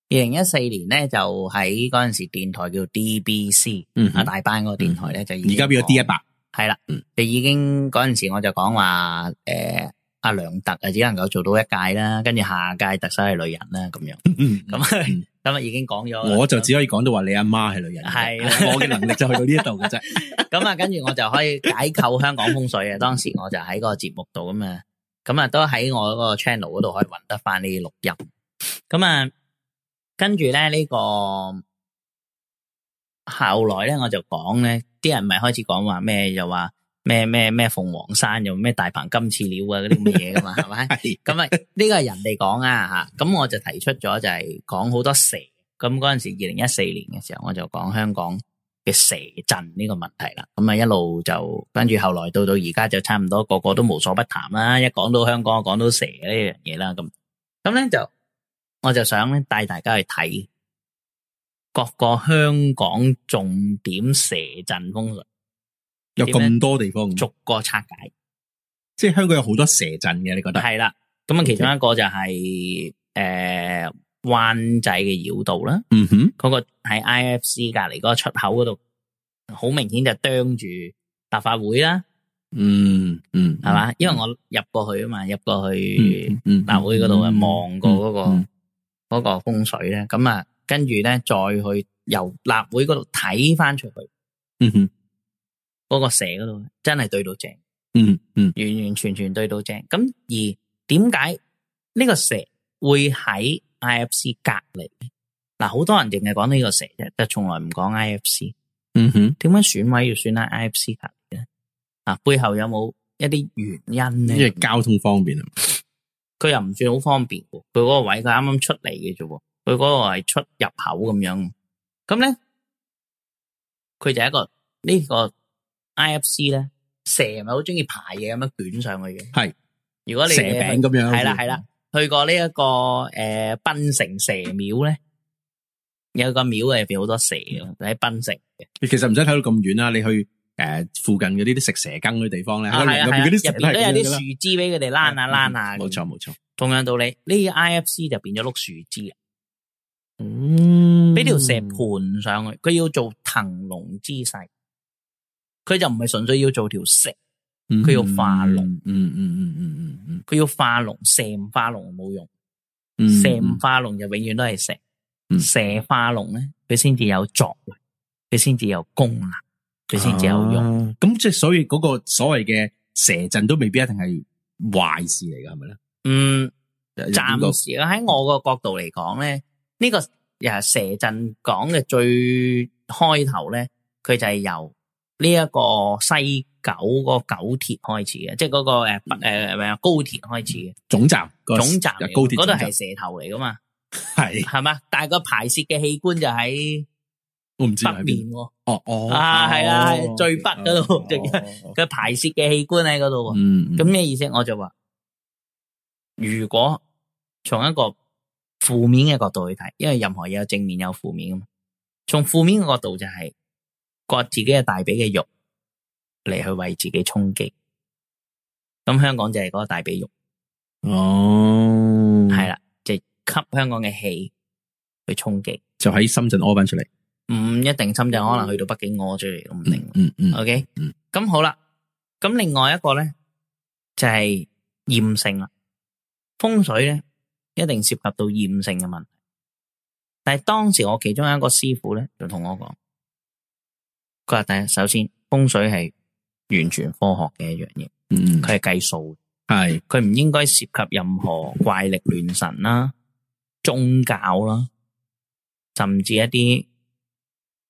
二零一四年咧就喺嗰陣時電台叫 DBC，嗯啊哼大班嗰個電台咧、嗯、哼就而家變咗 D 一百，係啦，就已經嗰陣時我就講話誒。呃阿梁特啊，只能夠做到一屆啦，跟住下屆特首係女人啦，咁樣。咁今日已經講咗，我就只可以講到話你阿媽係女人，係我嘅能力就去到呢一度嘅啫。咁啊， 跟住我就可以解構香港風水啊。 當時我就喺個節目度咁啊，咁啊都喺我嗰個 channel 嗰度可以揾得翻呢啲錄音。咁啊，跟住咧呢、呢個後來咧，我就講咧，啲人咪開始講話咩，又話。咩咩咩鳳凰山又咩大鵬金翅鳥啊，嗰啲咁嘅嘢噶嘛係咪？咁啊呢個係人哋講啊吓，咁我就提出咗就係講好多蛇。咁嗰陣時二零一四年嘅時候，我就講香港嘅蛇陣呢個問題啦。咁啊一路就跟住後來到到而家就差唔多個個都無所不談啦。一講到香港，講到蛇呢樣嘢啦，咁咁咧就我就想帶大家去睇各個香港重點蛇陣風水。有咁多地方，逐個拆解，即係香港有好多蛇陣嘅，你覺得係啦？咁啊，其中一個就係誒灣仔嘅繞道啦。嗯哼，嗰個喺 I F C 隔籬嗰個出口嗰度，好明顯就啄住立法會啦、嗯。嗯嗯，係嘛？因為我入過去啊嘛，入過去立法會嗰度啊，望、嗯嗯嗯嗯、過嗰、嗰個嗰、嗯嗯、個風水咧。咁啊，跟住咧再去由立法會嗰度睇翻出去。嗯哼。嗯嗯嗰個蛇嗰度真係對到正，嗯嗯，完、嗯、完全全對到正。咁而點解呢個蛇會喺 IFC 隔離？嗱、啊，好多人淨係講呢個蛇啫，但從來唔講 IFC。嗯哼，點解選位要選喺 IFC 隔離咧？啊，背後有冇一啲原因咧？因為交通方便啊。佢又唔算好方便，佢嗰個位佢啱啱出嚟嘅啫，佢嗰個係出入口咁樣。咁咧，佢就一個呢、這個。IFC 咧，蛇咪好中意爬嘢，咁樣捲上去嘅。係如果你蛇餅咁樣，係啦係啦，去過呢一個誒檳城蛇廟咧，有個廟係變好多蛇嘅，喺檳城。你其實唔使睇到咁遠啦，你去誒附近嘅呢啲食蛇羹嘅地方咧，係啊係啊，入邊都有啲樹枝俾佢哋攣啊攣啊。冇錯冇錯，同樣道理，呢個 IFC 就變咗碌樹枝啊，嗯，俾條蛇盤上去，佢要做騰龍姿勢。佢就唔係純粹要做條蛇，佢要化龍，嗯嗯嗯嗯嗯嗯，佢、嗯嗯嗯嗯嗯嗯、要化龍，蛇唔化龍冇用，嗯嗯、蛇唔化龍就永遠都係蛇，蛇化龍咧佢先至有作為，佢先至有功能，佢先至有用。咁即係所以嗰個所謂嘅蛇陣都未必一定係壞事嚟㗎，係咪咧？嗯，暫時喺我個角度嚟講咧，呢、呢個誒蛇陣講嘅最開頭咧，佢就係由。呢一個西九個九鐵開始嘅，即係嗰個誒誒，係咪啊高鐵開始嘅總站，總站高鐵嗰度係蛇頭嚟噶嘛，係係嘛？但係個排泄嘅器官就喺我唔知喺邊。北面啊。哦哦啊，係啊，係最北嗰度，個排泄嘅器官喺嗰度。嗯，咁咩意思？我就話如果從一個負面嘅角度去睇，因為任何嘢有正面有負面噶嘛。從負面嘅角度就係。割自己嘅大髀嘅肉嚟去為自己充飢，咁香港就係嗰個大髀肉。哦，係啦，即係吸香港嘅氣去充飢，就喺深圳屙翻出嚟，唔一定深圳，可能去到北京屙出嚟都唔定。嗯嗯，OK，嗯，咁好啦，咁另外一個咧就係驗性啦，風水咧一定涉及到驗性嘅問題，但係當時我其中有一個師傅咧就同我講。首先，風水係完全科學嘅一樣嘢，嗯，佢係計數，係。佢唔應該涉及任何怪力亂神、宗教，甚至一些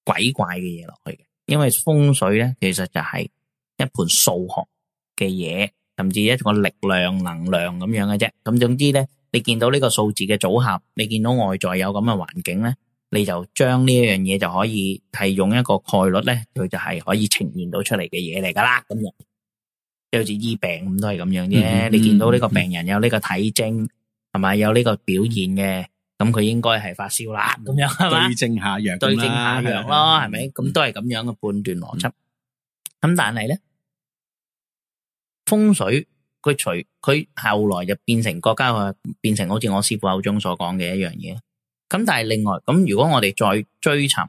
鬼怪嘅嘢落去嘅。因為風水呢，其實就係一盤數學嘅嘢,甚至一個力量、能量，噉樣嘅啫。噉總之呢，你見到呢個數字嘅組合,你見到外在有噉嘅環境，你就將呢樣嘢就可以係用一個概率咧，佢就係可以呈現到出嚟嘅嘢嚟噶啦。咁樣，即好似醫病咁，都係咁樣啫。你見到呢個病人有呢個體徵，係咪有呢個表現嘅？咁佢應該係發燒啦，咁樣係嘛？對症下藥，對症下藥咯，係咪？咁都係咁樣嘅判斷邏輯。咁但係咧，風水佢隨佢後來就變成國家嘅，變成好似我師傅口中所講嘅一樣嘢。咁但係另外，咁如果我哋再追尋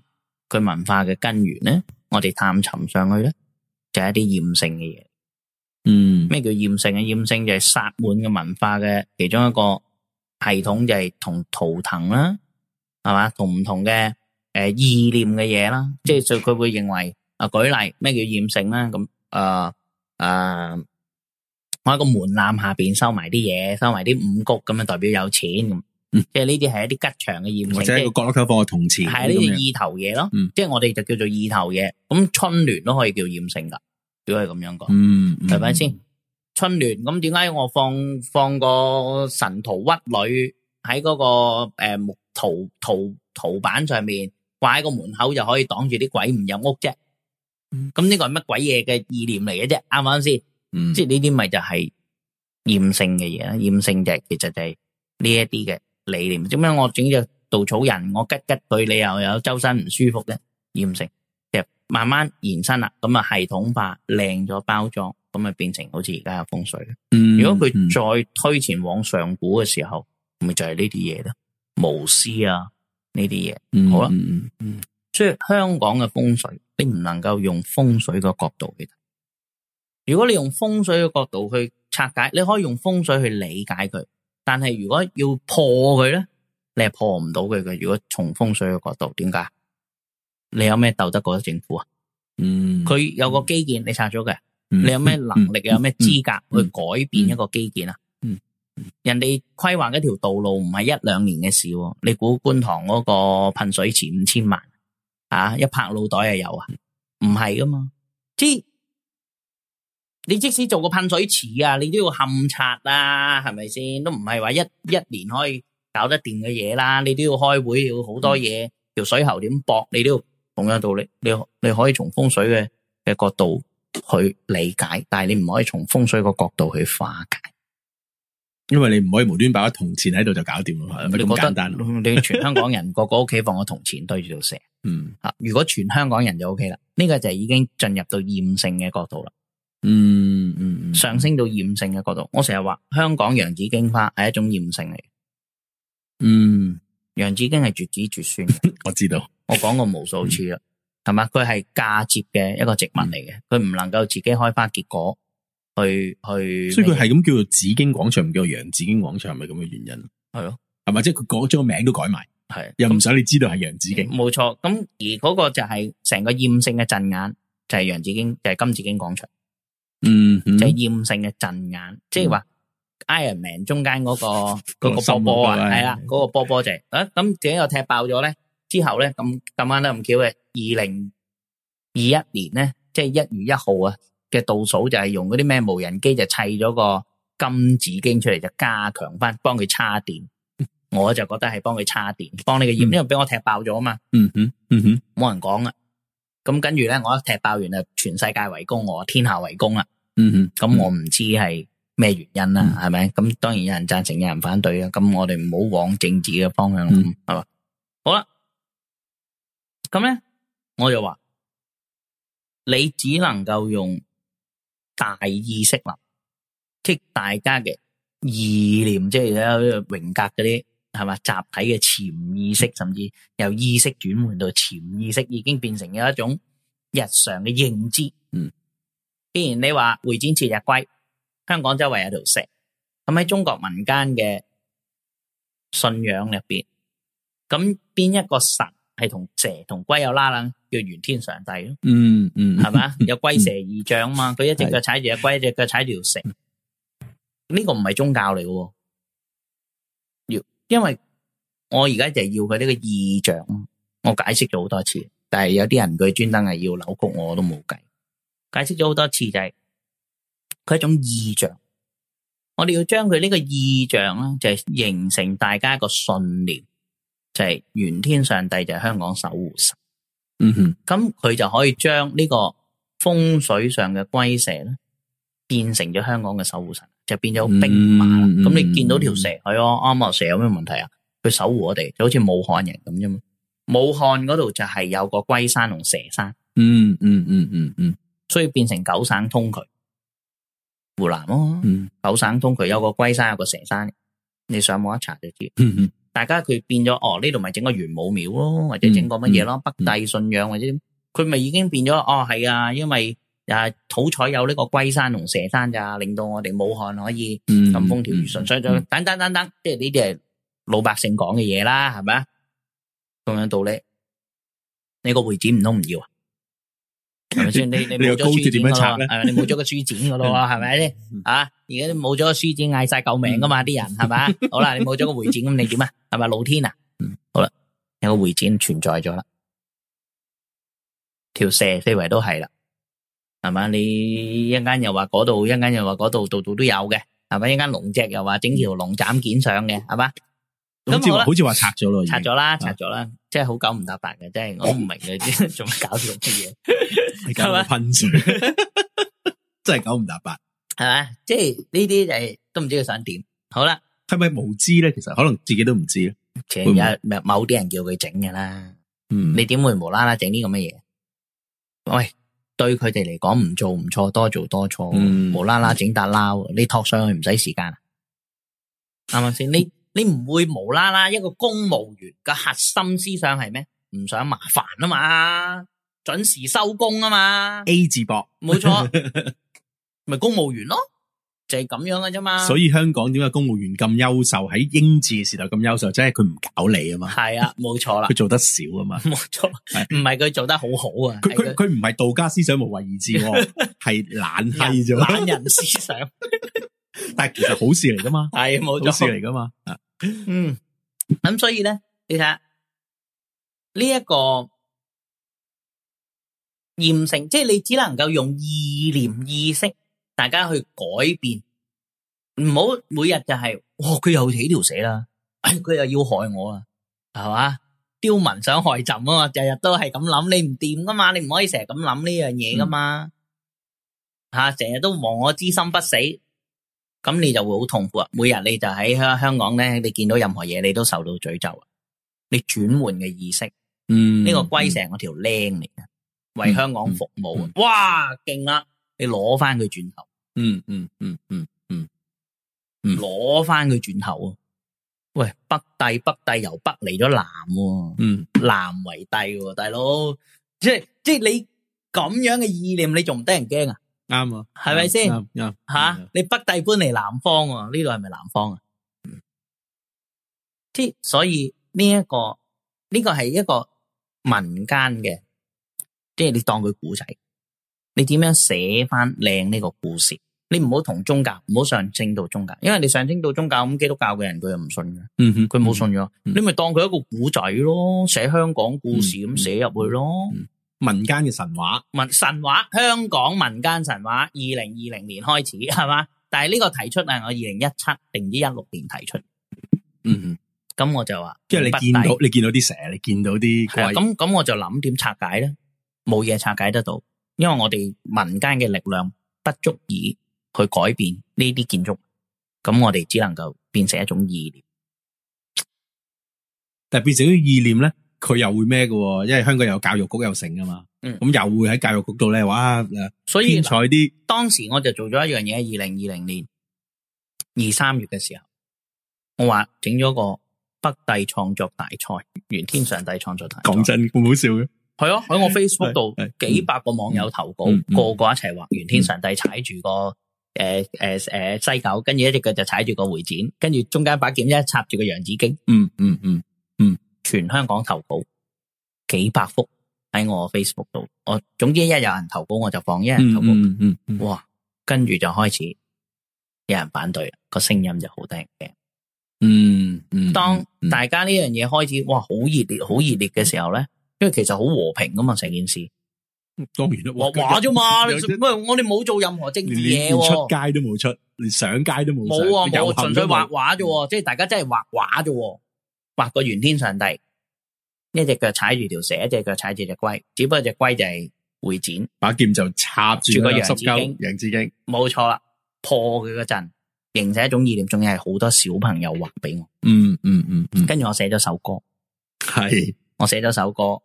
佢文化嘅根源咧，我哋探尋上去咧，就係、是、一啲厭勝嘅嘢。嗯，咩叫厭勝啊？厭勝就係薩滿嘅文化嘅其中一個系統就、呃，就係同圖騰啦，係嘛，同唔同嘅誒意念嘅嘢啦。即係佢佢會認為啊，舉例咩叫厭勝咧？咁誒誒，我喺個門檻下邊收埋啲嘢，收埋啲五穀咁樣，代表有錢咁。嗯、即係呢啲係一啲吉祥嘅厭勝，或者個角落口放個銅錢，係呢啲意頭嘢咯。嗯、即係我哋就叫做意頭嘢。咁春聯都可以叫厭勝噶，如果係咁樣講。係咪先？嗯吧嗯、春聯，咁點解我放放個神荼鬱壘喺嗰個誒木桃桃桃板上面掛喺個門口就可以擋住啲鬼唔入屋啫？咁呢、嗯、個係乜鬼嘢嘅意念嚟嘅啫？啱唔啱先？嗯、即係呢啲咪就係厭勝嘅嘢啦。厭勝嘅其實就係呢一啲嘅。理念，點解我整隻稻草人，我吉吉對，你又有周身唔舒服咧？厭性，就慢慢延伸啦。咁啊，系統化，靚咗包裝，咁啊，變成好似而家嘅風水。嗯，如果佢再推前往上古嘅時候，咪、嗯、就係呢啲嘢咯，巫師、啊呢啲嘢。好啦，嗯嗯、所以香港嘅風水並唔能夠用風水嘅角度去睇。如果你用風水嘅角度去拆解，你可以用風水去理解佢。但係如果要破佢咧，你係破唔到佢嘅。如果從風水嘅角度，點解？你有咩鬥得過政府啊？嗯，佢有個基建，嗯、你拆咗佢。嗯、你有咩能力，嗯、有咩資格去改變一個基建啊？嗯，嗯嗯人哋規劃一條道路唔係一兩年嘅事，啊，你估觀塘嗰個噴水池五千萬啊？一拍腦袋就有啊，唔係噶嘛，即你即使做個噴水池啊，你都要勘察啦，係咪先？都唔係話一一年可以搞得掂嘅嘢啦，你都要開會，要好多嘢。條水喉點駁，你都要同樣道理。你你可以從風水嘅嘅角度去理解，但係你唔可以從風水個角度去化解，因為你唔可以無端擺個銅錢喺度就搞掂你覺得，咁簡單。你全香港人個個屋企放個銅錢對住條蛇，嗯啊，如果全香港人就 OK 啦，呢個就係已經進入到厭勝嘅角度啦。嗯嗯，嗯上升到厭勝嘅角度，我成日話香港洋紫荊花係一種厭勝嚟。嗯，洋紫荊係絕子絕孫，我知道，我講過無數次啦，係嘛、嗯？佢係嫁接嘅一個植物嚟嘅，佢唔、嗯、能夠自己開花結果去，去去，所以佢係咁叫做紫荊廣場，唔叫洋紫荊廣場，係咪咁嘅原因？係咯、啊，係咪？即係佢改將名都改埋，係的又唔使你知道係洋紫荊，冇錯、嗯。咁而嗰個就係成個厭勝嘅陣眼，就係、是、洋紫荊，就係、是、金紫荊廣場。嗯，就係厭性嘅陣眼，即係話 Iron Man 中間嗰個個波波啊，係啦，嗰個波波就係，咁自己又踢爆咗咧？之後咧咁咁啱啦，咁巧嘅二零二一年咧，即係一月一號啊嘅倒數就係用嗰啲咩無人機就砌咗個金子經出嚟，就加強翻幫佢叉電，我就覺得係幫佢叉電，幫你個厭，因為俾我踢爆咗啊嘛，嗯哼，嗯哼，冇人講啊，咁跟住咧我一踢爆完啊，全世界圍攻我，天下圍攻啊！嗯哼，咁我唔知係咩原因啦，係咪、嗯哼？咁當然有人贊成，嗯、有人反對啊。咁我哋唔好往政治嘅方向，係嘛、嗯哼？吧好啦，咁咧，我就話你只能夠用大意識啦，即係大家嘅意念，即係有榮格嗰啲，係嘛？集體嘅潛意識，甚至由意識轉換到潛意識，已經變成咗一種日常嘅認知，嗯。既然你話會展似隻龜，香港周圍有條蛇，咁喺中國民間嘅信仰入邊，咁邊一個神係同蛇同龜有拉楞？叫玄天上帝咯，嗯嗯，係咪？有龜蛇異象啊嘛，佢一隻腳踩住隻龜，一隻腳踩住條蛇，呢個唔係宗教嚟嘅，要因為我而家就係要佢呢個意象，我解釋咗好多次，但係有啲人佢專登係要扭曲，我都冇計。解釋咗好多次，就係佢一種意象，我哋要將佢呢個意象啦，就係形成大家一個信念，就係玄天上帝就係香港守護神。嗯哼，咁佢就可以將呢個風水上嘅龜蛇咧，變成咗香港嘅守護神，就變咗兵馬啦。咁你見到條蛇係咯，安樂蛇有咩問題啊？佢守護我哋，就好似武漢人咁啫嘛。武漢嗰度就係有個龜山同蛇山。嗯嗯嗯嗯嗯。所以變成九省通衢，湖南咯，嗯，九省通衢有個龜山，有個蛇山，你上網一查就知。嗯嗯，大家佢變咗，哦，呢度咪整個玄武廟咯，或者整個乜嘢咯，北帝信仰或者，佢咪已經變咗，哦，係啊，因為啊，好彩有呢個龜山同蛇山咋，令到我哋武漢可以咁風調雨順，所以就等等等等，即係呢啲係老百姓講嘅嘢啦，係咪啊？同樣道理，你個會展唔通唔要啊？係咪先？你你冇咗書展點查咧？係咪？你冇咗個書展嘅咯？係咪咧？啊！而家都冇咗個書展嗌晒救命嘅嘛？啲人係嘛？好啦，你冇咗個會展咁，你點啊？係咪老天啊？嗯，好啦，有個會展存在咗啦，條蛇四圍都係啦，係嘛？你一間又話嗰度，一間又話嗰度，度度都有嘅，係嘛？一間龍脊又話整條龍斬件上嘅，係嘛？咁好似好似話拆咗咯，拆咗啦，拆咗啦，即係好九唔搭八嘅，即係我唔明你啲做乜搞掂啲嘢，係咪噴住，真係九唔搭八，係咪？即係呢啲就係都唔知佢想點。好啦，係咪無知咧？其實可能自己都唔知咧。請人，某啲人叫佢整嘅啦。嗯，你點會無啦啦整啲咁嘅嘢？喂，對佢哋嚟講唔做唔錯，多做多錯。嗯，無啦啦整大撈，你托上去唔使時間，啱唔啱先？你？你唔會無啦啦一個公務員嘅核心思想係咩？唔想麻煩啊嘛，準時收工啊嘛。A 字膊，冇錯，咪公務員咯，就係咁樣嘅啫嘛。所以香港點解公務員咁優秀，喺英治時代咁優秀，真係佢唔搞你啊嘛。係啊，冇錯啦，佢做得少啊嘛，冇錯，唔係佢做得好好啊。佢佢唔係道家思想無為而治，係懶係咗懶人思想。但係其實好事嚟噶嘛，係冇錯，好事嚟噶嘛嗯，咁所以咧，你睇下呢一個形成，即係你只能夠用意念、意識，大家去改變，唔好每日就係、是，哇，佢又起條蛇啦，佢、哎、又要害我啦，係嘛？刁民想害朕啊嘛，日日都係咁諗，你唔掂噶嘛，你唔可以成日咁諗呢樣嘢噶嘛，吓、嗯，成日、啊、都亡我之心不死。咁你就會好痛苦啊！每日你就喺香香港咧，你見到任何嘢，你都受到詛咒啊！你轉換嘅意識，嗯，呢個龜蛇個條僆嚟嘅，為香港服務啊！哇，勁啊！你攞翻佢轉頭，嗯嗯嗯嗯嗯，攞翻佢轉頭啊！喂，北帝北帝由北嚟咗南，嗯，南為帝，大佬，即係即係你咁樣嘅意念，你仲唔得人驚啊？啱啊，係咪先？啱，吓你北帝搬嚟南方喎，呢度係咪南方啊？即所以呢一個呢個係一個民間嘅，即係你當佢古仔，你點樣寫翻靚呢個故事？你唔好同宗教，唔好上升到宗教，因為你上升到宗教咁基督教嘅人佢又唔信嘅，嗯哼，佢冇信咗，你咪當佢一個古仔咯，寫香港故事咁寫入去咯。民間嘅神話，民神話，香港民間神話，二零二零年開始，係嘛？但係呢個提出係我二零一七定二一六年提出，嗯，咁我就話，即係你見到你見到啲蛇，你見到啲怪，咁咁我就諗點拆解咧？冇嘢拆解得到，因為我哋民間嘅力量不足以去改變呢啲建築，咁我哋只能夠變成一種意念，但係變成啲意念咧。佢又會咩嘅？因為香港又有教育局又成噶嘛，咁、嗯、又會喺教育局度咧，哇！所以，天才啲。當時我就做咗一樣嘢，二零二零年二三月嘅時候，我話整咗個北帝創作大賽，元天上帝創作大賽。講真，唔好笑嘅。係啊，喺我 Facebook 度， 幾百個網友投稿，嗯嗯、個個一齊畫元天上帝踩住個誒誒誒西九，跟住一隻腳就踩住個回展，跟住中間把劍一插住個楊子經。嗯嗯嗯。嗯嗯嗯全香港投稿，幾百幅喺我 Facebook 度，我總之一有人投稿，我就放，一人投稿，嗯嗯，嗯嗯，哇，跟住就開始有人反對，個聲音就好大嘅。嗯，嗯，嗯，當大家呢樣嘢開始，哇，好熱烈，好熱烈嘅時候咧，因為其實好和平噶嘛，成件事，當然啦，畫畫啫嘛，喂，我哋冇做任何政治嘢，出街都冇出，連上街都冇，冇啊，有，有畫，純粹畫畫啫，即係大家真係畫畫啫。嗯畫個玄天上帝，一隻腳踩住條蛇，一隻腳踩住隻龜，只不過隻龜就係會剪，把劍就插住個楊子英，楊子英，冇錯啦，破佢嗰陣，形成一種意念，仲要係好多小朋友畫俾我，嗯嗯嗯，嗯嗯嗯，跟住我寫咗首歌，係是我寫咗首歌，誒、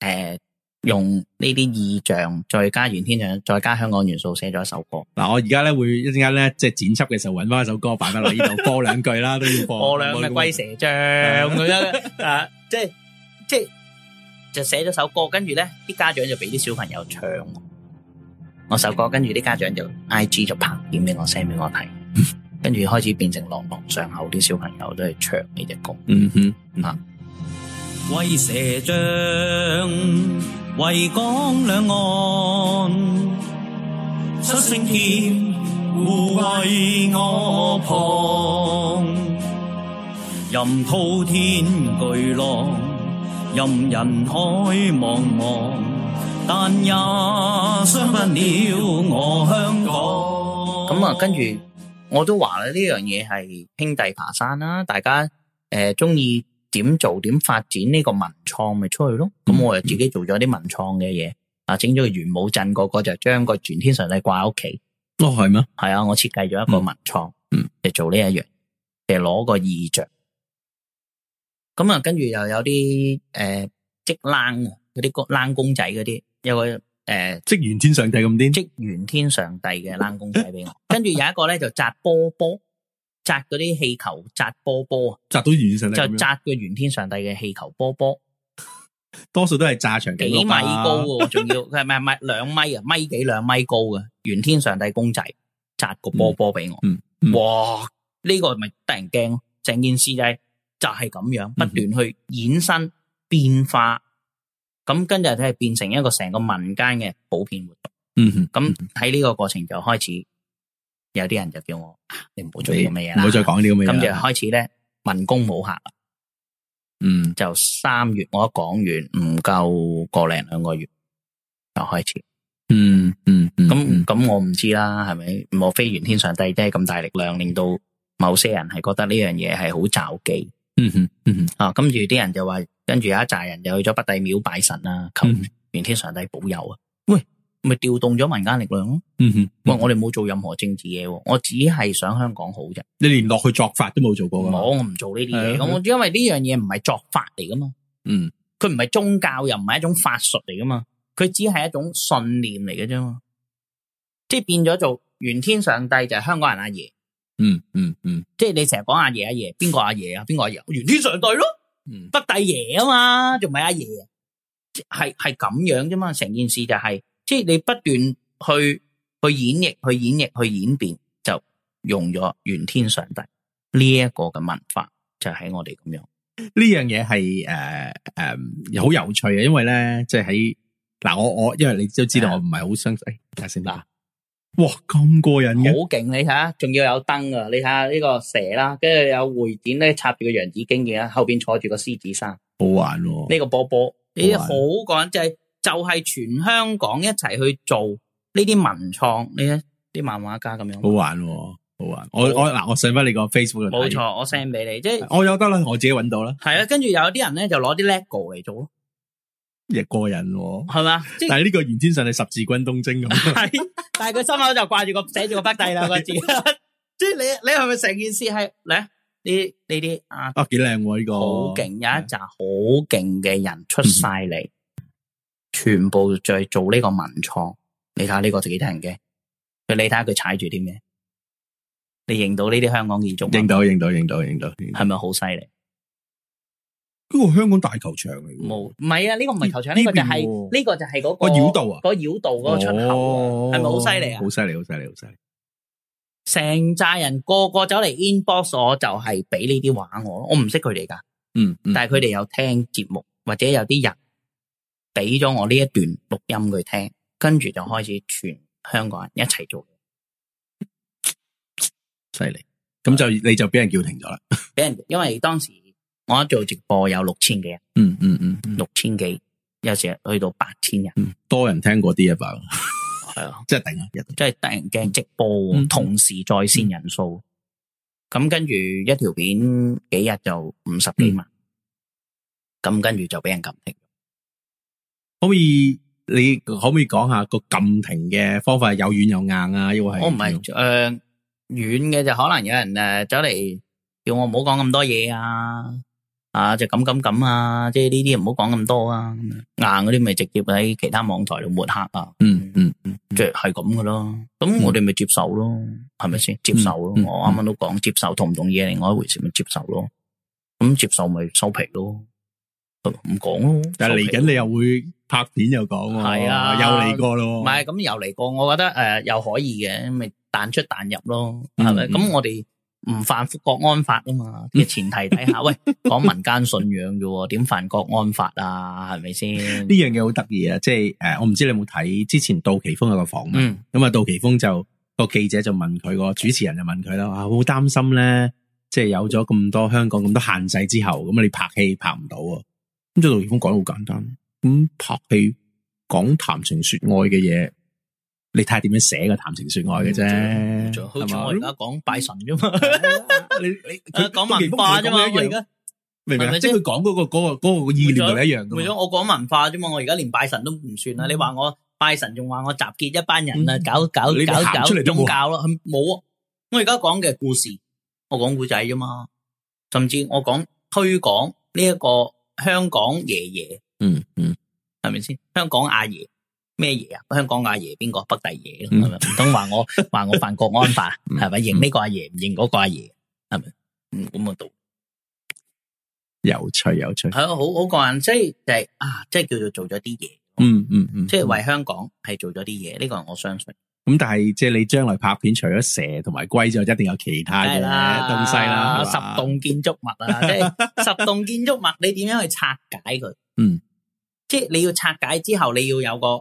呃。用呢啲意象，再加元天象，再加香港元素，寫咗一首歌。嗱、啊，我而家咧會一陣間咧，即係剪輯嘅時候，揾翻一首歌擺翻呢度，播兩句啦，都要播。我兩嘅龜蛇將咁樣，誒、啊啊，即係即係就寫咗首歌，跟住咧啲家長就俾啲小朋友唱。我首歌，跟住啲家長就 IG 就拍片俾我，send 俾我睇，跟住 開始變成朗朗上口，啲小朋友都係唱呢隻歌嗯。嗯哼，嗱， 龜蛇將。 維港兩岸，七星天護衛我旁，任滔天巨浪，任人海茫茫，但也傷不了我香港。咁啊、嗯，跟住我都話啦，呢樣嘢係兄弟爬山啦，大家誒鍾意。呃點做，點發展呢個文創咪出去咯？咁我又自己做咗啲文創嘅嘢，啊整咗個玄武鎮個個就將個玄天上帝掛喺屋企。哦係咩？係啊，我設計咗一個文創，嗯，就做呢一樣，就攞個衣着。咁啊，跟住又有啲誒積冷嗰啲公冷公仔嗰啲，有個誒積玄天上帝咁啲積玄天上帝嘅冷公仔俾我。跟住有一個咧就紮波波。紮嗰啲氣球，扎波波，扎到圓天上帝，就紮個圓天上帝嘅氣球波波， 多數都係紮長幾米高，仲 要係咪係咪兩米啊，米幾兩米高嘅圓天上帝公仔，紮個波波俾我，嗯嗯嗯、哇！呢、這個咪得人驚，整件事就係就係咁樣，不斷去衍生變化，咁跟住佢係變成一個成個民間嘅普遍活動，咁喺呢個過程就開始。有啲人就叫我，你唔好做呢啲嘢，唔好再講呢啲咁嘅嘢。咁就開始咧，文攻武嚇。嗯，就三月我一講完，唔夠個零兩個月就開始。嗯嗯，嗯，咁咁我唔知啦，係咪？莫非玄天上帝都係咁大力量，令到某些人係覺得呢樣嘢係好撞忌？嗯哼嗯哼嗯，啊，跟住啲人就話，跟住有一紮人就去咗北帝廟拜神啊，求玄天上帝保佑啊。喂！咪調動咗民間力量咯、啊。嗯哼，嗯喂，我哋冇做任何政治嘢，我只係想香港好啫。你連落去作法都冇做過噶、啊。冇，我唔做呢啲嘢，咁、啊啊、因為呢樣嘢唔係作法嚟噶嘛。嗯，佢唔係宗教，又唔係一種法術嚟噶嘛。佢只係一種信念嚟嘅啫嘛。即係變咗做玄天上帝就係香港人阿爺、嗯。嗯嗯嗯，即係你成日講阿爺阿爺，邊個阿爺啊？邊個阿爺？玄天上帝咯。嗯，北帝爺啊嘛，仲唔係阿爺？係係咁樣啫嘛，成件事，件事就係。即係你不斷去去演繹、去演繹、去演變，就用咗玄天上帝呢一個嘅文化，就喺我哋咁樣。呢樣嘢係誒誒好有趣嘅，因為咧即係喺嗱我我，因為你都知道我唔係好相信。睇下先啦，哇咁過癮嘅，好勁你睇下，仲要有燈啊！你睇下呢個蛇啦，跟住有回轉咧插住個羊子經嘅，後邊坐住個獅子山，好玩喎、哦。呢個波波，誒好趕製。哎就係全香港一齊去做呢啲文創呢啲漫畫家咁樣，好玩喎，好玩！我我嗱，我 send 翻你個 Facebook 冇錯，我 send 俾你，即係我有得啦，我自己搵到啦。係啊，跟住有啲人咧就攞啲 lego 嚟做咯，亦過癮喎，係嘛？但係呢個延伸上係十字軍東征咁，係，但係佢心口就掛住個寫住個北帝兩個字，即係你你係咪成件事係嚟？呢呢啲啊啊，幾靚喎呢個，好勁！有一紮好勁嘅人出晒嚟。全部就係做呢個文創，你睇下呢個幾得人驚？佢你睇下佢踩住啲咩？你認到呢啲香港建築？認到，認到，認到，認到，係咪好犀利？呢個、哦、香港大球場嚟冇，唔係啊？呢、這個唔係球場，呢、啊、個就係、是、呢、這個就係嗰、那個繞、哦、道啊！個繞道嗰個出口係咪好犀利啊？好犀利，好犀利，好犀、哦！利。成紮人個個走嚟 inbox 我，就係俾呢啲畫我，我唔識佢哋噶。嗯，但係佢哋有聽節目或者有啲人。俾咗我呢一段錄音佢聽，跟住就開始全香港人一齊做，犀利害！咁 就你就俾人叫停咗啦。俾 人因為當時我一做直播有六千幾人，嗯嗯嗯，嗯嗯六千幾，有時去到八千人，嗯、多人聽過啲一百。係啊，即係頂啊，即係得人驚直播，同時在線人數，咁、嗯嗯、跟住一條片幾日就五十幾萬，咁、嗯嗯、跟住就俾人撳停。可，可以，你可唔可以講下個禁停嘅方法係有軟有硬啊？因為我唔係誒，軟嘅、oh, 呃、就可能有人誒走嚟叫我唔好講咁多嘢啊，啊就咁咁咁啊，即係呢啲唔好講咁多啊，mm hmm. 硬嗰啲咪直接喺其他網台度抹黑啊。嗯、mm hmm. 嗯，即係係咁噶咯。咁、mm hmm. 我哋咪接受咯，係咪先？接受咯，mm hmm. 我啱啱都講接受同唔同意，另外一回事咪接受咯。咁接受咪收皮咯。唔講咯，但係嚟緊你又會拍片又講喎，係啊，又嚟過咯，唔係咁又嚟過，我覺得誒、呃、又可以嘅，咪彈出彈入咯，係咪？咁、嗯嗯、我哋唔犯國安法啊嘛，嘅前提底下，嗯、喂，講 民間信仰啫，點犯國安法啊？係咪先？呢樣嘢好得意啊！即係誒，我唔知你有冇睇之前杜琪峰有個訪問，咁啊、嗯，杜琪峰就、個記者就問佢、個主持人就問佢啦，啊，好擔心咧，即係有咗咁多香港咁多限制之後，咁你拍戲拍唔到啊？咁就杜月峰講得好簡單，咁拍戲講談情說愛嘅嘢，你睇下點樣寫個談情說愛嘅啫，錯嗎好似我而家講拜神啫嘛， 你你佢講文化啫嘛，我在明唔明啊？即係佢講嗰個、嗰個、嗰個意念就一樣噶嘛，我講文化啫嘛，我而家連拜神都唔算啦。你話我拜神仲話我集結一班人啊、嗯，搞搞搞搞出嚟宗教咯，冇啊！我而家講嘅故事，我講古仔啫嘛，甚至我講推廣呢一個。嗯香港爺爺、嗯，嗯嗯，係咪先？香港阿爺咩爺啊？香港阿爺邊個？北帝爺咁係咪？唔通話我話 我犯國安法係咪？認呢個阿爺唔認嗰個阿爺係咪？嗯，咁啊，到有趣有趣，係啊、嗯，好好，好個人，即係就係、是、啊，即係叫做做咗啲嘢，嗯嗯嗯，即係為香港係做咗啲嘢，呢、呢個我相信。咁但係即係你將來拍片，除咗蛇同埋龜之後，一定有其他嘅咁細啦，啊、十棟建築物啊， 即係十棟建築物，你點樣去拆解佢？嗯，即係你要拆解之後，你要有個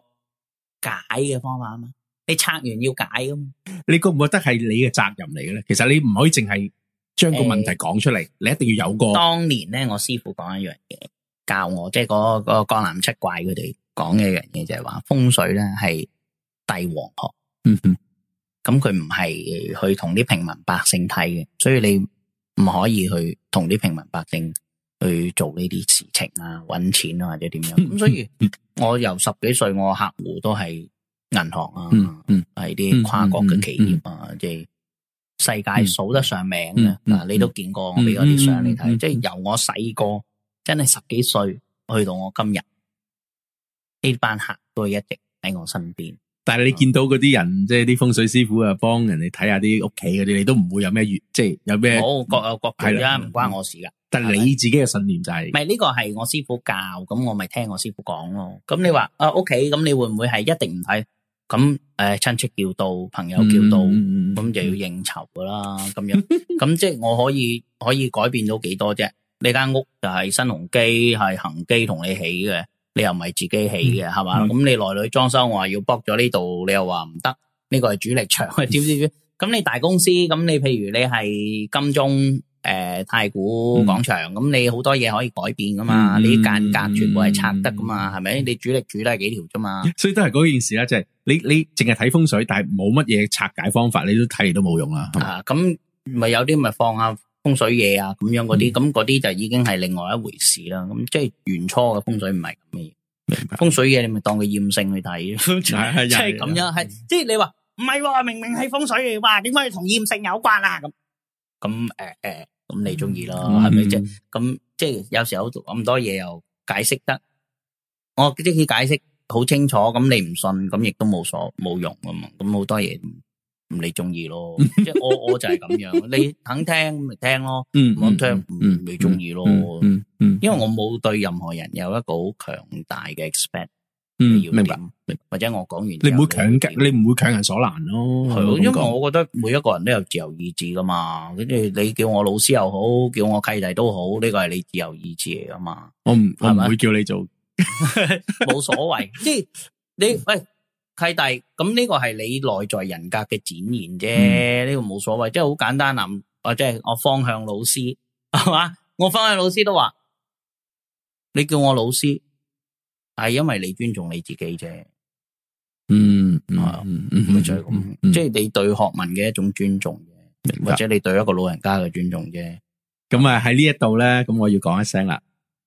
解嘅方法啊嘛。你拆完要解噶嘛？你覺唔覺得係你嘅責任嚟嘅咧？其實你唔可以淨係將個問題講出嚟，欸、你一定要有個。當年咧，我師傅講一樣嘢教我，即係嗰個江南七怪佢哋講嘅一樣嘢就係、是、話風水咧係帝,帝王學。嗯哼，咁佢唔係去同啲平民百姓睇嘅，所以你唔可以去同啲平民百姓去做呢啲事情啊，搵錢啊或者點樣？咁、嗯、哼所以我由十幾歲，我客戶都係銀行啊，嗯係哼啲、啊、跨國嘅企業啊，即係、嗯、哼世界數得上名嘅，嗱、嗯、哼你都見過，我俾咗啲相你睇，即係由我細個真係十幾歲去到我今日，呢班客都係一直喺我身邊。但係你見到嗰啲人，即係啲風水師傅啊，幫人哋睇下啲屋企嗰啲，你都唔會有咩怨，即係有咩？好，各有各睇啦，唔關我事噶。但係你自己嘅信念就係咪呢個係我師傅教，咁我咪聽我師傅講咯。咁你話啊，屋企咁你會唔會係一定唔睇？咁誒，親戚叫到，朋友叫到，咁就要應酬噶啦。咁樣咁即係我可以可以改變到幾多啫？呢間屋就係新鴻基係恒基同你起嘅。你又唔係自己起嘅係嘛？咁、嗯、你內裏裝修，我話要卜咗呢度，你又話唔得。呢個係主力牆， 知唔知？咁你大公司，咁你譬如你係金鐘誒、呃、太古廣場，咁、嗯、你好多嘢可以改變噶嘛？啲間、嗯、隔全部係拆得噶嘛？係咪、嗯？你主力主都係幾條啫嘛？所以都係嗰件事啦，即、就、係、是、你你淨係睇風水，但係冇乜嘢拆解方法，你都睇嚟都冇用啦。嗯嗯、啊，咁咪有啲咪放啊？風水嘢啊，咁樣嗰啲，咁嗰啲就已經係另外一回事啦。咁即係原初嘅風水唔係咁嘅嘢。風水嘢你咪當佢厭性去睇咯，即係咁樣係。即係你話唔係喎，明明係風水嚟，話，點解同厭性有關啊？咁咁誒誒，咁你中意咯，係咪啫？咁即係有時候咁多嘢又解釋得，我即係解釋好清楚，咁你唔信，咁亦都冇所冇用啊嘛。咁好多嘢。你中意咯，即係我我就係咁樣，你肯聽咪聽咯，唔肯聽咪中意咯，嗯嗯，因為我冇對任何人有一個好強大嘅 expect，嗯要明白，或者我講完，你唔會強逼，你唔會強人所難咯，係咯，因為我覺得每一個人都有自由意志噶嘛，跟住你叫我老師又好，叫我契弟都好，呢個係你自由意志嚟噶嘛，我唔係咪會叫你做，冇所謂，即係你喂。契弟，咁呢個係你內在人格嘅展現啫，呢個冇所謂，嗯、即係好簡單啊！或者係我方向老師係嘛，我方向老師都話你叫我老師，係因為你尊重你自己啫。嗯，啊，嗯嗯，再即係你對學問嘅一種尊重嘅，白或者你對一個老人家嘅尊重啫。咁白啊喺呢一度咧，咁我要講一聲啦，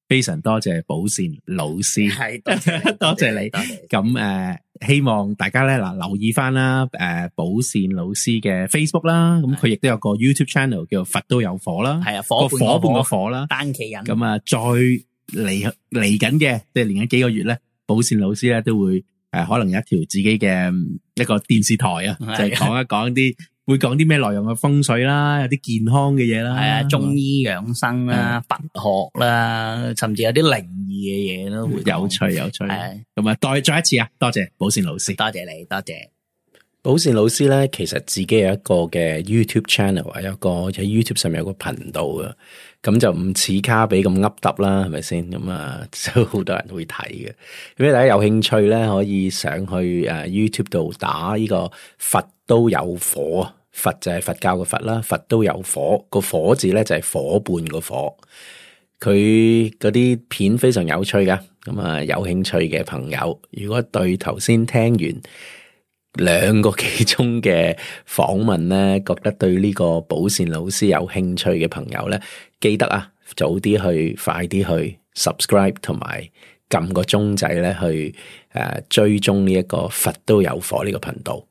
非常多謝寶善老師，係多謝你，咁誒。希望大家咧，嗱，留意翻啦，誒，寶善老師嘅 Facebook 啦的，咁佢亦都有個 YouTube channel 叫佛都有火啦，係啊，個火伴個火啦，火火單企人，咁，啊，再嚟，嚟緊嘅，即係嚟緊幾個月咧，寶善老師咧都會誒，可能有一條自己嘅一個電視台啊，的就係講一講啲。 會講啲咩內容嘅？風水啦，有啲健康嘅嘢啦，係啊，中醫養生啦，佛、嗯、學啦，甚至有啲靈異嘅嘢都會。有趣，有趣。咁啊的，再再一次啊，多謝寶善老師，多謝你，多謝。寶善老師咧，其實自己有一個嘅 YouTube channel 啊 you，有個喺 YouTube 上面有個頻道啊，咁就唔似卡比咁噏搭啦，係咪先？咁啊，好多人會睇嘅。咁啊，大家有興趣咧，可以上去誒 YouTube 度打呢、這個佛都有火，佛就係佛教嘅佛啦。佛都有火，個火,火字咧就係、是、伙伴個火。佢嗰啲片非常有趣噶，咁啊，有興趣嘅朋友，如果對頭先聽完。兩個幾鐘嘅訪問咧，覺得對呢個寶善老師有興趣嘅朋友咧，記得啊早啲去，快啲去 subscribe 同埋撳個鐘仔咧去誒追蹤呢、這、一個佛都有火呢、這個頻道。